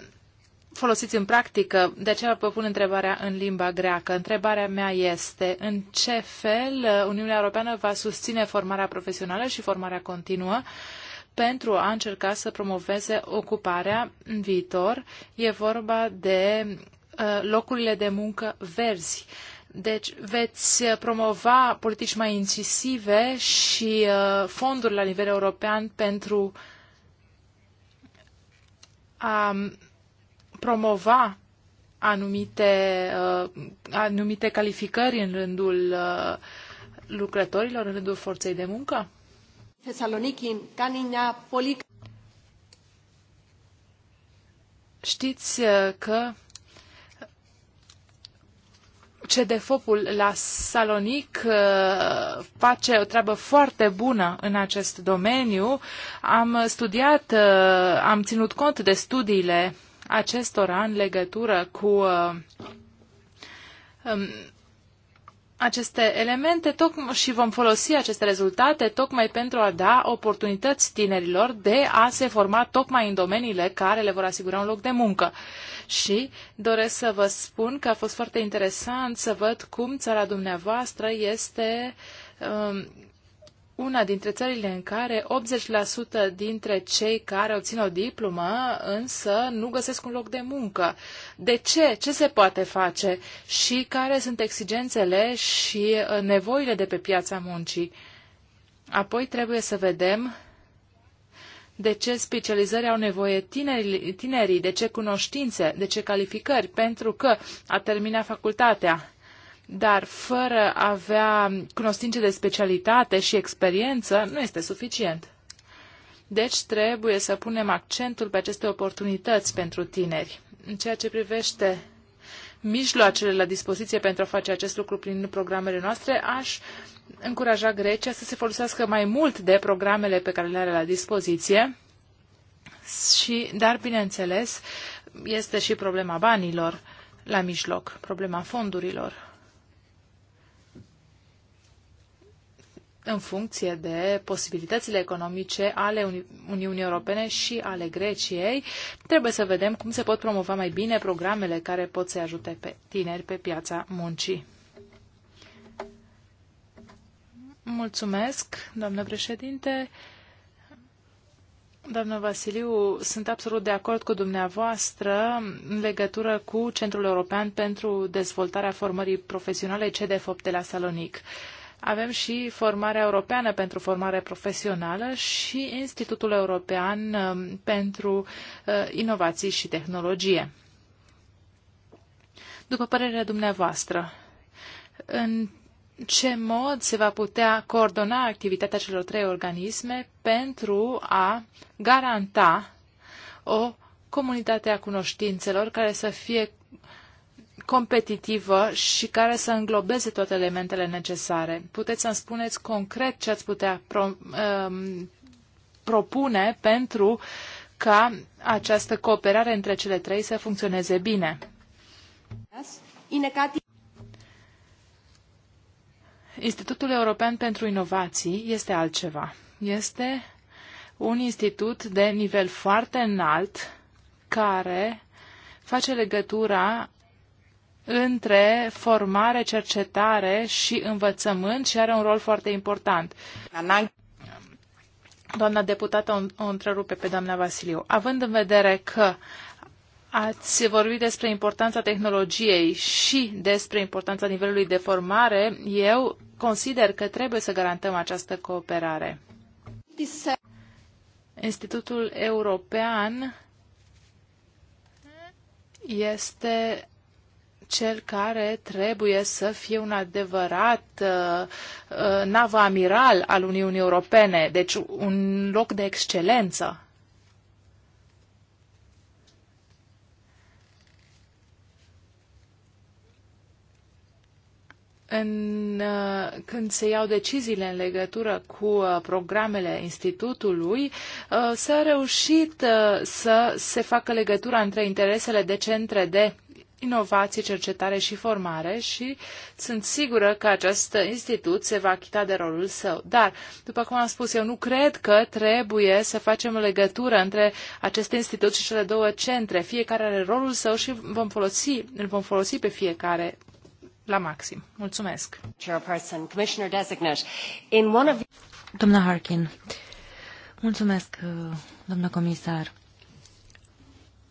folosiți în practică. De aceea vă pun întrebarea în limba greacă. Întrebarea mea este în ce fel uh, Uniunea Europeană va susține formarea profesională și formarea continuă uh, pentru a încerca să promoveze ocuparea în viitor. E vorba de uh, locurile de muncă verzi. Deci veți promova politici mai incisive și uh, fonduri la nivel european pentru a um, promova anumite, uh, anumite calificări în rândul lucrătorilor, în rândul forței de muncă? Thessaloniki κάνει μια Știți uh, că CDFOP-ul la Salonic uh, face o treabă foarte bună în acest domeniu. Am studiat, uh, am ținut cont de studiile acestora în legătură cu um, aceste elemente tocmai, și vom folosi aceste rezultate tocmai pentru a da oportunități tinerilor de a se forma tocmai în domeniile care le vor asigura un loc de muncă. Și doresc să vă spun că a fost foarte interesant să văd cum țara dumneavoastră este um, una dintre țările în care 80% dintre cei care obțin o diplomă însă nu găsesc un loc de muncă. De ce? Ce se poate face? Și care sunt exigențele și uh, nevoile de pe piața muncii? Apoi trebuie să vedem de ce specializări au nevoie tinerii, tinerii, de ce cunoștințe, de ce calificări, pentru că a terminat facultatea dar fără a avea cunoștințe de specialitate și experiență nu este suficient. Deci trebuie să punem accentul pe aceste oportunități pentru tineri. În ceea ce privește mijloacele la dispoziție pentru a face acest lucru prin programele noastre, aș încuraja Grecia să se folosească mai mult de programele pe care le are la dispoziție, și, dar, bineînțeles, este și problema banilor la mijloc, problema fondurilor. în funcție de posibilitățile economice ale Uniunii Europene și ale Greciei. Trebuie să vedem cum se pot promova mai bine programele care pot să ajute pe tineri pe piața muncii. Mulțumesc, doamnă președinte. Doamnă Vasiliu, sunt absolut de acord cu dumneavoastră în legătură cu Centrul European pentru Dezvoltarea Formării Profesionale, CDFOP de la Salonic. Uh, avem și formarea europeană pentru formare profesională și Institutul European um, pentru uh, Inovații și Tehnologie. După părerea dumneavoastră, în ce mod se va putea coordona activitatea celor trei organisme pentru a garanta o comunitate a cunoștințelor care să fie competitivă și care să înglobeze toate elementele necesare. Puteți să-mi spuneți concret ce ați putea pro, um, propune pentru ca această cooperare între cele trei să funcționeze bine. Institutul European pentru Inovații este altceva. Este un institut de nivel foarte înalt care face legătura între formare, cercetare și învățământ și are un rol foarte important. Doamna deputată o întrerupe pe doamna Vasiliu. Având în vedere că Ați vorbit despre importanța tehnologiei și despre importanța nivelului de formare. Eu consider că trebuie să garantăm această cooperare. Institutul European este cel care trebuie să fie un adevărat uh, uh navă amiral al Uniunii Europene, deci un loc de excelență. În, uh, când se iau deciziile în legătură cu uh, programele institutului, s-a reușit să se facă legătura între interesele de centre de inovație, cercetare și formare și sunt sigură că acest institut se va achita de rolul său. Dar, după cum am spus, eu nu cred că trebuie să facem o legătură între acest institut și cele două centre. Fiecare are rolul său și vom folosi, îl vom folosi pe fiecare la maxim. Mulțumesc. Chairperson, Commissioner Designate, in one of... Doamna Harkin, mulțumesc, doamna comisar.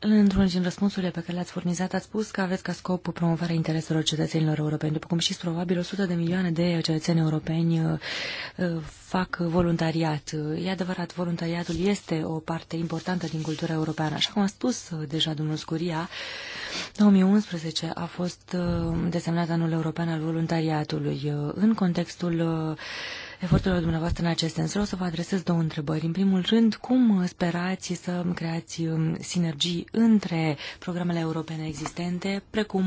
Într-unul din răspunsurile pe care le-ați furnizat, ați spus că aveți ca scop promovarea intereselor cetățenilor europeni. După cum știți, probabil 100 de milioane de cetățeni europeni uh, uh, fac voluntariat. E adevărat, voluntariatul este o parte importantă din cultura europeană. Așa cum a spus uh, deja domnul Scuria, 2011 a fost desemnat anul european al voluntariatului. În contextul eforturilor dumneavoastră în acest sens. Vreau să vă adresez două întrebări. În primul rând, cum sperați să creați um, sinergii între programele europene existente, precum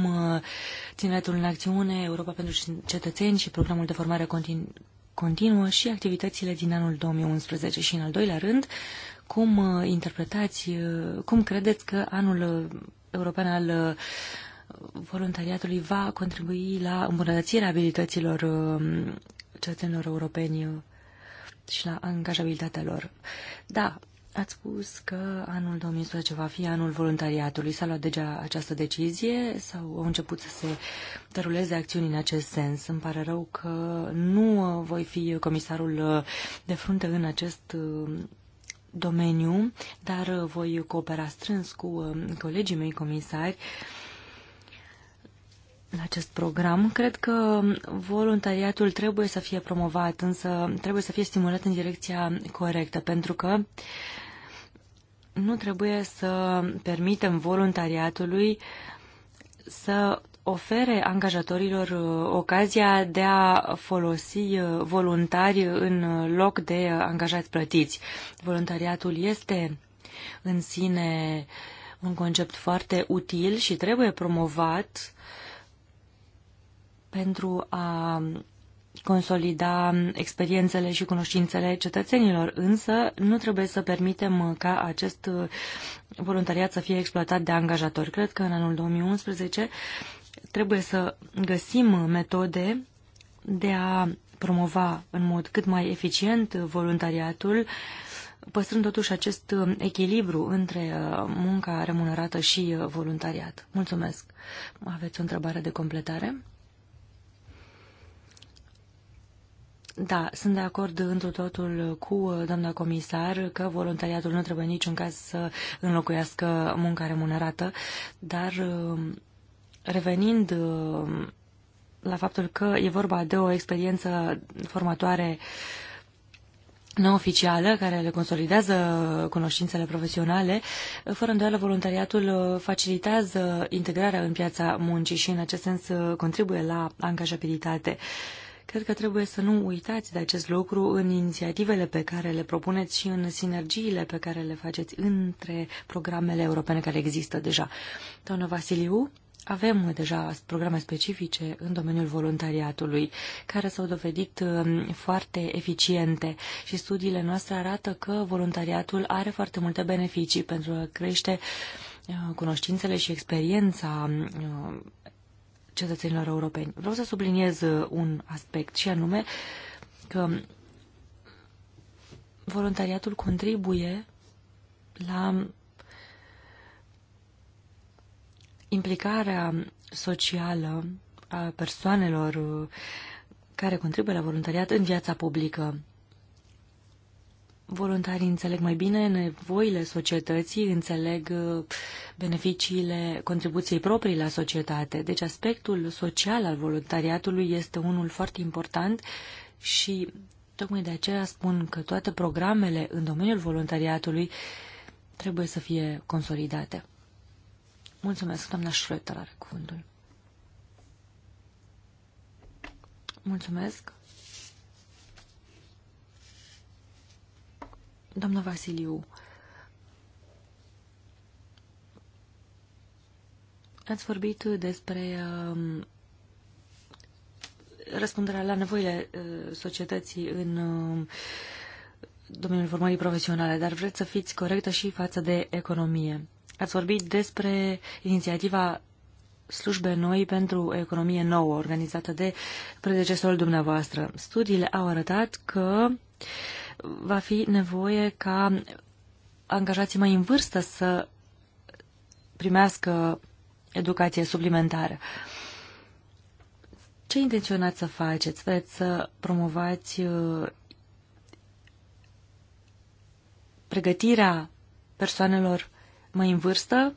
Ținetul uh, în acțiune, Europa pentru cetățeni și programul de formare continu continuă și activitățile din anul 2011 și în al doilea rând, cum uh, interpretați, uh, cum credeți că anul european al voluntariatului va contribui la îmbunătățirea abilităților um, cetățenilor europeni și la angajabilitatea lor. Da, ați spus că anul 2011 va fi anul voluntariatului. S-a luat deja această decizie sau au început să se tăruleze acțiuni în acest sens? Îmi pare rău că nu voi fi comisarul de frunte în acest uh, domeniu, dar voi coopera strâns cu uh, colegii mei comisari uh, în acest program. Cred că voluntariatul trebuie să fie promovat, însă trebuie să fie stimulat în direcția corectă, pentru că nu trebuie să permitem voluntariatului să ofere angajatorilor uh, ocazia de a folosi uh, voluntari în loc de angajați plătiți. Voluntariatul este în sine un concept foarte util și trebuie promovat uh, pentru a consolida experiențele și cunoștințele cetățenilor, însă nu trebuie să permitem ca acest voluntariat să fie exploatat de angajatori. Cred că în anul 2011 trebuie să găsim metode de a promova în mod cât mai eficient voluntariatul, păstrând totuși acest echilibru între munca remunerată și voluntariat. Mulțumesc! Aveți o întrebare de completare? Da, sunt de acord întru totul cu uh, doamna comisar că voluntariatul nu trebuie în niciun caz să înlocuiască munca remunerată, dar um, revenind um, la faptul că e vorba de o experiență formatoare neoficială, care le consolidează cunoștințele profesionale. Fără îndoială, voluntariatul facilitează integrarea în piața muncii și, în acest sens, contribuie la angajabilitate. Uh, Cred că trebuie să nu uitați de acest lucru în inițiativele pe care le propuneți și în sinergiile pe care le faceți între programele europene care există deja. Doamna Vasiliu, avem deja programe specifice în domeniul voluntariatului, care s-au dovedit um, foarte eficiente și studiile noastre arată că voluntariatul are foarte multe beneficii pentru a crește uh, cunoștințele și experiența uh, cetățenilor europeni. Vreau să subliniez uh, un aspect și anume că voluntariatul contribuie la implicarea socială a persoanelor uh, care contribuie la voluntariat în viața publică voluntarii înțeleg mai bine nevoile societății, înțeleg uh, beneficiile contribuției proprii la societate. Deci aspectul social al voluntariatului este unul foarte important și tocmai de aceea spun că toate programele în domeniul voluntariatului trebuie să fie consolidate. Mulțumesc, doamna Schroeter are cuvântul. Mulțumesc. Doamna Vasiliu, ați vorbit despre um, răspunderea la nevoile uh, societății în um, domeniul formării profesionale, dar vreți să fiți corectă și față de economie. Ați vorbit despre inițiativa Slujbe Noi pentru Economie Nouă, organizată de predecesorul dumneavoastră. Studiile au arătat că uh, va fi nevoie ca angajații mai în vârstă să primească educație suplimentară. Ce intenționați să faceți? Vreți să promovați uh, pregătirea persoanelor mai în vârstă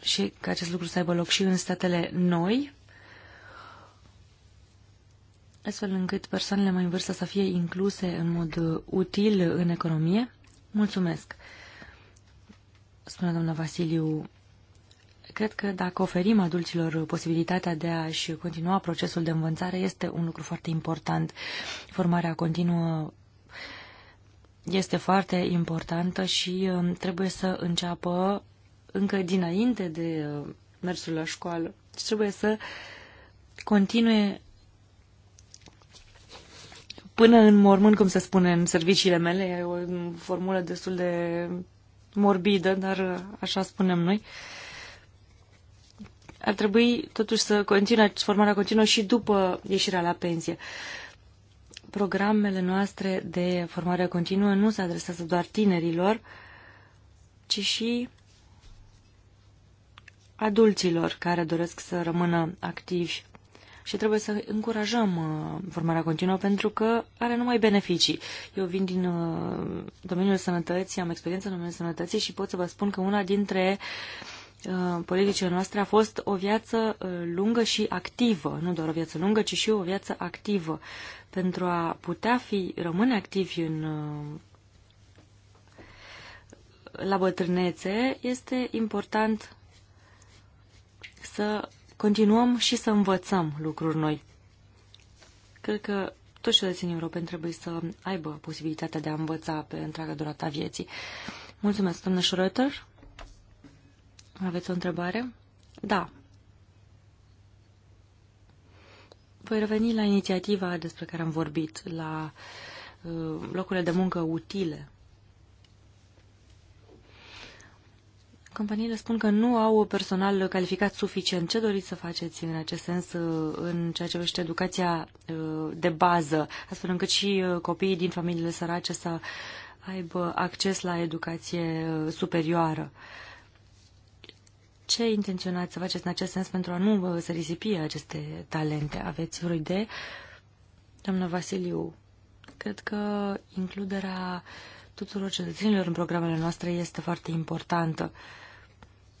și că acest lucru să aibă loc și în statele noi astfel încât persoanele mai în vârstă să fie incluse în mod uh, util în economie? Mulțumesc, spune doamna Vasiliu. Cred că dacă oferim adulților posibilitatea de a-și continua procesul de învățare, este un lucru foarte important. Formarea continuă este foarte importantă și uh, trebuie să înceapă încă dinainte de uh, mersul la școală. Deci trebuie să continue până în mormânt, cum se spune în serviciile mele, e o formulă destul de morbidă, dar așa spunem noi. Ar trebui totuși să continue, formarea continuă și după ieșirea la pensie. Programele noastre de formare continuă nu se adresează doar tinerilor, ci și adulților care doresc să rămână activi și trebuie să încurajăm uh, formarea continuă pentru că are numai beneficii. Eu vin din uh, domeniul sănătății, am experiență în domeniul sănătății și pot să vă spun că una dintre uh, politicile noastre a fost o viață lungă și activă, nu doar o viață lungă, ci și o viață activă, pentru a putea fi, rămâne activi în la bătrânețe, este important să continuăm și să învățăm lucruri noi. Cred că toți cetățenii europeni trebuie să aibă posibilitatea de a învăța pe întreaga durata vieții. Mulțumesc, doamnă Schroeter. Aveți o întrebare? Da. Voi reveni la inițiativa despre care am vorbit, la uh, locurile de muncă utile. Companiile spun că nu au personal calificat suficient. Ce doriți să faceți în acest sens uh, în ceea ce vește educația uh, de bază, astfel încât și uh, copiii din familiile sărace să aibă acces la educație superioară? Ce intenționați să faceți în acest sens pentru a nu să risipi aceste talente? Aveți vreo idee? Doamna Vasiliu, cred că includerea tuturor cetățenilor în programele noastre este foarte importantă.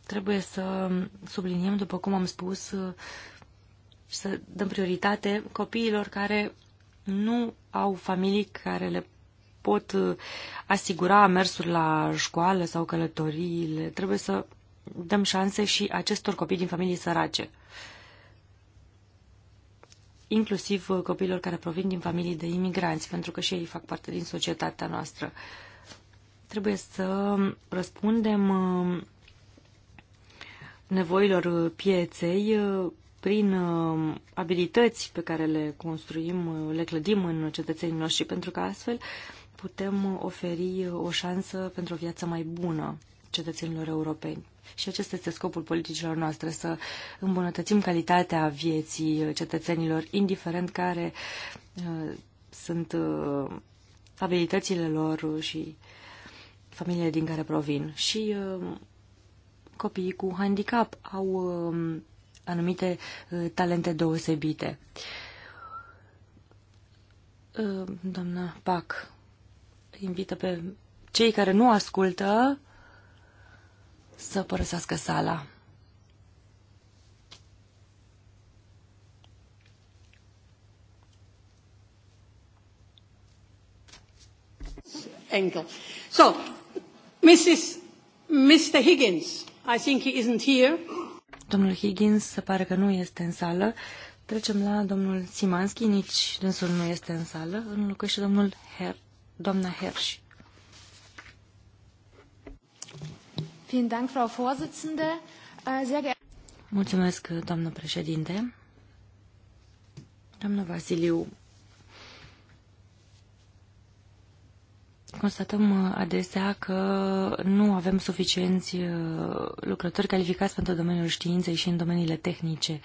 Trebuie să subliniem, după cum am spus, uh, și să dăm prioritate copiilor care nu au familii care le pot uh, asigura mersuri la școală sau călătoriile. Trebuie să dăm șanse și acestor copii din familii sărace, inclusiv uh, copiilor care provin din familii de imigranți, pentru că și ei fac parte din societatea noastră. Trebuie să răspundem nevoilor uh, pieței uh, prin uh, abilități pe care le construim, le clădim în cetățenii noștri, pentru că astfel putem oferi o șansă pentru o viață mai bună cetățenilor europeni. Și acesta este scopul politicilor noastre, să îmbunătățim calitatea vieții cetățenilor, indiferent care sunt abilitățile lor și familiile din care provin. Și uh, copiii cu handicap au um, anumite uh, talente deosebite. Uh, doamna Pac invită pe cei care nu ascultă să părăsească sala. Engel. So, Mrs. Mr. Higgins. I think he isn't here. Domnul Higgins se pare că nu este în sală. Trecem la domnul Simanski, nici dânsul nu este în sală. Înlocuiește domnul Her doamna Hersch. Vielen Dank, Frau Vorsitzende. Äh, sehr Mulțumesc, doamnă președinte. Doamnă Vasiliu, Constatăm uh, adesea că nu avem suficienți uh, lucrători calificați pentru domeniul științei și în domeniile tehnice.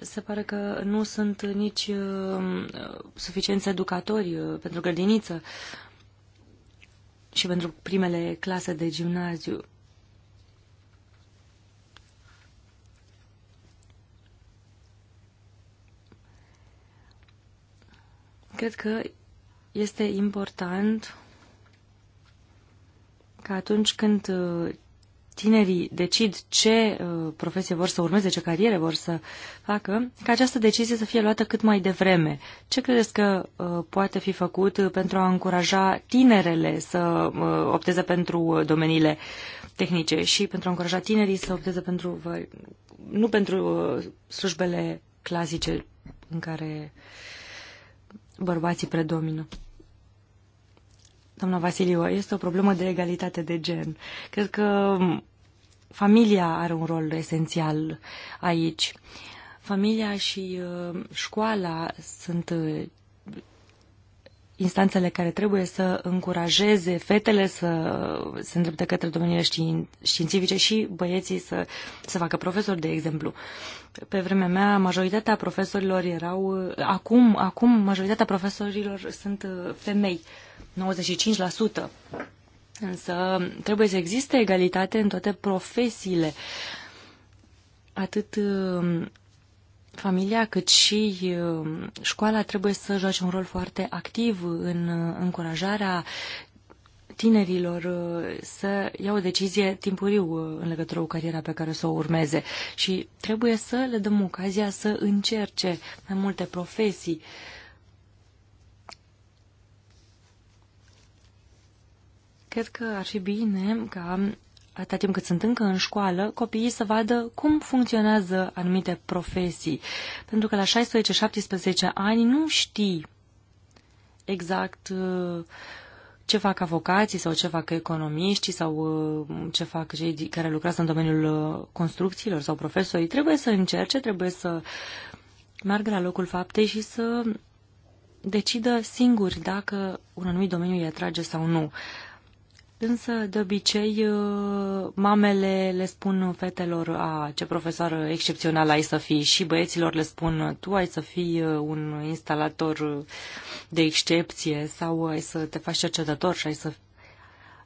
Se pare că nu sunt nici uh, suficienți educatori pentru grădiniță și pentru primele clase de gimnaziu. Cred că este important că atunci când uh, tinerii decid ce uh, profesie vor să urmeze, ce cariere vor să facă, ca această decizie să fie luată cât mai devreme. Ce credeți că uh, poate fi făcut pentru a încuraja tinerele să opteze pentru domeniile tehnice și pentru a încuraja tinerii să opteze pentru, nu pentru slujbele clasice în care uh, bărbații predomină. Doamna Vasiliu, este o problemă de egalitate de gen. Cred că familia are un rol esențial aici. Familia și uh, școala sunt uh, instanțele care trebuie să încurajeze fetele să se îndrepte către domeniile științifice și băieții să să facă profesori, de exemplu. Pe vremea mea, majoritatea profesorilor erau... Acum, acum majoritatea profesorilor sunt uh, femei, 95%. Însă trebuie să existe egalitate în toate profesiile. Atât uh, familia cât și uh, școala trebuie să joace un rol foarte activ în încurajarea tinerilor uh, să ia o decizie timpuriu uh, în legătură cu cariera pe care o să o urmeze și trebuie să le dăm ocazia să încerce mai multe profesii. Cred că ar fi bine ca atâta timp cât sunt încă în școală, copiii să vadă cum funcționează anumite profesii. Pentru că la 16-17 ani nu știi exact uh, ce fac avocații sau ce fac economiștii sau uh, ce fac cei care lucrează în domeniul uh, construcțiilor sau profesorii. Trebuie să încerce, trebuie să meargă la locul faptei și să decidă singuri dacă un anumit domeniu îi atrage sau nu. Însă, de obicei, uh, mamele le spun fetelor, a, ce profesoară excepțională ai să fii și băieților le spun, tu ai să fii uh, un instalator uh, de excepție sau ai să te faci cercetător și ai să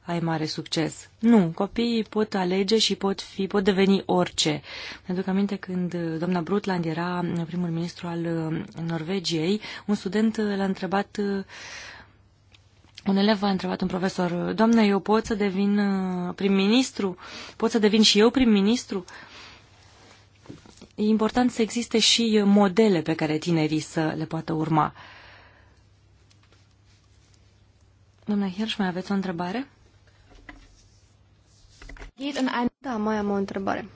ai mare succes. Nu, copiii pot alege și pot, fi, pot deveni orice. Mi-aduc aminte când doamna Brutland era primul ministru al Norvegiei, un student l-a întrebat un elev a întrebat un profesor, doamnă, eu pot să devin uh, prim-ministru? Pot să devin și eu prim-ministru? E important să existe și modele pe care tinerii să le poată urma. Doamna Hirsch, mai aveți o întrebare? Da, mai am o întrebare.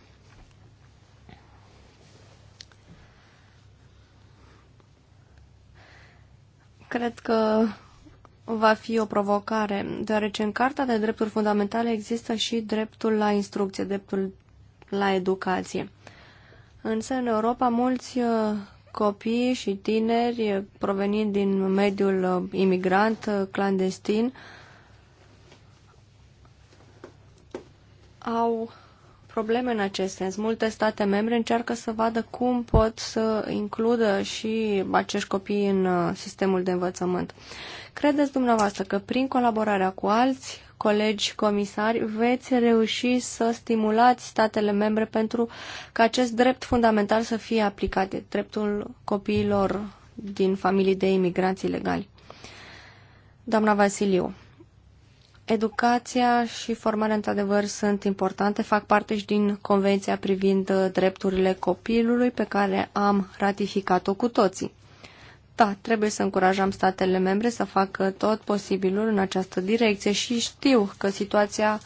Cred că va fi o provocare, deoarece în Carta de Drepturi Fundamentale există și dreptul la instrucție, dreptul la educație. Însă, în Europa, mulți uh, copii și tineri provenind din mediul uh, imigrant uh, clandestin au probleme în acest sens. Multe state membre încearcă să vadă cum pot să includă și acești copii în uh, sistemul de învățământ. Credeți dumneavoastră că prin colaborarea cu alți colegi comisari veți reuși să stimulați statele membre pentru ca acest drept fundamental să fie aplicat, dreptul copiilor din familii de imigranți ilegali? Doamna Vasiliu, Educația și formarea, într-adevăr, sunt importante, fac parte și din Convenția privind uh, drepturile copilului, pe care am ratificat-o cu toții. Da, trebuie să încurajăm statele membre să facă tot posibilul în această direcție și știu că situația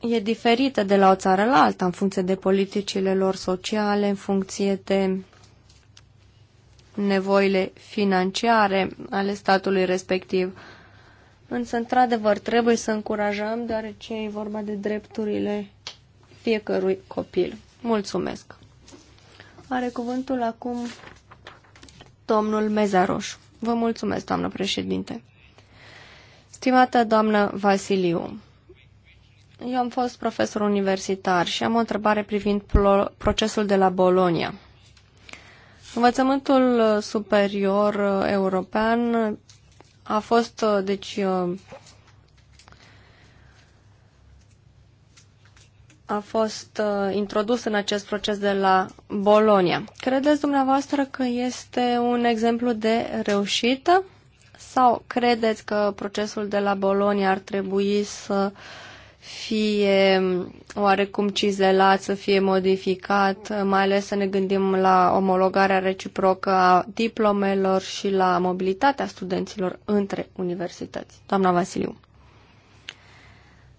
e diferită de la o țară la alta, în funcție de politicile lor sociale, în funcție de nevoile financiare ale statului respectiv. Însă, într-adevăr, trebuie să încurajăm, deoarece e vorba de drepturile fiecărui copil. Mulțumesc! Are cuvântul acum domnul Mezaroș. Vă mulțumesc, doamnă președinte. Stimată doamnă Vasiliu, eu am fost profesor universitar și am o întrebare privind procesul de la Bolonia. Învățământul uh, superior uh, european a fost, uh, deci, a fost introdus în acest proces de la Bolonia. Credeți dumneavoastră că este un exemplu de reușită sau credeți că procesul de la Bolonia ar trebui să uh, fie oarecum cizelat, să fie modificat, mai ales să ne gândim la omologarea reciprocă a diplomelor și la mobilitatea studenților între universități. Doamna Vasiliu.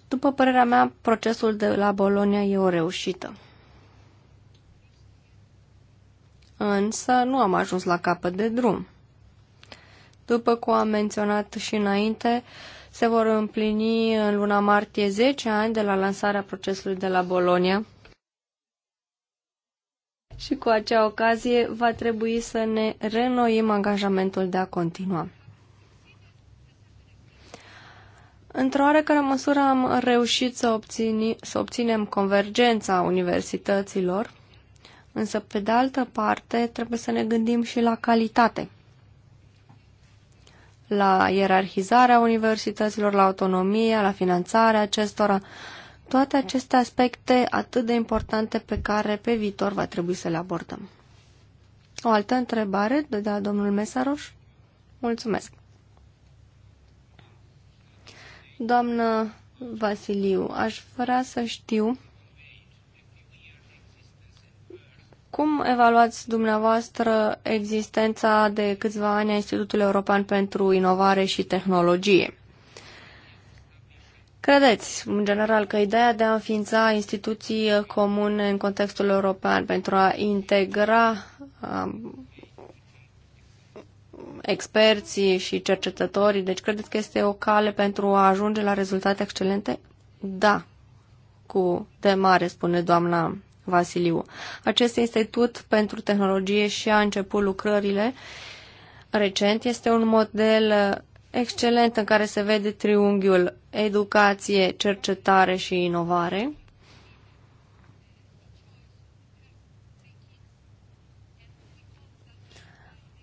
După părerea mea, procesul de la Bolonia e o reușită. Însă nu am ajuns la capăt de drum. După cum am menționat și înainte, se vor împlini în luna martie 10 ani de la lansarea procesului de la Bolonia. Și cu acea ocazie va trebui să ne renoim angajamentul de a continua. Într-o oarecare măsură am reușit să, obțini, să obținem convergența universităților, însă pe de altă parte trebuie să ne gândim și la calitate la ierarhizarea universităților, la autonomia, la finanțarea acestora, toate aceste aspecte atât de importante pe care pe viitor va trebui să le abordăm. O altă întrebare de la domnul Mesaroș? Mulțumesc. Doamnă Vasiliu, aș vrea să știu Cum evaluați dumneavoastră existența de câțiva ani a Institutului European pentru Inovare și Tehnologie? Credeți, în general, că ideea de a înființa instituții comune în contextul european pentru a integra um, experții și cercetătorii, deci credeți că este o cale pentru a ajunge la rezultate excelente? Da, cu de mare, spune doamna Vasiliu. Acest institut pentru tehnologie și a început lucrările recent. Este un model excelent în care se vede triunghiul educație, cercetare și inovare.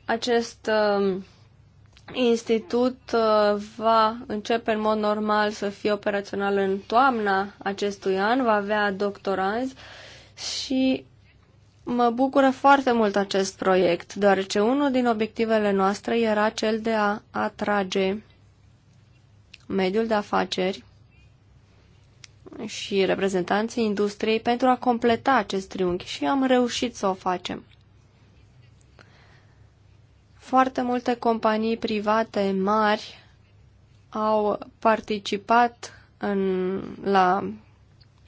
Acest uh, institut uh, va începe în mod normal să fie operațional în toamna acestui an, va avea doctoranzi uh, și mă bucură foarte mult acest proiect, deoarece unul din obiectivele noastre era cel de a atrage mediul de afaceri și reprezentanții industriei pentru a completa acest triunghi și am reușit să o facem. Foarte multe companii private mari au participat în, la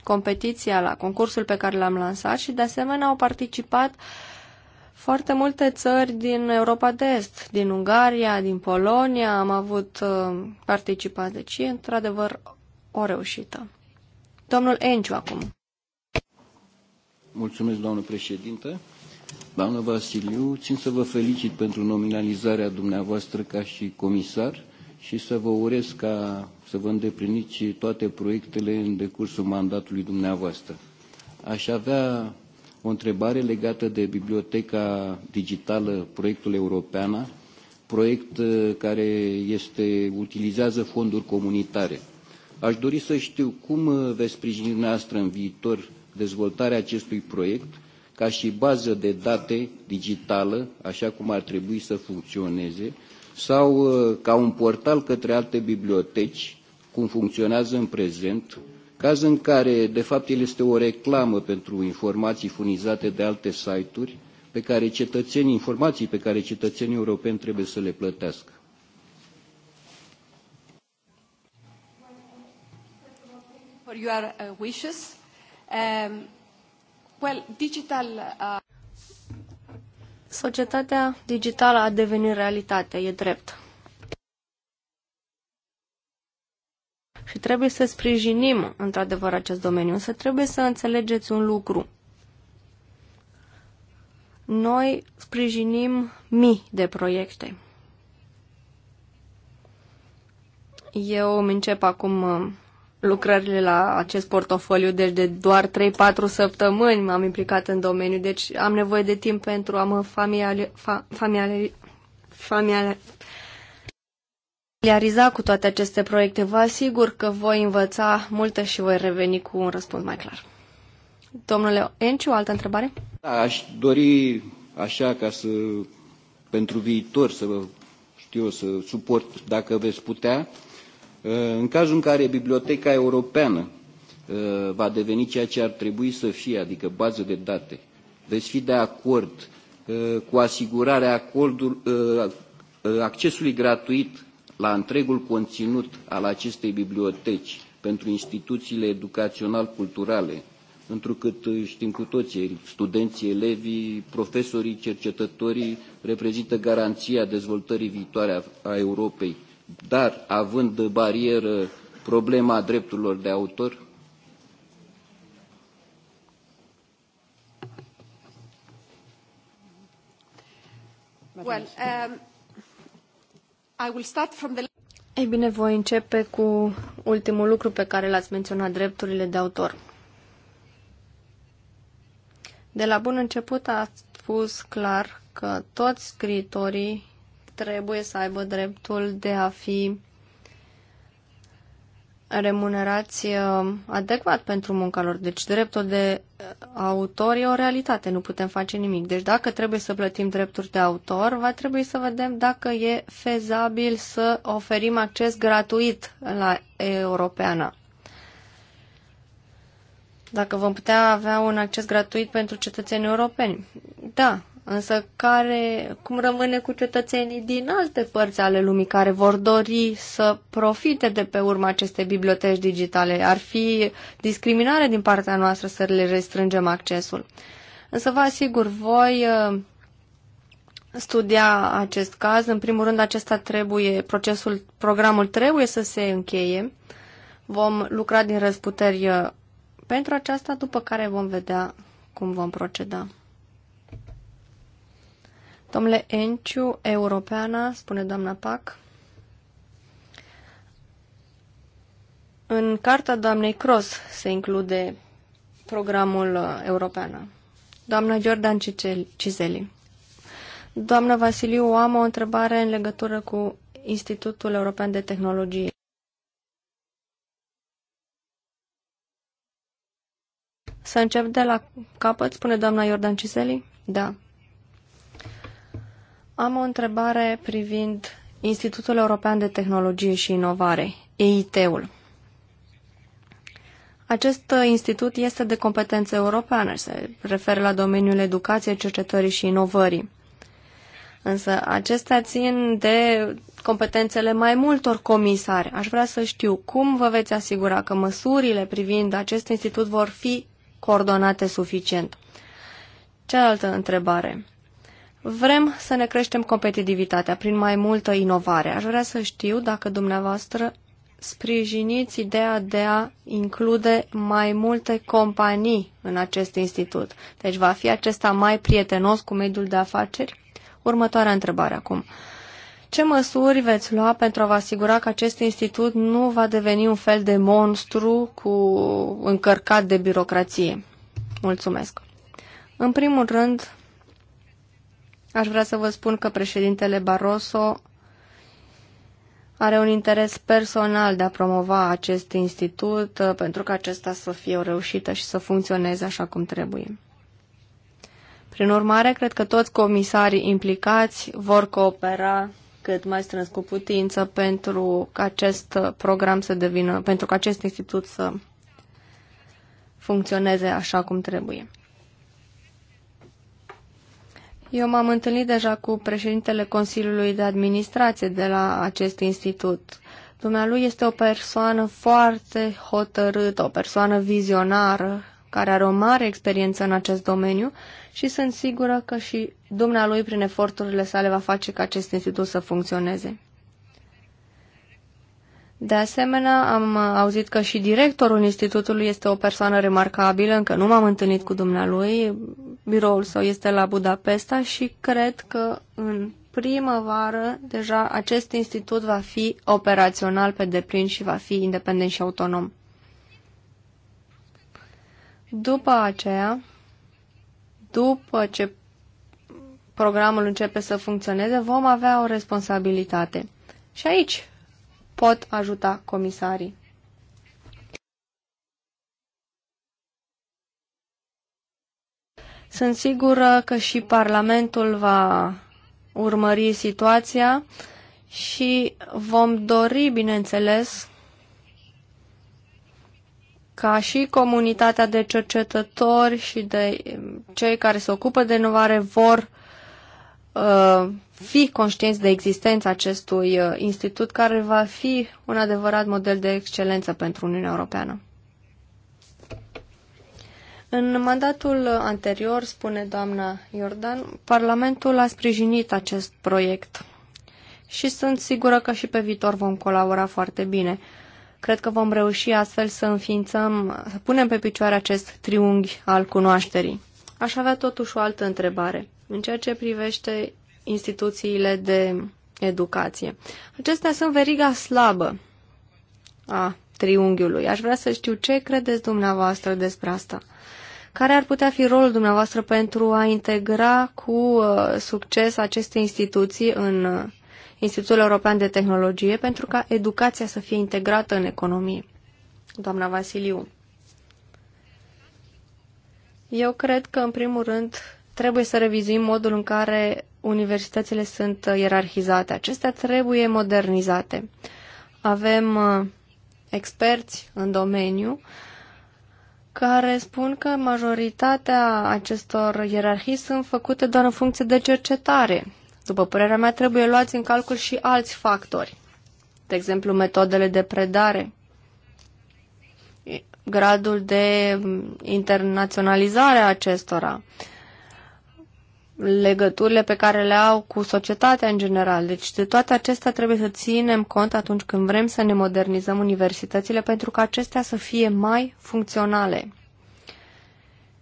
competiția, la concursul pe care l-am lansat și de asemenea au participat foarte multe țări din Europa de Est, din Ungaria, din Polonia, am avut uh, participat, deci e într-adevăr o reușită. Domnul Enciu acum. Mulțumesc, doamnă președinte. Doamnă Vasiliu, țin să vă felicit pentru nominalizarea dumneavoastră ca și comisar și să vă urez ca să vă îndepliniți toate proiectele în decursul mandatului dumneavoastră. Aș avea o întrebare legată de Biblioteca Digitală, proiectul Europeana, proiect uh, care este, utilizează fonduri comunitare. Aș dori să știu cum uh, veți sprijini noastră în viitor dezvoltarea acestui proiect ca și bază de date digitală, așa cum ar trebui să funcționeze, sau uh, ca un portal către alte biblioteci, cum funcționează în prezent, caz în care, de fapt, el este o reclamă pentru informații furnizate de alte site-uri, pe care cetățenii, informații pe care cetățenii europeni trebuie să le plătească. For your uh, wishes. Um, well, digital, uh... Societatea digitală a devenit realitate, e drept. Și trebuie să sprijinim, într-adevăr, acest domeniu. să trebuie să înțelegeți un lucru. Noi sprijinim mii de proiecte. Eu îmi încep acum uh, lucrările la acest portofoliu, deci de doar 3-4 săptămâni m-am implicat în domeniu, deci am nevoie de timp pentru a mă familiariza fa, familiar, familiar, familiariza cu toate aceste proiecte. Vă asigur că voi învăța multe și voi reveni cu un răspuns mai clar. Domnule Enciu, altă întrebare? Da, aș dori așa ca să, pentru viitor, să vă știu, să suport, dacă veți putea, în cazul în care Biblioteca Europeană uh, va deveni ceea ce ar trebui să fie, adică bază de date, veți fi de acord uh, cu asigurarea uh, accesului gratuit la întregul conținut al acestei biblioteci pentru instituțiile educațional-culturale, întrucât știm cu toții, studenții, elevii, profesorii, cercetătorii reprezintă garanția dezvoltării viitoare a Europei dar având barieră problema drepturilor de autor? Well, um, I will start from the... Ei bine, voi începe cu ultimul lucru pe care l-ați menționat, drepturile de autor. De la bun început a spus clar că toți scriitorii trebuie să aibă dreptul de a fi remunerați uh, adecvat pentru munca lor. Deci dreptul de autor e o realitate, nu putem face nimic. Deci dacă trebuie să plătim drepturi de autor, va trebui să vedem dacă e fezabil să oferim acces gratuit la europeană. Dacă vom putea avea un acces gratuit pentru cetățenii europeni. Da, însă care, cum rămâne cu cetățenii din alte părți ale lumii care vor dori să profite de pe urma acestei biblioteci digitale? Ar fi discriminare din partea noastră să le restrângem accesul. Însă vă asigur, voi uh, studia acest caz. În primul rând, acesta trebuie, procesul, programul trebuie să se încheie. Vom lucra din răzputeri uh, pentru aceasta, după care vom vedea cum vom proceda. Domnule Enciu, europeana, spune doamna Pac, în carta doamnei Cross se include programul uh, european. Doamna Jordan Cizeli. Doamna Vasiliu, am o întrebare în legătură cu Institutul European de Tehnologie. Să încep de la capăt, spune doamna Jordan Cizeli? Da. Am o întrebare privind Institutul European de Tehnologie și Inovare, EIT-ul. Acest uh, institut este de competență europeană, se referă la domeniul educației, cercetării și inovării. Însă acestea țin de competențele mai multor comisari. Aș vrea să știu cum vă veți asigura că măsurile privind acest institut vor fi coordonate suficient. Cealaltă întrebare. Vrem să ne creștem competitivitatea prin mai multă inovare. Aș vrea să știu dacă dumneavoastră sprijiniți ideea de a include mai multe companii în acest institut. Deci va fi acesta mai prietenos cu mediul de afaceri? Următoarea întrebare acum. Ce măsuri veți lua pentru a vă asigura că acest institut nu va deveni un fel de monstru cu încărcat de birocrație? Mulțumesc. În primul rând, Aș vrea să vă spun că președintele Barroso are un interes personal de a promova acest institut uh, pentru că acesta să fie o reușită și să funcționeze așa cum trebuie. Prin urmare, cred că toți comisarii implicați vor coopera cât mai strâns cu putință pentru ca acest uh, program să devină, pentru ca acest institut să funcționeze așa cum trebuie. Eu m-am întâlnit deja cu președintele Consiliului de Administrație de la acest institut. Dumnealui este o persoană foarte hotărâtă, o persoană vizionară, care are o mare experiență în acest domeniu și sunt sigură că și dumnealui, prin eforturile sale, va face ca acest institut să funcționeze. De asemenea, am auzit că și directorul institutului este o persoană remarcabilă, încă nu m-am întâlnit cu dumnealui, biroul său este la Budapesta și cred că în primăvară deja acest institut va fi operațional pe deplin și va fi independent și autonom. După aceea, după ce programul începe să funcționeze, vom avea o responsabilitate. Și aici pot ajuta comisarii. Sunt sigură că și Parlamentul va urmări situația și vom dori, bineînțeles, ca și comunitatea de cercetători și de um, cei care se ocupă de inovare vor uh, fi conștienți de existența acestui uh, institut care va fi un adevărat model de excelență pentru Uniunea Europeană. În mandatul anterior, spune doamna Iordan, Parlamentul a sprijinit acest proiect și sunt sigură că și pe viitor vom colabora foarte bine. Cred că vom reuși astfel să înființăm, să punem pe picioare acest triunghi al cunoașterii. Aș avea totuși o altă întrebare în ceea ce privește instituțiile de educație. Acestea sunt veriga slabă a triunghiului. Aș vrea să știu ce credeți dumneavoastră despre asta. Care ar putea fi rolul dumneavoastră pentru a integra cu uh, succes aceste instituții în uh, Institutul European de Tehnologie pentru ca educația să fie integrată în economie? Doamna Vasiliu. Eu cred că, în primul rând, trebuie să revizuim modul în care universitățile sunt uh, ierarhizate. Acestea trebuie modernizate. Avem experți în domeniu care spun că majoritatea acestor ierarhii sunt făcute doar în funcție de cercetare. După părerea mea, trebuie luați în calcul și alți factori, de exemplu metodele de predare, gradul de internaționalizare a acestora, uh, legăturile pe care le au cu societatea în general. Deci de toate acestea trebuie să ținem cont atunci când vrem să ne modernizăm universitățile pentru ca acestea să fie mai funcționale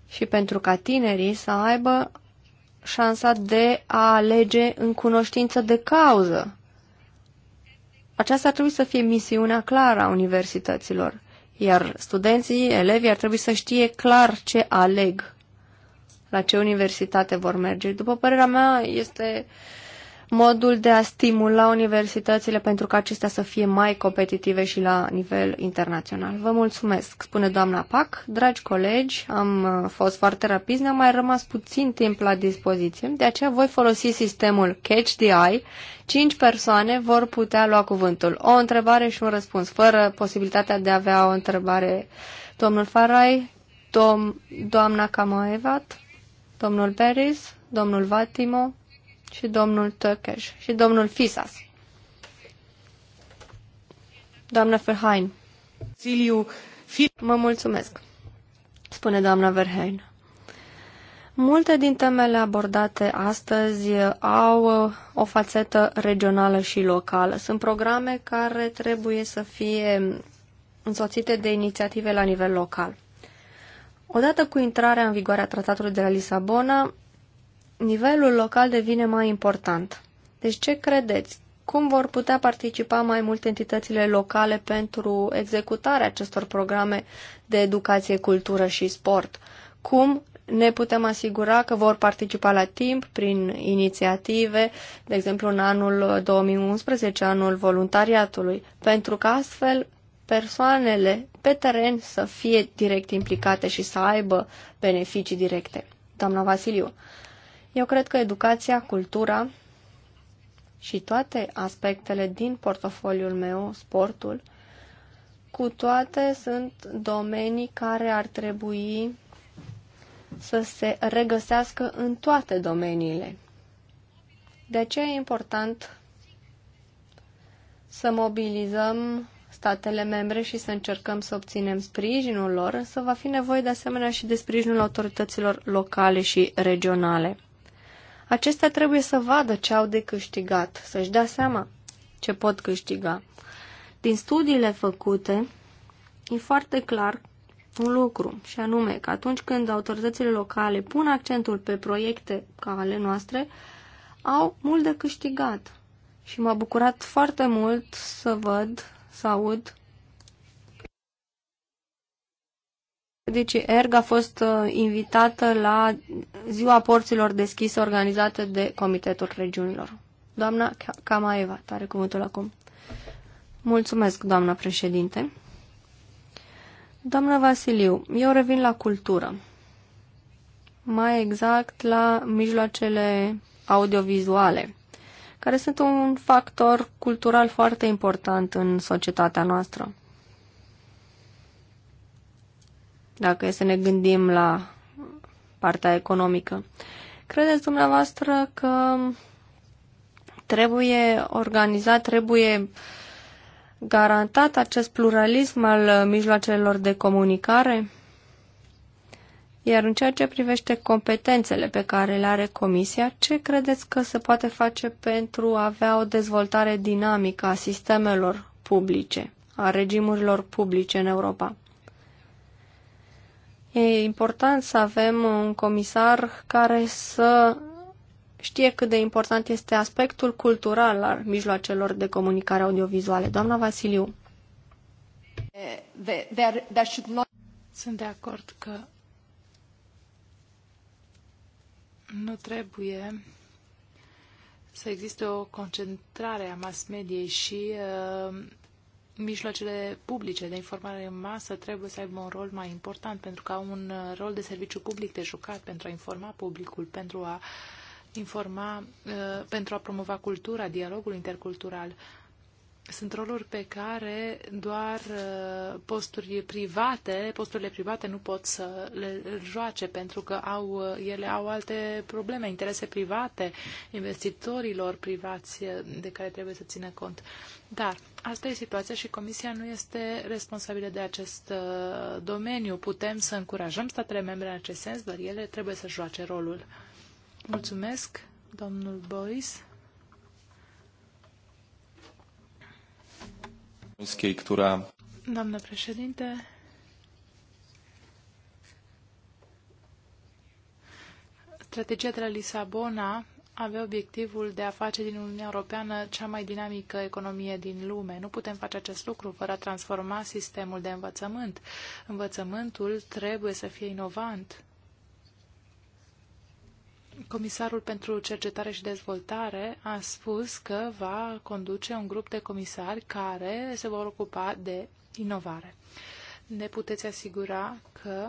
și pentru ca tinerii să aibă șansa de a alege în cunoștință de cauză. Aceasta trebuie să fie misiunea clară a universităților, iar studenții, elevii ar trebui să știe clar ce aleg la ce universitate vor merge. După părerea mea, este modul de a stimula universitățile pentru ca acestea să fie mai competitive și la nivel internațional. Vă mulțumesc, spune doamna Pac. Dragi colegi, am uh, fost foarte rapid ne-a mai rămas puțin timp la dispoziție, de aceea voi folosi sistemul Catch the Eye. Cinci persoane vor putea lua cuvântul. O întrebare și un răspuns, fără posibilitatea de a avea o întrebare. Domnul Farai, dom, doamna Camoevat, domnul Peris, domnul Vatimo și domnul Tökeș și domnul Fisas. Doamna Verheyen. Mă mulțumesc, spune doamna Verhein. Multe din temele abordate astăzi au o fațetă regională și locală. Sunt programe care trebuie să fie însoțite de inițiative la nivel local. Odată cu intrarea în vigoare a tratatului de la Lisabona, nivelul local devine mai important. Deci ce credeți? Cum vor putea participa mai multe entitățile locale pentru executarea acestor programe de educație, cultură și sport? Cum ne putem asigura că vor participa la timp prin inițiative, de exemplu în anul 2011, anul voluntariatului, pentru că astfel persoanele pe teren să fie direct implicate și să aibă beneficii directe. Doamna Vasiliu, eu cred că educația, cultura și toate aspectele din portofoliul meu, sportul, cu toate sunt domenii care ar trebui să se regăsească în toate domeniile. De aceea e important să mobilizăm statele membre și să încercăm să obținem sprijinul lor, însă va fi nevoie de asemenea și de sprijinul autorităților locale și regionale. Acestea trebuie să vadă ce au de câștigat, să-și dea seama ce pot câștiga. Din studiile făcute, e foarte clar un lucru, și anume că atunci când autoritățile locale pun accentul pe proiecte ca ale noastre, au mult de câștigat. Și m-a bucurat foarte mult să văd să aud. Deci ERG a fost uh, invitată la ziua porților deschise organizată de Comitetul Regiunilor. Doamna Camaeva, tare cuvântul acum. Mulțumesc, doamna președinte. Doamna Vasiliu, eu revin la cultură. Mai exact la mijloacele audiovizuale care sunt un factor cultural foarte important în societatea noastră. Dacă e să ne gândim la partea economică. Credeți dumneavoastră că trebuie organizat, trebuie garantat acest pluralism al mijloacelor de comunicare? Iar în ceea ce privește competențele pe care le are Comisia, ce credeți că se poate face pentru a avea o dezvoltare dinamică a sistemelor publice, a regimurilor publice în Europa? E important să avem un comisar care să știe cât de important este aspectul cultural al mijloacelor de comunicare audiovizuale. Doamna Vasiliu. Eh, Sunt de acord că nu trebuie să existe o concentrare a mass mediei și uh, mijloacele publice de informare în masă trebuie să aibă un rol mai important pentru că au un uh, rol de serviciu public de jucat pentru a informa publicul, pentru a informa, uh, pentru a promova cultura, dialogul intercultural. Uh, sunt roluri pe care doar uh, posturi private, posturile private nu pot să le joace pentru că au, uh, ele au alte probleme, interese private, investitorilor privați uh, de care trebuie să țină cont. Dar asta e situația și Comisia nu este responsabilă de acest domeniu. Putem să încurajăm statele membre în acest sens, dar ele trebuie să joace rolul. Mulțumesc, domnul Boris. Która... Doamnă președinte, strategia de la Lisabona avea obiectivul de a face din Uniunea Europeană cea mai dinamică economie din lume. Nu putem face acest lucru fără a transforma sistemul de învățământ. Învățământul trebuie să fie inovant Comisarul pentru Cercetare și Dezvoltare a spus că va conduce un grup de comisari care se vor ocupa de inovare. Ne puteți asigura că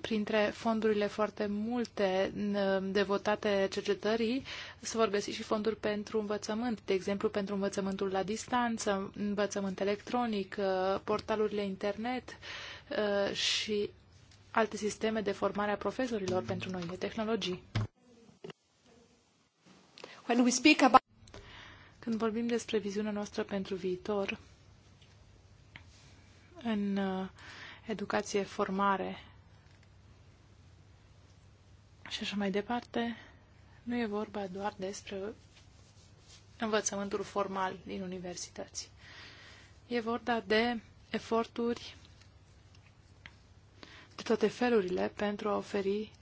printre fondurile foarte multe devotate cercetării se vor găsi și fonduri pentru învățământ, de exemplu pentru învățământul la distanță, învățământ electronic, portalurile internet uh, și alte sisteme de formare a profesorilor pentru de tehnologii. When we speak about... Când vorbim despre viziunea noastră pentru viitor, în uh, educație, formare și așa mai departe, nu e vorba doar despre învățământul formal din universități. E vorba de eforturi de toate felurile pentru a oferi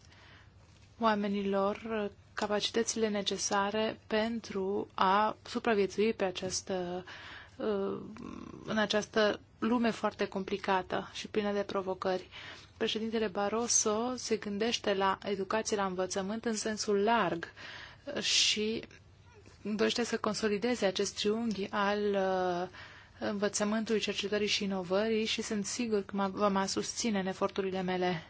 oamenilor uh, capacitățile necesare pentru a supraviețui pe această, uh, în această lume foarte complicată și plină de provocări. Președintele Barroso se gândește la educație, la învățământ în sensul larg și dorește să consolideze acest triunghi al uh, învățământului, cercetării și inovării și sunt sigur că vă mai susține în eforturile mele,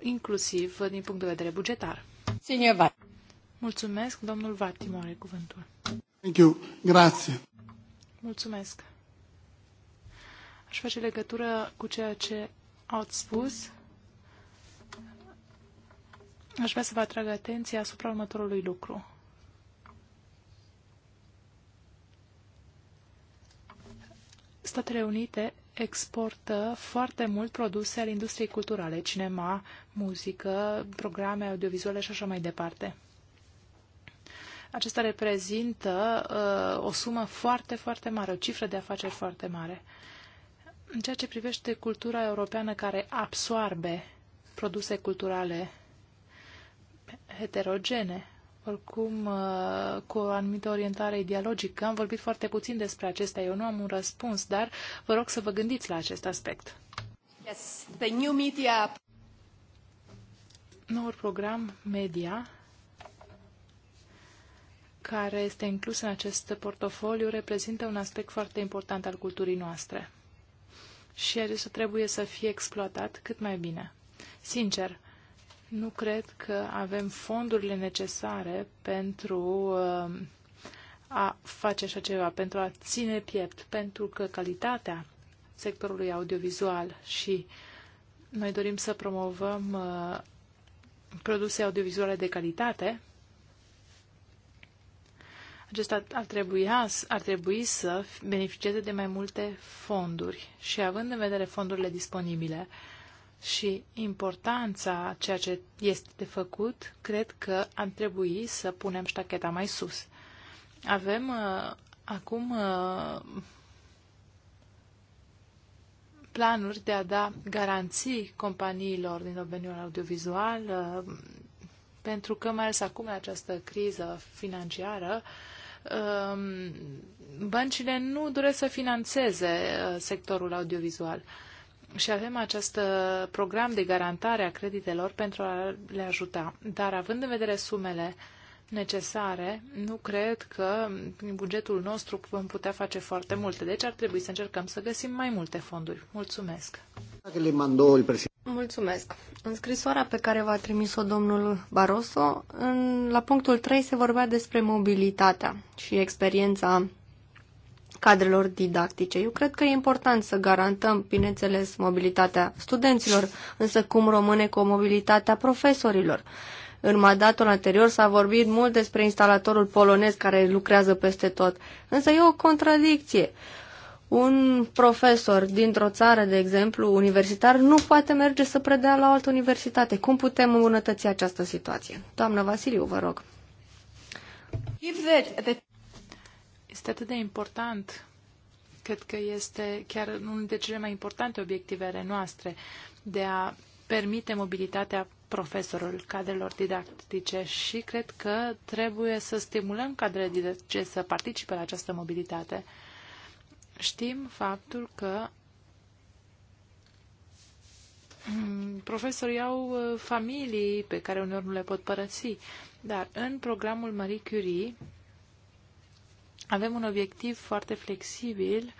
inclusiv din punct de vedere bugetar. Signor Mulțumesc, domnul Vatimore, cuvântul. Thank you. Grazie. Mulțumesc. Aș face legătură cu ceea ce ați spus. Aș vrea să vă atrag atenția asupra următorului lucru. Statele Unite exportă foarte mult produse ale industriei culturale, cinema, muzică, programe audiovizuale și așa mai departe. Acesta reprezintă uh, o sumă foarte, foarte mare, o cifră de afaceri foarte mare. În ceea ce privește cultura europeană care absoarbe produse culturale heterogene, oricum uh, cu o anumită orientare ideologică. Am vorbit foarte puțin despre acestea, eu nu am un răspuns, dar vă rog să vă gândiți la acest aspect. Yes, the new media. Noul program media care este inclus în acest portofoliu reprezintă un aspect foarte important al culturii noastre. Și acesta trebuie să fie exploatat cât mai bine. Sincer, nu cred că avem fondurile necesare pentru uh, a face așa ceva, pentru a ține piept, pentru că calitatea sectorului audiovizual și noi dorim să promovăm uh, produse audiovizuale de calitate, acesta ar, trebui, ar trebui să beneficieze de mai multe fonduri și având în vedere fondurile disponibile, și importanța ceea ce este de făcut, cred că ar trebui să punem ștacheta mai sus. Avem uh, acum uh, planuri de a da garanții companiilor din domeniul audiovizual, uh, pentru că, mai ales acum, în această criză financiară, um, băncile nu doresc să financeze uh, sectorul audiovizual și avem acest uh, program de garantare a creditelor pentru a le ajuta. Dar având în vedere sumele necesare, nu cred că prin bugetul nostru vom putea face foarte multe. Deci ar trebui să încercăm să găsim mai multe fonduri. Mulțumesc! Mulțumesc! În scrisoarea pe care v-a trimis-o domnul Barroso, în, la punctul 3 se vorbea despre mobilitatea și experiența cadrelor didactice. Eu cred că e important să garantăm, bineînțeles, mobilitatea studenților, însă cum rămâne cu mobilitatea profesorilor. În mandatul anterior s-a vorbit mult despre instalatorul polonez care lucrează peste tot, însă e o contradicție. Un profesor dintr-o țară, de exemplu, universitar, nu poate merge să predea la o altă universitate. Cum putem îmbunătăți această situație? Doamna Vasiliu, vă rog este atât de important. Cred că este chiar unul dintre cele mai importante obiective ale noastre de a permite mobilitatea profesorul cadrelor didactice și cred că trebuie să stimulăm cadrele didactice să participe la această mobilitate. Știm faptul că mm, profesorii au uh, familii pe care uneori nu le pot părăsi, dar în programul Marie Curie avem un obiectiv foarte flexibil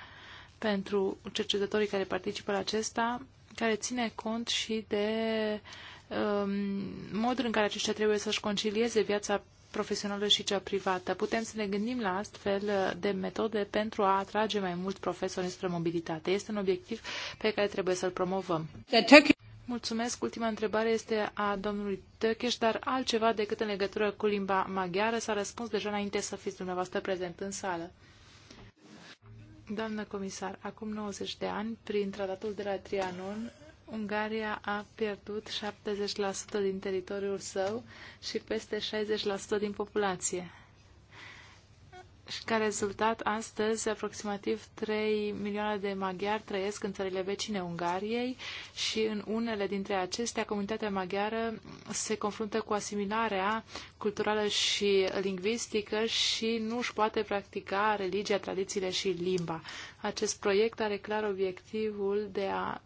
pentru cercetătorii care participă la acesta, care ține cont și de um, modul în care aceștia trebuie să-și concilieze viața profesională și cea privată. Putem să ne gândim la astfel de metode pentru a atrage mai mult profesori spre mobilitate. Este un obiectiv pe care trebuie să-l promovăm. Mulțumesc. Ultima întrebare este a domnului Tăcheș, dar altceva decât în legătură cu limba maghiară s-a răspuns deja înainte să fiți dumneavoastră prezent în sală. Doamnă comisar, acum 90 de ani, prin tratatul de la Trianon, Ungaria a pierdut 70% din teritoriul său și peste 60% din populație. Și ca rezultat, astăzi, aproximativ 3 milioane de maghiari trăiesc în țările vecine Ungariei și în unele dintre acestea, comunitatea maghiară se confruntă cu asimilarea culturală și lingvistică și nu își poate practica religia, tradițiile și limba. Acest proiect are clar obiectivul de a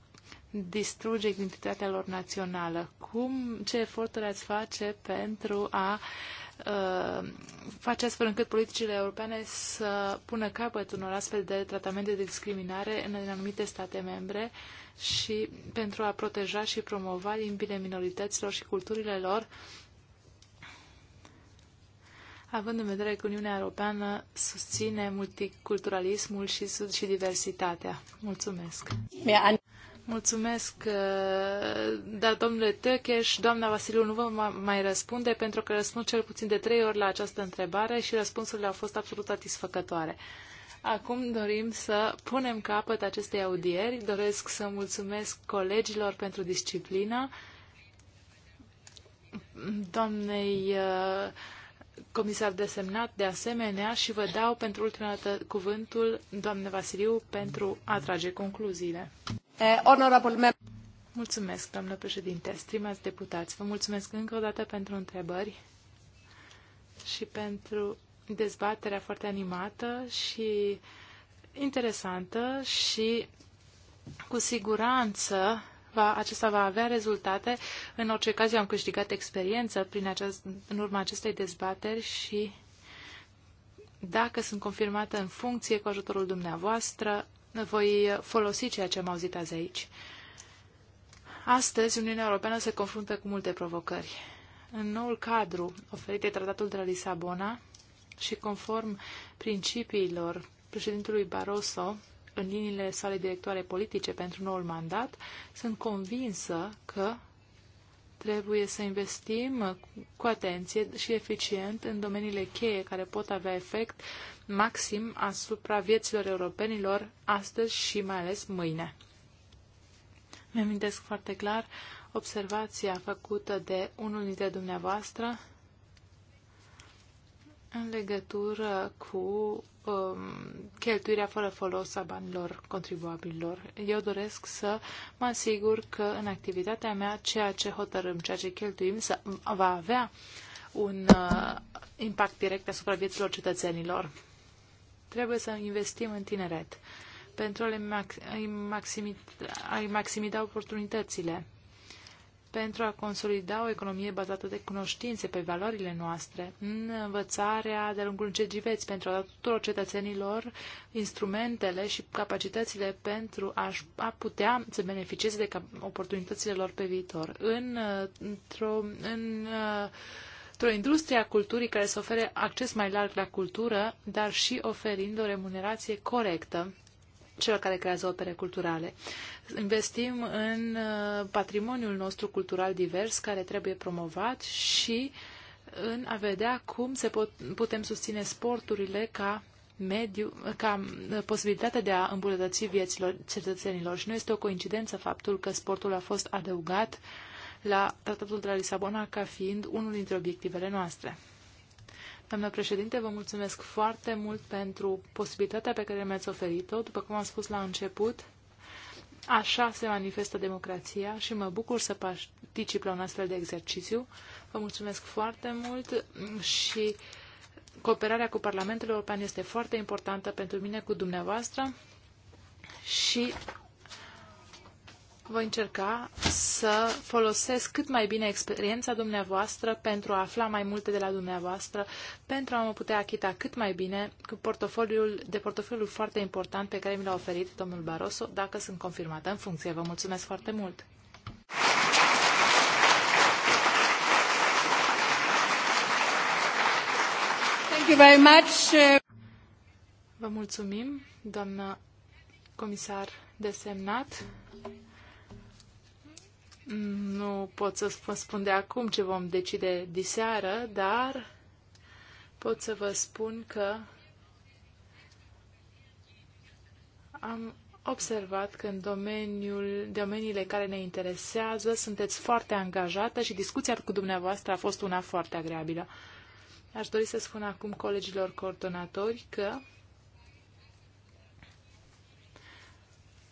distruge identitatea lor națională. Cum, ce eforturi ați face pentru a uh, Uh, face astfel încât politicile europene să pună capăt unor astfel de tratamente de discriminare în anumite state membre și pentru a proteja și promova limbile minorităților și culturile lor, având în vedere că Uniunea Europeană susține multiculturalismul și, și diversitatea. Mulțumesc! Mulțumesc, uh, dar domnule Tăcheș, doamna Vasiliu nu vă mai răspunde pentru că răspund cel puțin de trei ori la această întrebare și răspunsurile au fost absolut satisfăcătoare. Acum dorim să punem capăt acestei audieri. Doresc să mulțumesc colegilor pentru disciplina, doamnei uh, comisar desemnat de asemenea și vă dau pentru ultima dată cuvântul, doamne Vasiliu, pentru a trage concluziile. Eh, mulțumesc, doamnă președinte. Stimați deputați, vă mulțumesc încă o dată pentru întrebări și pentru dezbaterea foarte animată și interesantă și cu siguranță va, acesta va avea rezultate. În orice caz, eu am câștigat experiență prin aceast, în urma acestei dezbateri și dacă sunt confirmată în funcție cu ajutorul dumneavoastră, voi folosi ceea ce am auzit azi aici. Astăzi, Uniunea Europeană se confruntă cu multe provocări. În noul cadru oferit de Tratatul de la Lisabona și conform principiilor președintelui Barroso în liniile sale directoare politice pentru noul mandat, sunt convinsă că Trebuie să investim cu atenție și eficient în domeniile cheie care pot avea efect maxim asupra vieților europenilor astăzi și mai ales mâine. Mă amintesc foarte clar observația făcută de unul dintre dumneavoastră în legătură cu um, cheltuirea fără folos a banilor contribuabililor. Eu doresc să mă asigur că în activitatea mea ceea ce hotărâm, ceea ce cheltuim să, va avea un uh, impact direct asupra vieților cetățenilor. Trebuie să investim în tineret pentru a maximiza, maximiza oportunitățile pentru a consolida o economie bazată de cunoștințe pe valorile noastre, în învățarea de-a lungul întregii veți pentru a da tuturor cetățenilor instrumentele și capacitățile pentru a, a putea să beneficieze de oportunitățile lor pe viitor. În, într-o, în, într-o industrie a culturii care să ofere acces mai larg la cultură, dar și oferind o remunerație corectă celor care creează opere culturale. Investim în uh, patrimoniul nostru cultural divers care trebuie promovat și în a vedea cum se pot, putem susține sporturile ca mediu, ca uh, posibilitatea de a îmbunătăți vieților cetățenilor. Și nu este o coincidență faptul că sportul a fost adăugat la Tratatul de la Lisabona ca fiind unul dintre obiectivele noastre. Doamnă președinte, vă mulțumesc foarte mult pentru posibilitatea pe care mi-ați oferit-o. După cum am spus la început, așa se manifestă democrația și mă bucur să particip la un astfel de exercițiu. Vă mulțumesc foarte mult și cooperarea cu Parlamentul European este foarte importantă pentru mine, cu dumneavoastră și voi încerca să folosesc cât mai bine experiența dumneavoastră pentru a afla mai multe de la dumneavoastră, pentru a mă putea achita cât mai bine cu portofoliul, de portofoliul foarte important pe care mi l-a oferit domnul Barroso, dacă sunt confirmată în funcție. Vă mulțumesc foarte mult! Thank you very much. Uh, Vă mulțumim, doamnă comisar desemnat. Nu pot să vă spun de acum ce vom decide diseară, dar pot să vă spun că am observat că în domeniul, domeniile care ne interesează sunteți foarte angajată și discuția cu dumneavoastră a fost una foarte agreabilă. Aș dori să spun acum colegilor coordonatori că